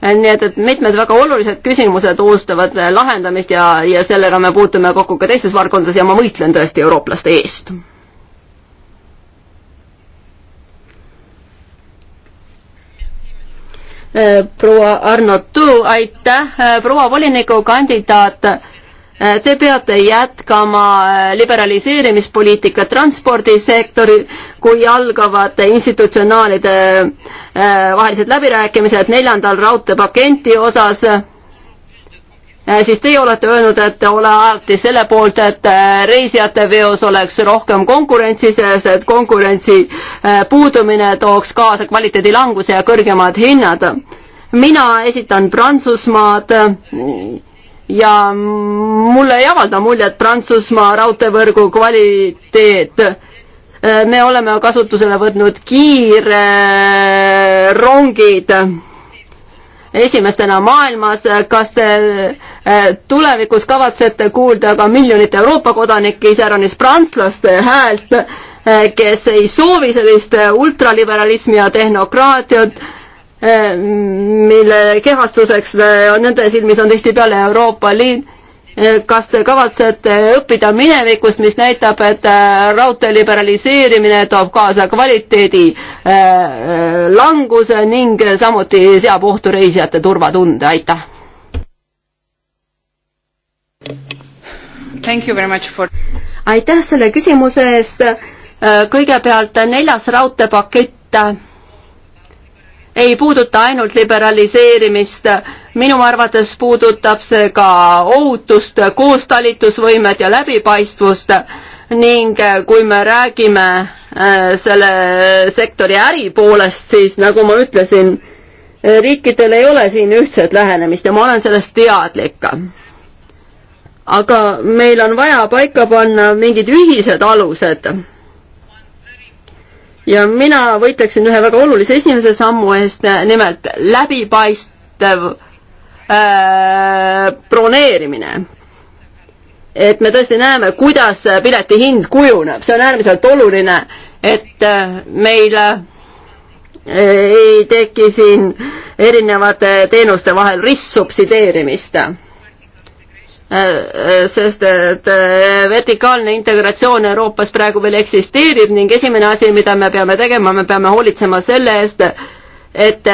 nii et, et mitmed väga olulised küsimused ootavad lahendamist ja, ja sellega me puutume kokku ka teistes valdkondades ja ma võitlen tõesti eurooplaste eest Äh, proua Arnotu, aitäh, äh, proua volinikukandidaat. Äh, te peate jätkama liberaliseerimispoliitikat transpordisektori, kui algavad institutsionaalide vahelised läbirääkimised neljandal raudteepaketi osas Äh, siis teie olete öelnud, et ole alati selle poolt, et äh, reisijate veos oleks rohkem konkurentsi, sest et konkurentsi äh, puudumine tooks kaasa kvaliteedi languse ja kõrgemad hinnad. mina esitan Prantsusmaad ja mulle ei avalda muljet Prantsusmaa raudteevõrgu kvaliteet me oleme kasutusele võtnud kiirrongid äh, esimestena maailmas, kas te eh, tulevikus kavatsete kuulda ka miljonite Euroopa kodanike, iseäranis prantslaste häält, eh, kes ei soovi sellist eh, ultraliberalismi ja tehnokraatiat, mille kehastuseks nende silmis on tihtipeale Euroopa Liit Eh, kas te kavatsete õppida minevikust, mis näitab, et eh, raudtee liberaliseerimine toob kaasa kvaliteedi eh, languse ning samuti seab ohtu reisijate turvatunde, aitäh! For... aitäh selle küsimuse eest, kõigepealt neljas raudteepakett ei puuduta ainult liberaliseerimist, minu arvates puudutab see ka ohutust, koostalitusvõimet ja läbipaistvust ning kui me räägime äh, selle sektori äripoolest, siis nagu ma ütlesin, riikidel ei ole siin ühtset lähenemist ja ma olen sellest teadlik. aga meil on vaja paika panna mingid ühised alused ja mina võitleksin ühe väga olulise esimese sammu eest, nimelt läbipaistev äh, broneerimine. et me tõesti näeme, kuidas pileti hind kujuneb, see on äärmiselt oluline, et äh, meil äh, ei teki siin erinevate teenuste vahel ristsubsideerimist Äh, äh, sest et äh, vertikaalne integratsioon Euroopas praegu veel eksisteerib ning esimene asi, mida me peame tegema, me peame hoolitsema selle eest, et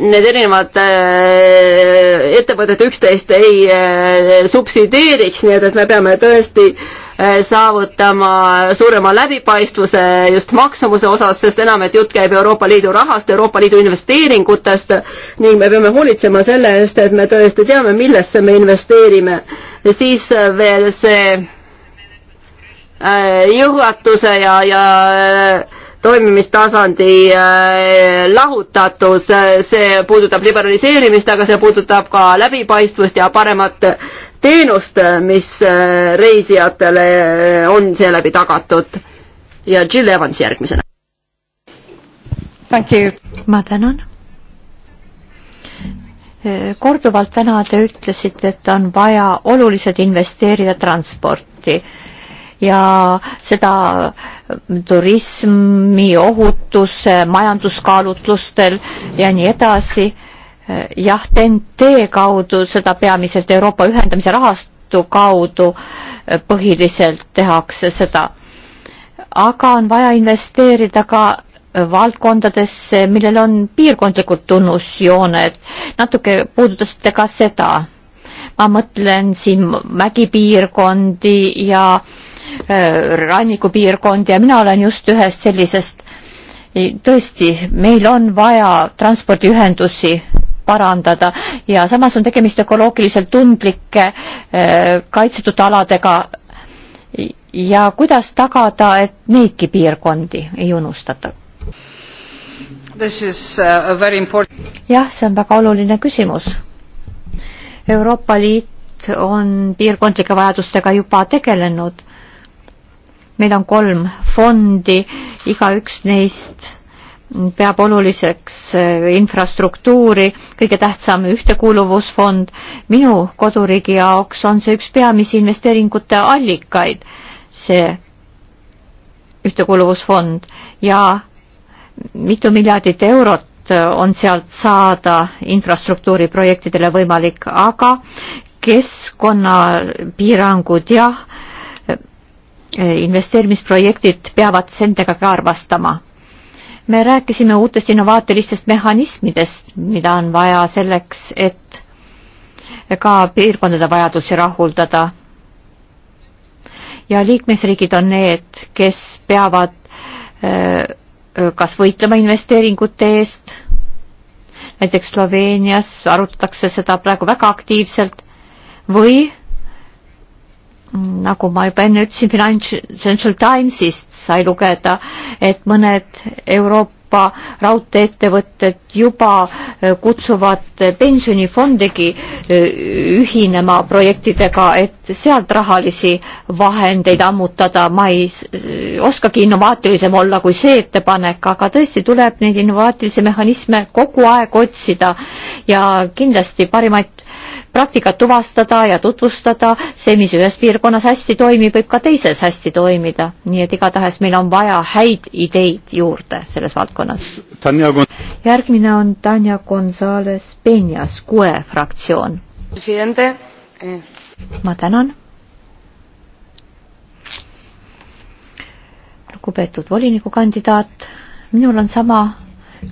need erinevad ettevõtted üksteist ei subsideeriks, nii et, et me peame tõesti äh, Eh, saavutama suurema läbipaistvuse just maksumuse osas, sest enam, et jutt käib Euroopa Liidu rahast, Euroopa Liidu investeeringutest ning me peame hoolitsema selle eest, et me tõesti teame, millesse me investeerime. siis eh, veel see eh, juhatuse ja, ja toimimistasandi lahutatus, see puudutab liberaliseerimist, aga see puudutab ka läbipaistvust ja paremat teenust, mis äh, reisijatele äh, on seeläbi tagatud. ja Jill Evans järgmisena. ma tänan äh, korduvalt täna te ütlesite, et on vaja oluliselt investeerida transporti ja seda turismi, ohutuse, majanduskaalutlustel ja nii edasi jah, TNT kaudu seda peamiselt Euroopa ühendamise rahastu kaudu eh, põhiliselt tehakse seda. aga on vaja investeerida ka eh, valdkondadesse, millel on piirkondlikud tunnusjooned. natuke puudutasite ka seda. ma mõtlen siin mägipiirkondi ja eh, rannikupiirkondi ja mina olen just ühest sellisest tõesti, meil on vaja transpordiühendusi parandada ja samas on tegemist ökoloogiliselt tundlike äh, kaitsetud aladega ja kuidas tagada, et neidki piirkondi ei unustata? Uh, jah, see on väga oluline küsimus. Euroopa Liit on piirkondlike vajadustega juba tegelenud. meil on kolm fondi, igaüks neist peab oluliseks eh, infrastruktuuri, kõige tähtsam ühtekuuluvusfond. minu koduriigi jaoks on see üks peamisi investeeringute allikaid, see ühtekuuluvusfond ja mitu miljardit eurot on sealt saada infrastruktuuriprojektidele võimalik, aga keskkonnapiirangud jah, eh, investeerimisprojektid peavad nendega ka arvestama me rääkisime uutest innovaatilistest mehhanismidest, mida on vaja selleks, et ka piirkondade vajadusi rahuldada. ja liikmesriigid on need, kes peavad äh, kas võitlema investeeringute eest, näiteks Sloveenias arutatakse seda praegu väga aktiivselt, või nagu ma juba enne ütlesin, Financial Timesist sai lugeda, et mõned Euroopa raudteeettevõtted juba e, kutsuvad pensionifondigi e, ühinema projektidega, et sealt rahalisi vahendeid ammutada. ma ei e, oskagi innovaatilisem olla kui see ettepanek, aga tõesti tuleb neid innovaatilisi mehhanisme kogu aeg otsida ja kindlasti parimaid praktikat tuvastada ja tutvustada, see, mis ühes piirkonnas hästi toimib, võib ka teises hästi toimida, nii et igatahes meil on vaja häid ideid juurde selles valdkonnas. järgmine on Tanja Gonzalez Penjas, QE fraktsioon. Eh. ma tänan. lugupeetud volinikukandidaat, minul on sama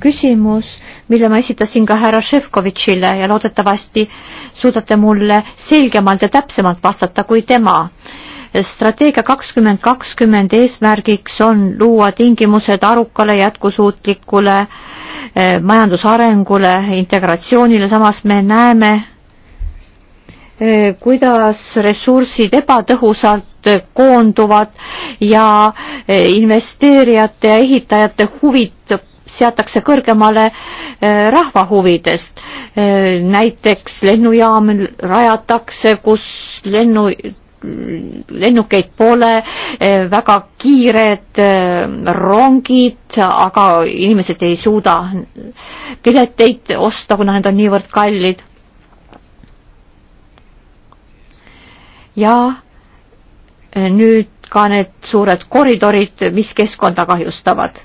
küsimus, mille ma esitasin ka härra Šefkovitšile ja loodetavasti suudate mulle selgemalt ja täpsemalt vastata kui tema. strateegia kakskümmend kakskümmend eesmärgiks on luua tingimused arukale jätkusuutlikule eh, majandusarengule, integratsioonile, samas me näeme, eh, kuidas ressursid ebatõhusalt koonduvad ja eh, investeerijate ja ehitajate huvid seatakse kõrgemale eh, rahva huvidest. Eh, näiteks lennujaam rajatakse, kus lennu, lennukeid pole, eh, väga kiired rongid, aga inimesed ei suuda pileteid osta, kuna need on niivõrd kallid. ja nüüd ka need suured koridorid, mis keskkonda kahjustavad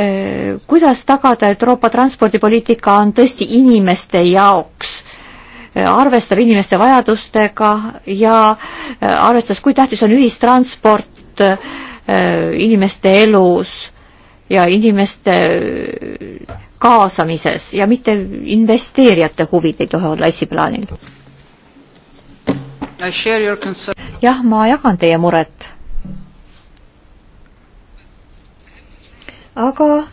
Äh, kuidas tagada, et Euroopa transpordipoliitika on tõesti inimeste jaoks, äh, arvestab inimeste vajadustega ja äh, arvestades, kui tähtis on ühistransport inimeste elus ja inimeste kaasamises ja mitte investeerijate huvid ei tohi olla esiplaanil. jah, ma jagan teie muret aga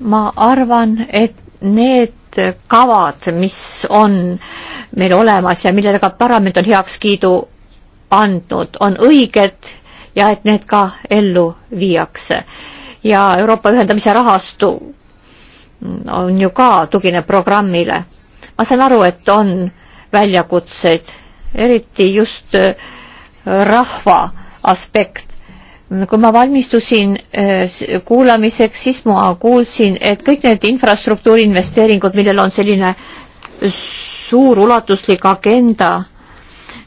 ma arvan, et need kavad, mis on meil olemas ja millele ka parlament on heakskiidu andnud, on õiged ja et need ka ellu viiakse. ja Euroopa ühendamise rahastu on ju ka, tugineb programmile. ma saan aru, et on väljakutseid, eriti just rahva aspekt, kui ma valmistusin äh, kuulamiseks, siis ma kuulsin, et kõik need infrastruktuuri investeeringud, millel on selline suur ulatuslik agenda,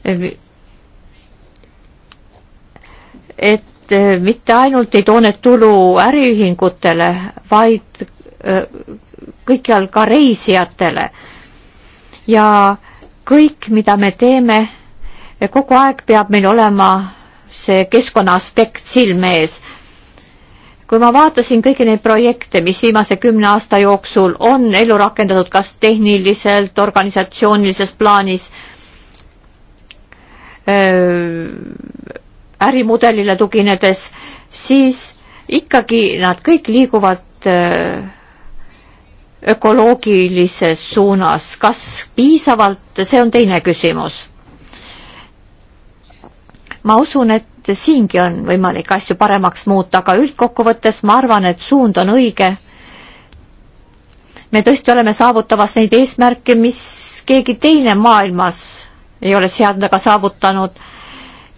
et äh, mitte ainult ei too need tulu äriühingutele, vaid äh, kõikjal ka reisijatele. ja kõik, mida me teeme, kogu aeg peab meil olema see keskkonna aspekt silme ees. kui ma vaatasin kõiki neid projekte, mis viimase kümne aasta jooksul on ellu rakendatud, kas tehniliselt, organisatsioonilises plaanis, ärimudelile tuginedes, siis ikkagi nad kõik liiguvad ökoloogilises suunas. kas piisavalt, see on teine küsimus ma usun, et siingi on võimalik asju paremaks muuta, aga üldkokkuvõttes ma arvan, et suund on õige. me tõesti oleme saavutamas neid eesmärke, mis keegi teine maailmas ei ole seadnud ega saavutanud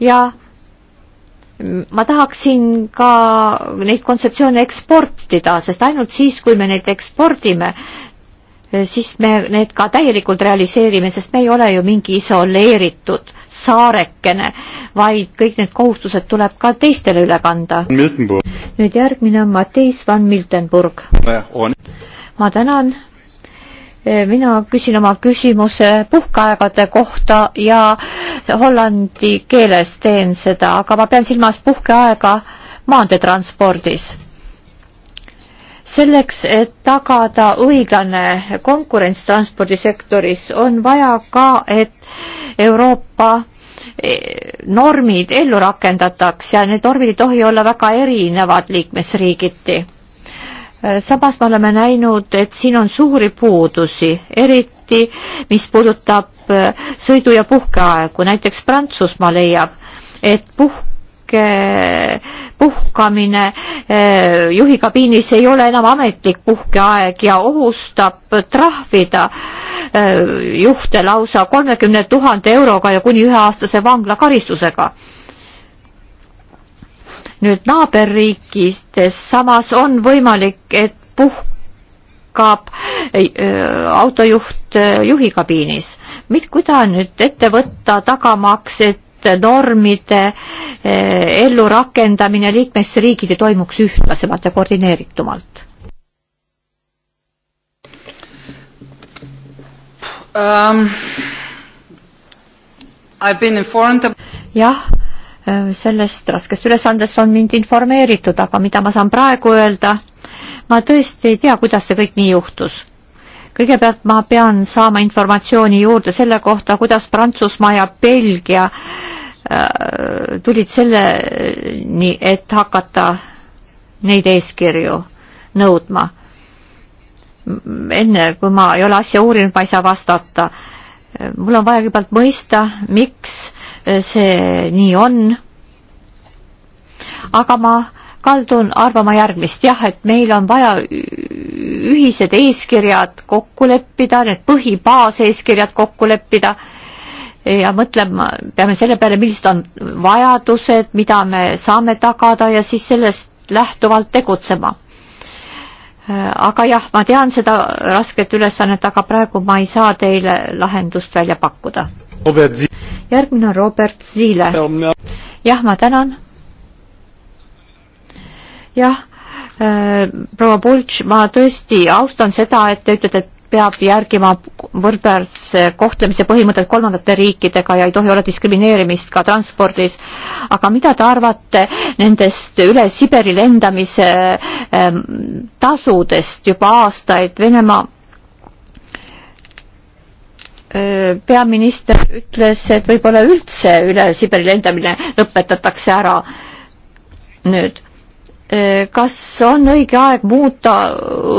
ja ma tahaksin ka neid kontseptsioone eksportida, sest ainult siis, kui me neid ekspordime, Äh, siis me need ka täielikult realiseerime, sest me ei ole ju mingi isoleeritud saarekene, vaid kõik need kohustused tuleb ka teistele üle kanda. nüüd järgmine on Mattiis van Miltenburg. Äh, ma tänan. Äh, mina küsin oma küsimuse puhkeaegade kohta ja hollandi keeles teen seda, aga ma pean silmas puhkeaega maanteetranspordis selleks, et tagada õiglane konkurents transpordisektoris, on vaja ka, et Euroopa eh, normid ellu rakendataks ja need normid ei tohi olla väga erinevad liikmesriigiti. Eh, samas me oleme näinud, et siin on suuri puudusi, eriti mis puudutab eh, sõidu- ja puhkeaegu, näiteks Prantsusmaa leiab, et puhke puhkamine eh, juhikabiinis ei ole enam ametlik puhkeaeg ja ohustab trahvida eh, juhte lausa kolmekümne tuhande euroga ja kuni üheaastase vanglakaristusega nüüd naaberriikides samas on võimalik, et puhkab eh, autojuht juhikabiinis. mida nüüd ette võtta tagamaks, et normide eh, ellurakendamine liikmesriigid toimuks ühtlasemalt ja koordineeritumalt? Um, jah, eh, sellest raskest ülesandest on mind informeeritud, aga mida ma saan praegu öelda, ma tõesti ei tea, kuidas see kõik nii juhtus kõigepealt ma pean saama informatsiooni juurde selle kohta, kuidas Prantsusmaa ja Belgia äh, tulid selleni, et hakata neid eeskirju nõudma. enne, kui ma ei ole asja uurinud, ma ei saa vastata. mul on vaja kõigepealt mõista, miks see nii on. aga ma kaldun arvama järgmist, jah, et meil on vaja ühised eeskirjad kokku leppida, need põhibaaseeskirjad kokku leppida ja mõtlema, peame selle peale, millised on vajadused, mida me saame tagada ja siis sellest lähtuvalt tegutsema. aga jah, ma tean seda rasket ülesannet, aga praegu ma ei saa teile lahendust välja pakkuda. järgmine on Robert Ziile. jah, ma tänan jah, äh, proua Pultš, ma tõesti austan seda, et te ütlete, et peab järgima võrdväärse kohtlemise põhimõtet kolmandate riikidega ja ei tohi olla diskrimineerimist ka transpordis. aga mida te arvate nendest üle Siberi lendamise ähm, tasudest juba aastaid Venemaa äh, peaminister ütles, et võib-olla üldse üle Siberi lendamine lõpetatakse ära nüüd Äh, kas on õige aeg muuta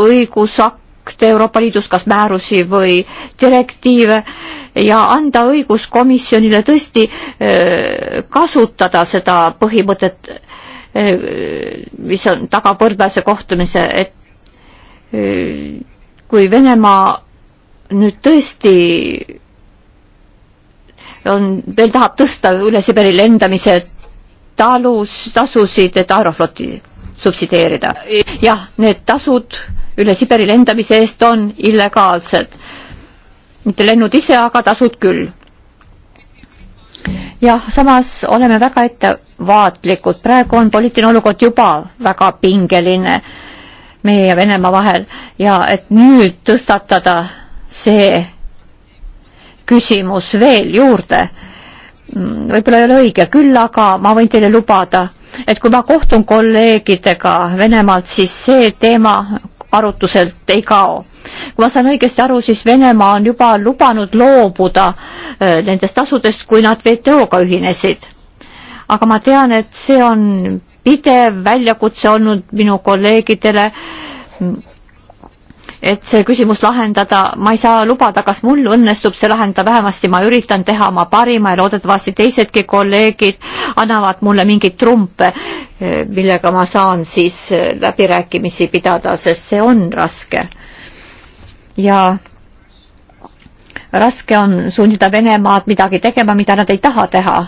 õigusakte Euroopa Liidus, kas määrusi või direktiive ja anda õiguskomisjonile tõesti äh, kasutada seda põhimõtet, äh, mis on, tagab võrdväärse kohtumise, et kui Venemaa nüüd tõesti on, veel tahab tõsta üle Siberi lendamise talus, tasusid, et Aerofloti subsideerida. jah, need tasud üle Siberi lendamise eest on illegaalsed. mitte lennud ise, aga tasud küll. jah, samas oleme väga ettevaatlikud, praegu on poliitiline olukord juba väga pingeline meie ja Venemaa vahel ja et nüüd tõstatada see küsimus veel juurde, mm, võib-olla ei ole õige, küll aga ma võin teile lubada et kui ma kohtun kolleegidega Venemaalt, siis see teema arutuselt ei kao. kui ma saan õigesti aru, siis Venemaa on juba lubanud loobuda äh, nendest tasudest, kui nad WTO-ga ühinesid. aga ma tean, et see on pidev väljakutse olnud minu kolleegidele et see küsimus lahendada, ma ei saa lubada, kas mul õnnestub see lahendada, vähemasti ma üritan teha oma parima ja loodetavasti teisedki kolleegid annavad mulle mingeid trumpe, millega ma saan siis läbirääkimisi pidada, sest see on raske. ja raske on sundida Venemaad midagi tegema, mida nad ei taha teha.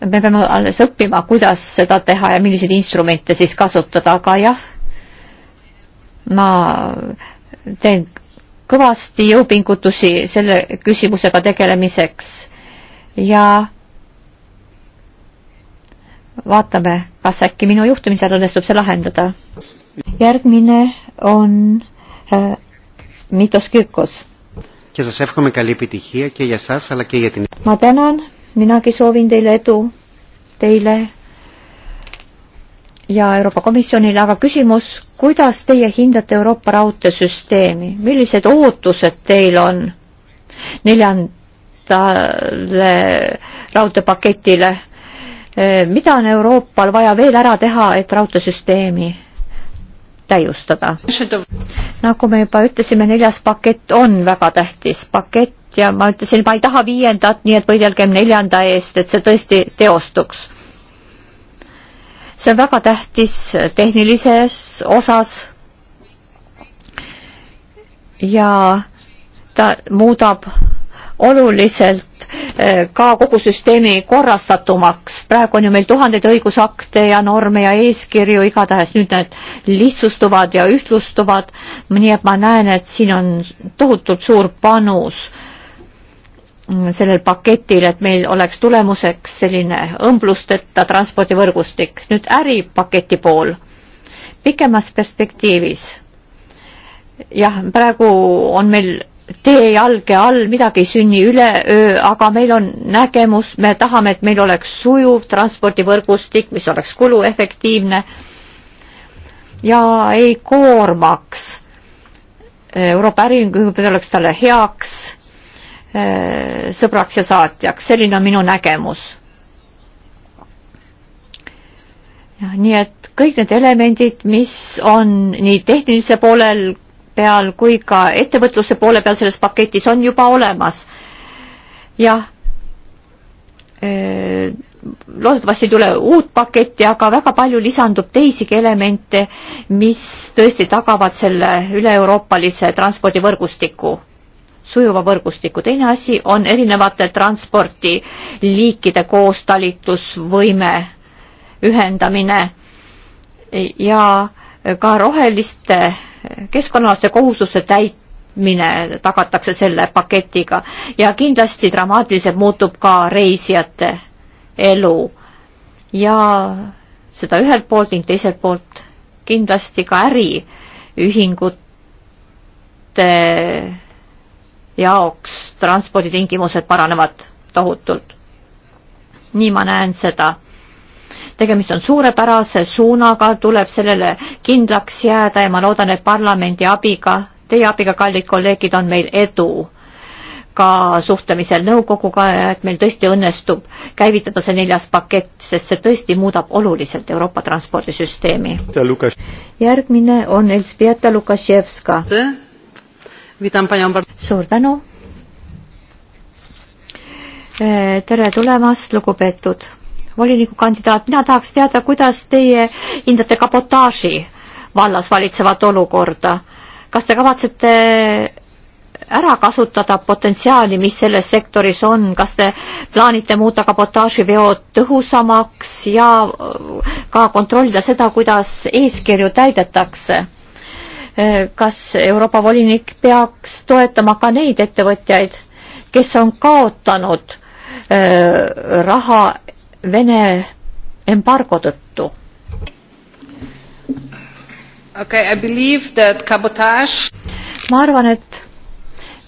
me peame alles õppima, kuidas seda teha ja milliseid instrumente siis kasutada, aga jah ma teen kõvasti jõupingutusi selle küsimusega tegelemiseks ja vaatame, kas äkki minu juhtimisel õnnestub see lahendada. järgmine on äh, Mitos Kirkos. ma tänan, minagi soovin teile edu, teile ja Euroopa Komisjonile, aga küsimus, kuidas teie hindate Euroopa raudteesüsteemi, millised ootused teil on neljandale raudteepaketile, eh, mida on Euroopal vaja veel ära teha, et raudteesüsteemi täiustada? nagu me juba ütlesime, neljas pakett on väga tähtis pakett ja ma ütlesin, ma ei taha viiendat, nii et võidelgem neljanda eest, et see tõesti teostuks see on väga tähtis tehnilises osas ja ta muudab oluliselt eh, ka kogu süsteemi korrastatumaks. praegu on ju meil tuhandeid õigusakte ja norme ja eeskirju, igatahes nüüd need lihtsustuvad ja ühtlustuvad, nii et ma näen, et siin on tohutult suur panus sellel paketil, et meil oleks tulemuseks selline õmblusteta transpordivõrgustik. nüüd äripaketi pool, pikemas perspektiivis. jah, praegu on meil tee jalge all, midagi ei sünni üleöö, aga meil on nägemus, me tahame, et meil oleks sujuv transpordivõrgustik, mis oleks kuluefektiivne ja ei koormaks. Euroopa äriühingud oleks talle heaks Äh, sõbraks ja saatjaks, selline on minu nägemus. nii et kõik need elemendid, mis on nii tehnilise poolel peal kui ka ettevõtluse poole peal selles paketis on juba olemas. jah, äh, loodetavasti ei tule uut paketti, aga väga palju lisandub teisigi elemente, mis tõesti tagavad selle üle-euroopalise transpordivõrgustiku sujuva võrgustiku. teine asi on erinevate transpordiliikide koostalitusvõime ühendamine ja ka roheliste keskkonnaalaste kohustuste täitmine tagatakse selle paketiga ja kindlasti dramaatiliselt muutub ka reisijate elu ja seda ühelt poolt ning teiselt poolt kindlasti ka äriühingute jaoks transporditingimused paranevad tohutult. nii ma näen seda. tegemist on suurepärase suunaga, tuleb sellele kindlaks jääda ja ma loodan, et parlamendi abiga, teie abiga, kallid kolleegid, on meil edu ka suhtlemisel nõukoguga ja et meil tõesti õnnestub käivitada see neljas pakett, sest see tõesti muudab oluliselt Euroopa transpordisüsteemi. järgmine on Elzbieta Lukašjevska suur tänu. tere tulemast, lugupeetud volinikukandidaat, mina tahaks teada, kuidas teie hindate kabotaaži vallas valitsevat olukorda. kas te kavatsete ära kasutada potentsiaali, mis selles sektoris on, kas te plaanite muuta kabotaaživeod tõhusamaks ja ka kontrollida seda, kuidas eeskirju täidetakse? Eh, kas Euroopa volinik peaks toetama ka neid ettevõtjaid, kes on kaotanud eh, raha Vene embargo tõttu? Okay, I believe that cabotaaž ma arvan, et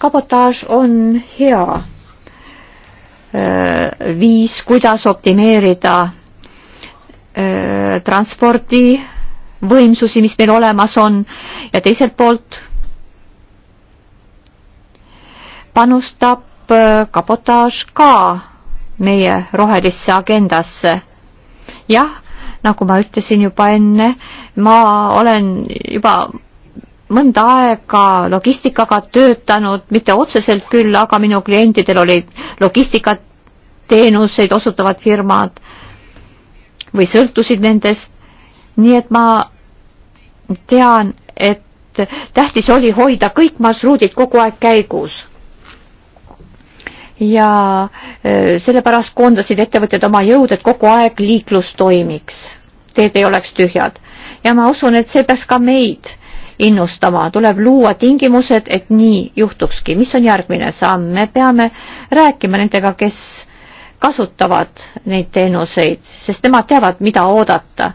kabotaaž on hea eh, viis, kuidas optimeerida transpordi võimsusi, mis meil olemas on ja teiselt poolt panustab äh, kabotaaž ka meie rohelisse agendasse. jah, nagu ma ütlesin juba enne, ma olen juba mõnda aega logistikaga töötanud, mitte otseselt küll, aga minu klientidel olid logistikateenuseid osutavad firmad või sõltusid nendest nii et ma tean, et tähtis oli hoida kõik marsruudid kogu aeg käigus. ja e, sellepärast koondasid ettevõtjad oma jõud, et kogu aeg liiklus toimiks, teed ei oleks tühjad. ja ma usun, et see peaks ka meid innustama, tuleb luua tingimused, et nii juhtukski. mis on järgmine samm, me peame rääkima nendega, kes kasutavad neid teenuseid, sest nemad teavad, mida oodata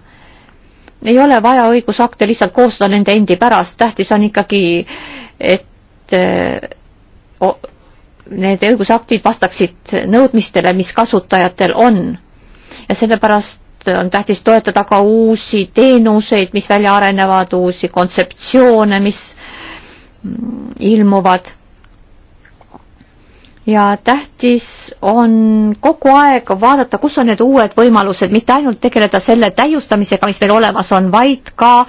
ei ole vaja õigusakte lihtsalt koostada nende endi pärast, tähtis on ikkagi, et eh, o, need õigusaktid vastaksid nõudmistele, mis kasutajatel on. ja sellepärast on tähtis toetada ka uusi teenuseid, mis välja arenevad, uusi kontseptsioone, mis mm, ilmuvad ja tähtis on kogu aeg vaadata, kus on need uued võimalused, mitte ainult tegeleda selle täiustamisega, mis meil olemas on, vaid ka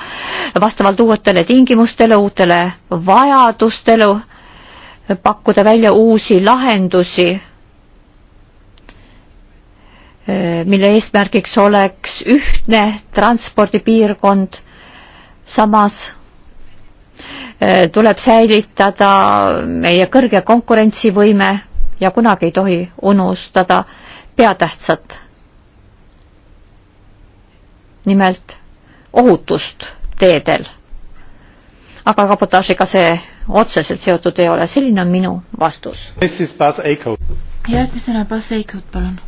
vastavalt uuetele tingimustele, uutele vajadustele pakkuda välja uusi lahendusi, mille eesmärgiks oleks ühtne transpordipiirkond, samas Äh, tuleb säilitada meie kõrge konkurentsivõime ja kunagi ei tohi unustada peatähtsat. nimelt ohutust teedel. aga kabotaažiga see otseselt seotud ei ole, selline on minu vastus. järgmisena Bas Eikut, palun.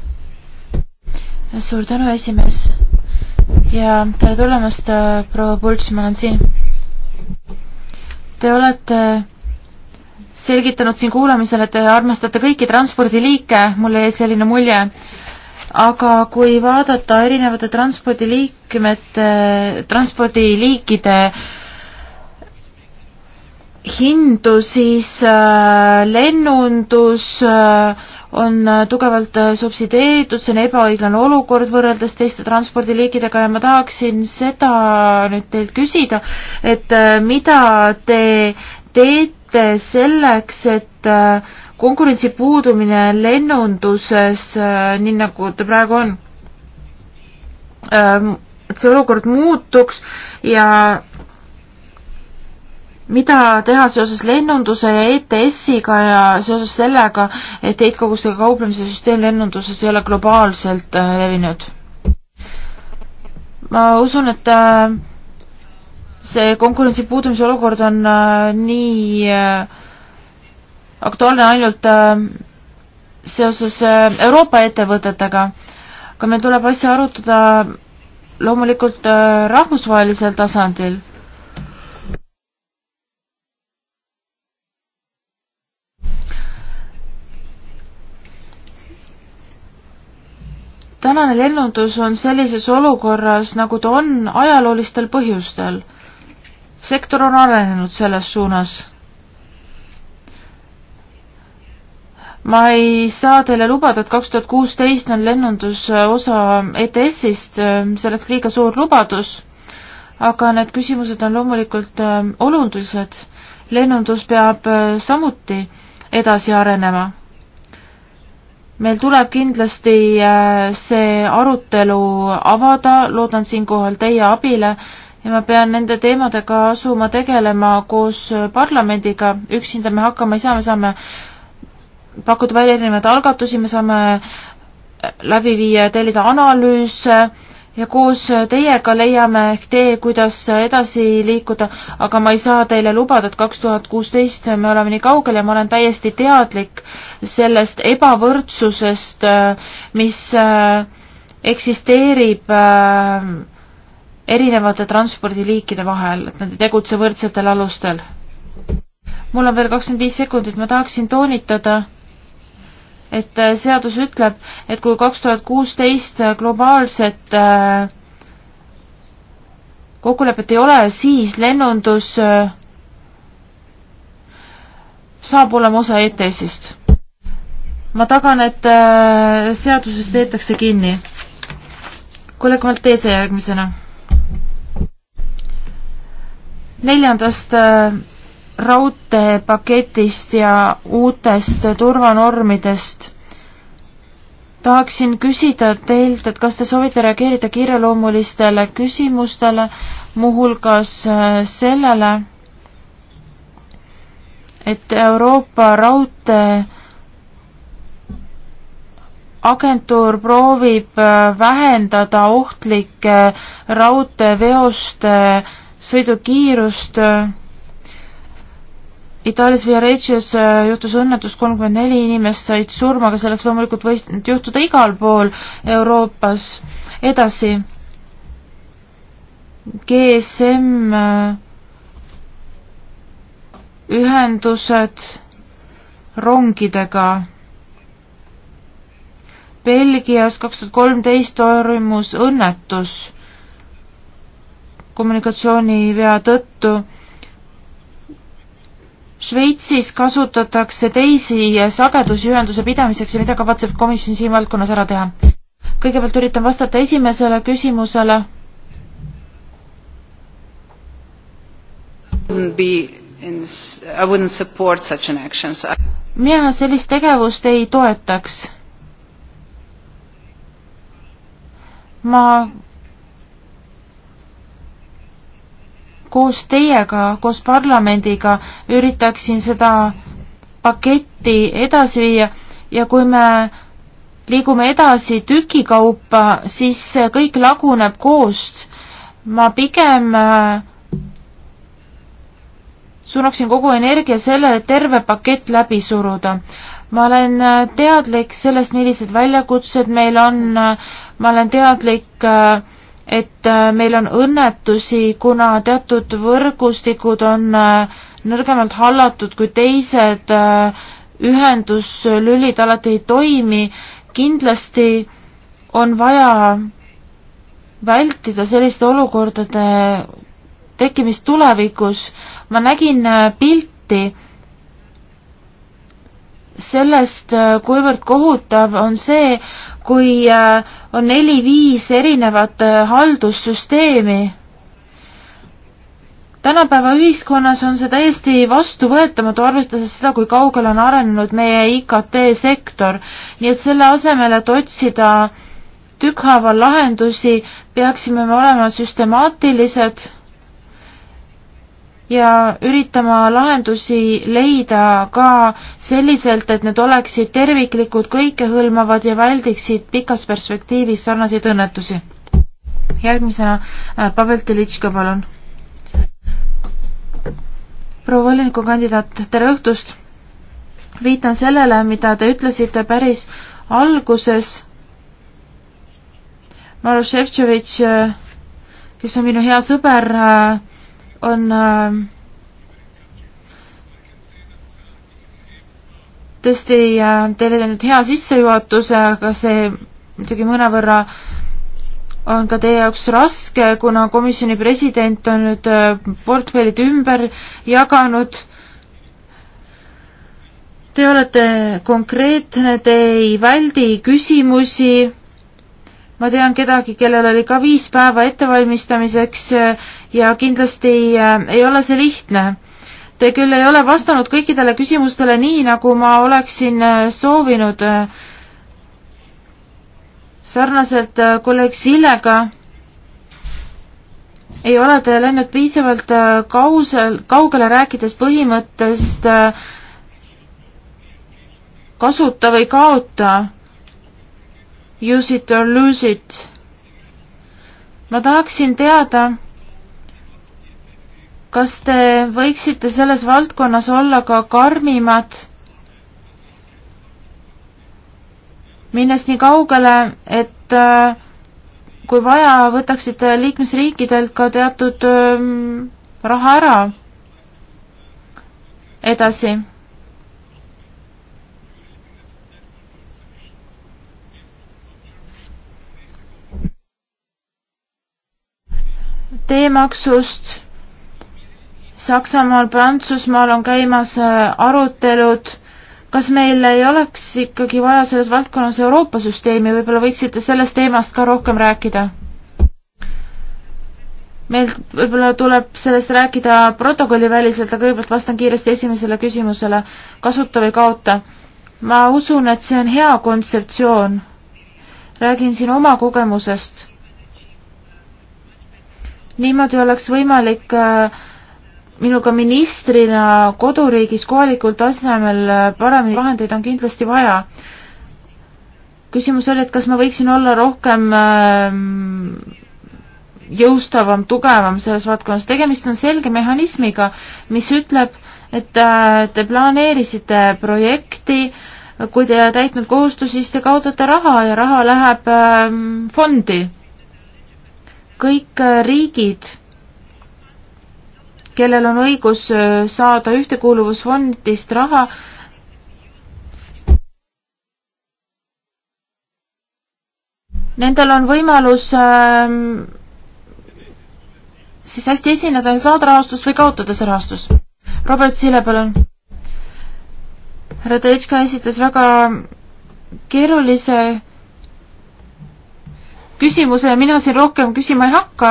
suur tänu, esimees ja tere tulemast, proua Pults, ma olen siin Te olete selgitanud siin kuulamisel, et te armastate kõiki transpordiliike, mul jäi selline mulje, aga kui vaadata erinevate transpordiliikmete, transpordiliikide hindu, siis äh, lennundus äh,, on äh, tugevalt äh, subsideeritud, see on ebaõiglane olukord võrreldes teiste transpordiliikidega ja ma tahaksin seda nüüd teilt küsida, et äh, mida te teete selleks, et konkurentsi puudumine lennunduses, nii nagu ta praegu on, et see olukord muutuks ja mida teha seoses lennunduse ja ETS-iga ja seoses sellega, et heitkogustega kauplemise süsteem lennunduses ei ole globaalselt äh, levinud? ma usun, et äh, see konkurentsi puudumise olukord on äh, nii aktuaalne ainult seoses Euroopa ettevõtetega, aga meil tuleb asja arutada loomulikult rahvusvahelisel tasandil tänane lennundus on sellises olukorras, nagu ta on, ajaloolistel põhjustel. sektor on arenenud selles suunas. ma ei saa teile lubada, et kaks tuhat kuusteist on lennunduse osa ETS-ist, see oleks liiga suur lubadus, aga need küsimused on loomulikult äh, olulised. lennundus peab äh, samuti edasi arenema meil tuleb kindlasti äh, see arutelu avada, loodan siinkohal teie abile ja ma pean nende teemadega asuma tegelema koos parlamendiga, üksinda me hakkama ei saa, me saame pakkuda välja erinevaid algatusi, me saame läbi viia, tellida analüüse ja koos teiega leiame ehk tee, kuidas edasi liikuda, aga ma ei saa teile lubada, et kaks tuhat kuusteist me oleme nii kaugel ja ma olen täiesti teadlik sellest ebavõrdsusest, mis äh, eksisteerib äh, erinevate transpordiliikide vahel, et nad ei tegutse võrdsetel alustel. mul on veel kakskümmend viis sekundit, ma tahaksin toonitada et äh, seadus ütleb, et kui kaks tuhat kuusteist äh, globaalset äh, kokkulepet ei ole, siis lennundus saab olema osa ETS-ist. ma tagan, et seadusest peetakse kinni. kolleeg Maltese järgmisena. neljandast raudteepaketist ja uutest turvanormidest. tahaksin küsida teilt, et kas te soovite reageerida kiireloomulistele küsimustele, muuhulgas äh, sellele, et Euroopa raudteeagentuur proovib äh, vähendada ohtlike raudteeveoste äh, sõidukiirust Itaalias Viaregios äh, juhtus õnnetus, kolmkümmend neli inimest said surma, aga selleks loomulikult võis nüüd juhtuda igal pool Euroopas. edasi, GSM äh, ühendused rongidega. Belgias kaks tuhat kolmteist toimus õnnetus kommunikatsioonivea tõttu Šveitsis kasutatakse teisi sagedusi ühenduse pidamiseks ja mida kavatseb komisjon siin valdkonnas ära teha? kõigepealt üritan vastata esimesele küsimusele. mina sellist tegevust ei toetaks. ma koos teiega, koos parlamendiga üritaksin seda paketti edasi viia ja kui me liigume edasi tükikaupa, siis kõik laguneb koost. ma pigem äh, suunaksin kogu energia sellele, et terve pakett läbi suruda. ma olen äh, teadlik sellest, millised väljakutsed meil on, ma olen teadlik äh, et äh, meil on õnnetusi, kuna teatud võrgustikud on äh, nõrgemalt hallatud kui teised, äh, ühenduslülid alati ei toimi, kindlasti on vaja vältida selliste olukordade tekkimist tulevikus. ma nägin pilti sellest, kuivõrd kohutav on see, kui äh, on neli-viis erinevat äh, haldussüsteemi. tänapäeva ühiskonnas on see täiesti vastuvõetamatu, arvestades seda, kui kaugele on arenenud meie IKT-sektor. nii et selle asemel, et otsida tükkhaaval lahendusi, peaksime me olema süstemaatilised ja üritama lahendusi leida ka selliselt, et need oleksid terviklikud, kõikehõlmavad ja väldiksid pikas perspektiivis sarnaseid õnnetusi. järgmisena äh, Pavel Telitška, palun. proua volinikukandidaat, tere õhtust! viitan sellele, mida te ütlesite päris alguses. Maroševtševitš, äh, kes on minu hea sõber, äh, on äh, tõesti äh, teile teinud hea sissejuhatuse, aga see muidugi mõnevõrra on ka teie jaoks raske, kuna komisjoni president on nüüd äh, portfellid ümber jaganud. Te olete konkreetne, te ei väldi küsimusi ma tean kedagi, kellel oli ka viis päeva ettevalmistamiseks äh, ja kindlasti äh, ei ole see lihtne. Te küll ei ole vastanud kõikidele küsimustele nii, nagu ma oleksin äh, soovinud. sarnaselt kolleeg Sillega ei ole te läinud piisavalt kausel, kaugele rääkides põhimõttest kasuta või kaota Use it or lose it. ma tahaksin teada, kas te võiksite selles valdkonnas olla ka karmimad, minnes nii kaugele, et äh, kui vaja, võtaksite liikmesriikidelt ka teatud öö, ähm, raha ära edasi teemaksust. Saksamaal, Prantsusmaal on käimas äh, arutelud, kas meil ei oleks ikkagi vaja selles valdkonnas Euroopa süsteemi, võib-olla võiksite sellest teemast ka rohkem rääkida? meil võib-olla tuleb sellest rääkida protokolliväliselt, aga kõigepealt vastan kiiresti esimesele küsimusele, kasuta või kaota. ma usun, et see on hea kontseptsioon. räägin siin oma kogemusest niimoodi oleks võimalik äh, minuga ministrina koduriigis kohalikul tasemel äh, paremini, vahendeid on kindlasti vaja. küsimus oli, et kas ma võiksin olla rohkem ähm, jõustavam, tugevam selles valdkonnas, tegemist on selge mehhanismiga, mis ütleb, et äh, te planeerisite projekti, kui te ei täitnud kohustusi, siis te kaotate raha ja raha läheb ähm, fondi kõik äh, riigid, kellel on õigus äh, saada ühtekuuluvusfondist raha, nendel on võimalus äh, siis hästi esineda ja saada rahastust või kaotada see rahastus. Robert Sille, palun. härra Tõitška esitas väga keerulise küsimuse mina siin rohkem küsima ei hakka,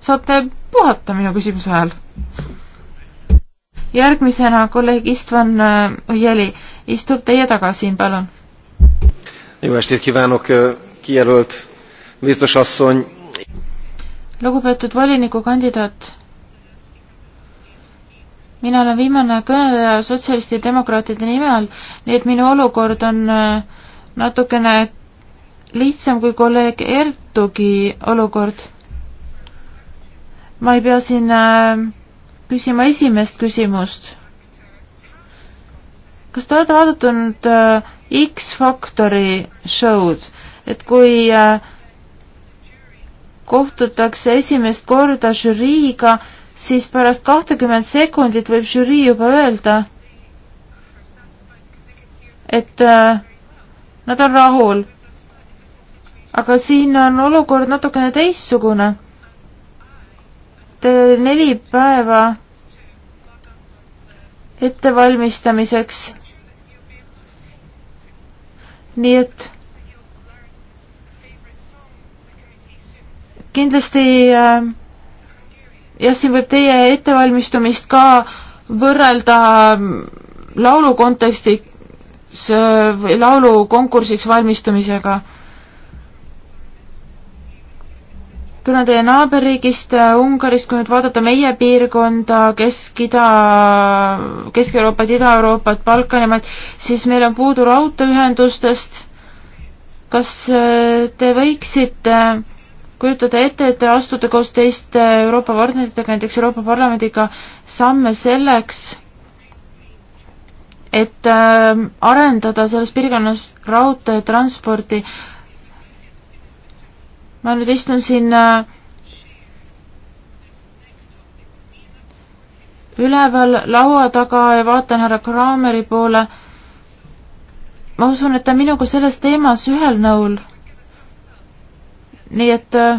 saate puhata minu küsimuse ajal. järgmisena kolleeg Istvan Jeli äh, istub teie taga siin, palun. jó estét kívánok, kijelölt biztos asszony. lugupeetud volinikukandidaat, mina olen viimane kõneleja sotsialistide demokraatide nimel, nii et minu olukord on äh, natukene lihtsam kui kolleeg Ertugi olukord. ma ei pea siin äh, küsima esimest küsimust. kas te olete vaadanud äh, X-Factori show'd, et kui äh, kohtutakse esimest korda žüriiga, siis pärast kahtekümmet sekundit võib žürii juba öelda, et nad on rahul aga siin on olukord natukene teistsugune. Teil neli päeva ettevalmistamiseks. nii et kindlasti äh, jah, siin võib teie ettevalmistumist ka võrrelda laulu kontekstis äh, või laulukonkursiks valmistumisega tulen teie naaberriigist äh, Ungarist, kui nüüd vaadata meie piirkonda, Kesk-Ida, Kesk-Euroopat, Ida-Euroopat, Balkanimaid, siis meil on puudu raudteeühendustest. kas äh, te võiksite kujutada ette, et te astute koos teiste Euroopa partneritega, näiteks Euroopa Parlamendiga, samme selleks, et äh, arendada selles piirkonnas raudteetranspordi ma nüüd istun siin äh, üleval laua taga ja vaatan härra Kraameri poole. ma usun, et ta on minuga selles teemas ühel nõul. nii et äh,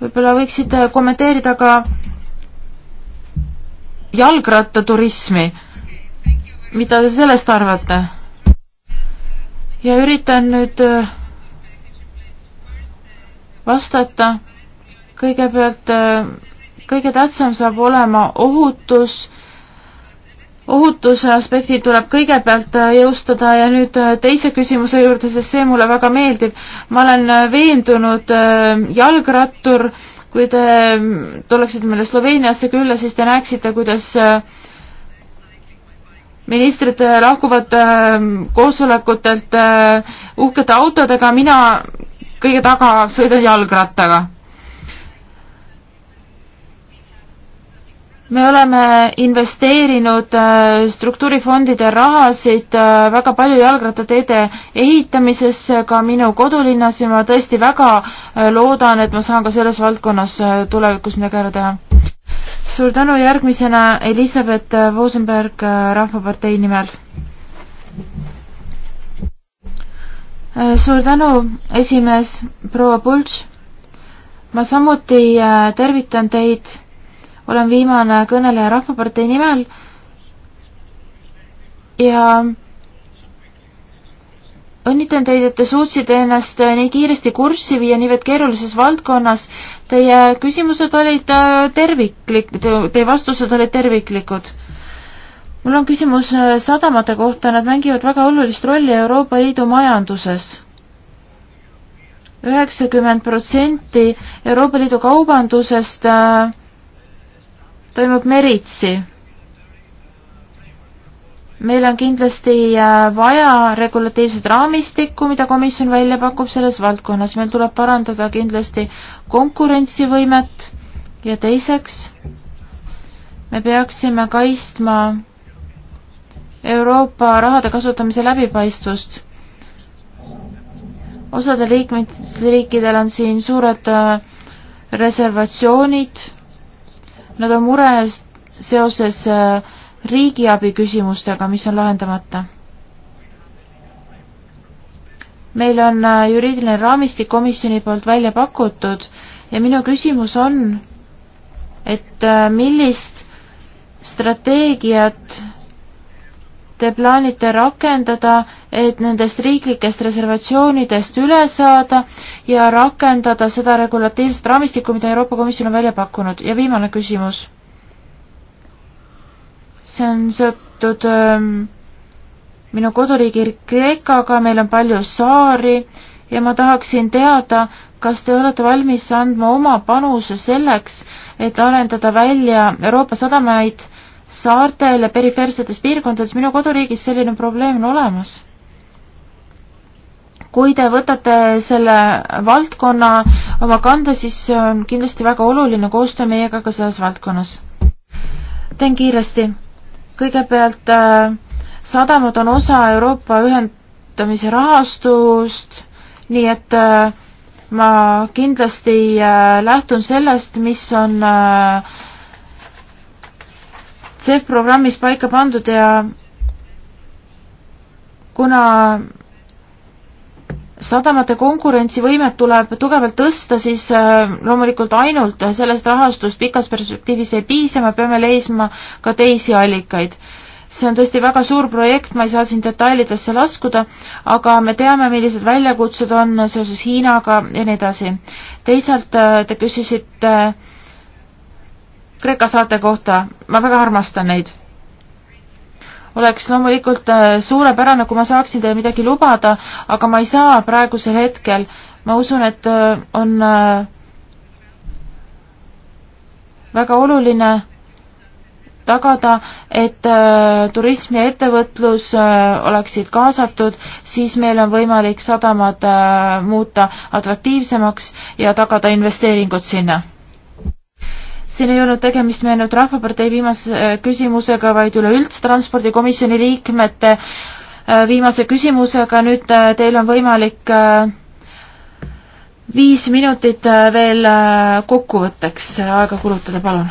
võib-olla võiksid kommenteerida ka jalgrattaturismi. mida te sellest arvate? ja üritan nüüd äh, vastata. kõigepealt äh, kõige tähtsam saab olema ohutus. ohutuse aspektid tuleb kõigepealt äh, jõustada ja nüüd teise küsimuse juurde, sest see mulle väga meeldib. ma olen veendunud jalgrattur, kui te mm, tuleksite meile Sloveeniasse külla, siis te näeksite, kuidas äh, ministrid äh, lahkuvad ähm, koosolekutelt äh, uhkete autodega, mina kõige taga sõidan jalgrattaga. me oleme investeerinud äh, struktuurifondide rahasid väga palju jalgrattateede ehitamisesse ka minu kodulinnas ja ma tõesti väga loodan, et ma saan ka selles valdkonnas tulevikus midagi ära teha suur tänu, järgmisena Elizabeth Vosenberg äh, Rahvapartei nimel. Äh, suur tänu, esimees proua Pultš. ma samuti äh, tervitan teid, olen viimane kõneleja Rahvapartei nimel ja õnnitan teid, et te suutsite ennast äh, nii kiiresti kurssi viia niivõrd keerulises valdkonnas. Teie küsimused olid äh, terviklik, teie vastused olid terviklikud. mul on küsimus äh, sadamate kohta, nad mängivad väga olulist rolli Euroopa Liidu majanduses. üheksakümmend protsenti Euroopa Liidu kaubandusest toimub meritsi meil on kindlasti äh, vaja regulatiivset raamistikku, mida komisjon välja pakub selles valdkonnas, meil tuleb parandada kindlasti konkurentsivõimet ja teiseks me peaksime kaitsma Euroopa rahade kasutamise läbipaistvust. osadel liikmesriikidel on siin suured äh, reservatsioonid, nad on mures seoses äh, riigiabi küsimustega, mis on lahendamata. meil on äh, juriidiline raamistik komisjoni poolt välja pakutud ja minu küsimus on, et äh, millist strateegiat te plaanite rakendada, et nendest riiklikest reservatsioonidest üle saada ja rakendada seda regulatiivset raamistikku, mida Euroopa Komisjon on välja pakkunud ja viimane küsimus see on seotud ähm, minu koduriigi Kreekaga, meil on palju saari ja ma tahaksin teada, kas te olete valmis andma oma panuse selleks, et arendada välja Euroopa sadamaid saartel ja perifeersetes piirkondades, minu koduriigis selline probleem on olemas. kui te võtate selle valdkonna oma kanda, siis on kindlasti väga oluline koostöö meiega ka selles valdkonnas. teen kiiresti kõigepealt äh, sadamad on osa Euroopa ühendamise rahastust, nii et äh, ma kindlasti äh, lähtun sellest, mis on CEF programmis paika pandud ja kuna sadamate konkurentsivõimet tuleb tugevalt tõsta, siis äh, loomulikult ainult sellest rahastust pikas perspektiivis ei piisa, me peame leidma ka teisi allikaid. see on tõesti väga suur projekt, ma ei saa siin detailidesse laskuda, aga me teame, millised väljakutsed on seoses Hiinaga ja nii edasi. teisalt äh, te küsisite äh, Kreeka saate kohta, ma väga armastan neid oleks loomulikult äh, suurepärane, kui ma saaksin teile midagi lubada, aga ma ei saa praegusel hetkel. ma usun, et äh, on äh, väga oluline tagada, et turism ja ettevõtlus oleksid kaasatud, siis meil on võimalik sadamad muuta atraktiivsemaks ja tagada investeeringud sinna siin ei olnud tegemist meie nüüd Rahvapartei viimase äh, küsimusega, vaid üleüldse transpordikomisjoni liikmete äh, viimase küsimusega, nüüd äh, teil on võimalik viis minutit veel kokkuvõtteks aega kulutada, palun.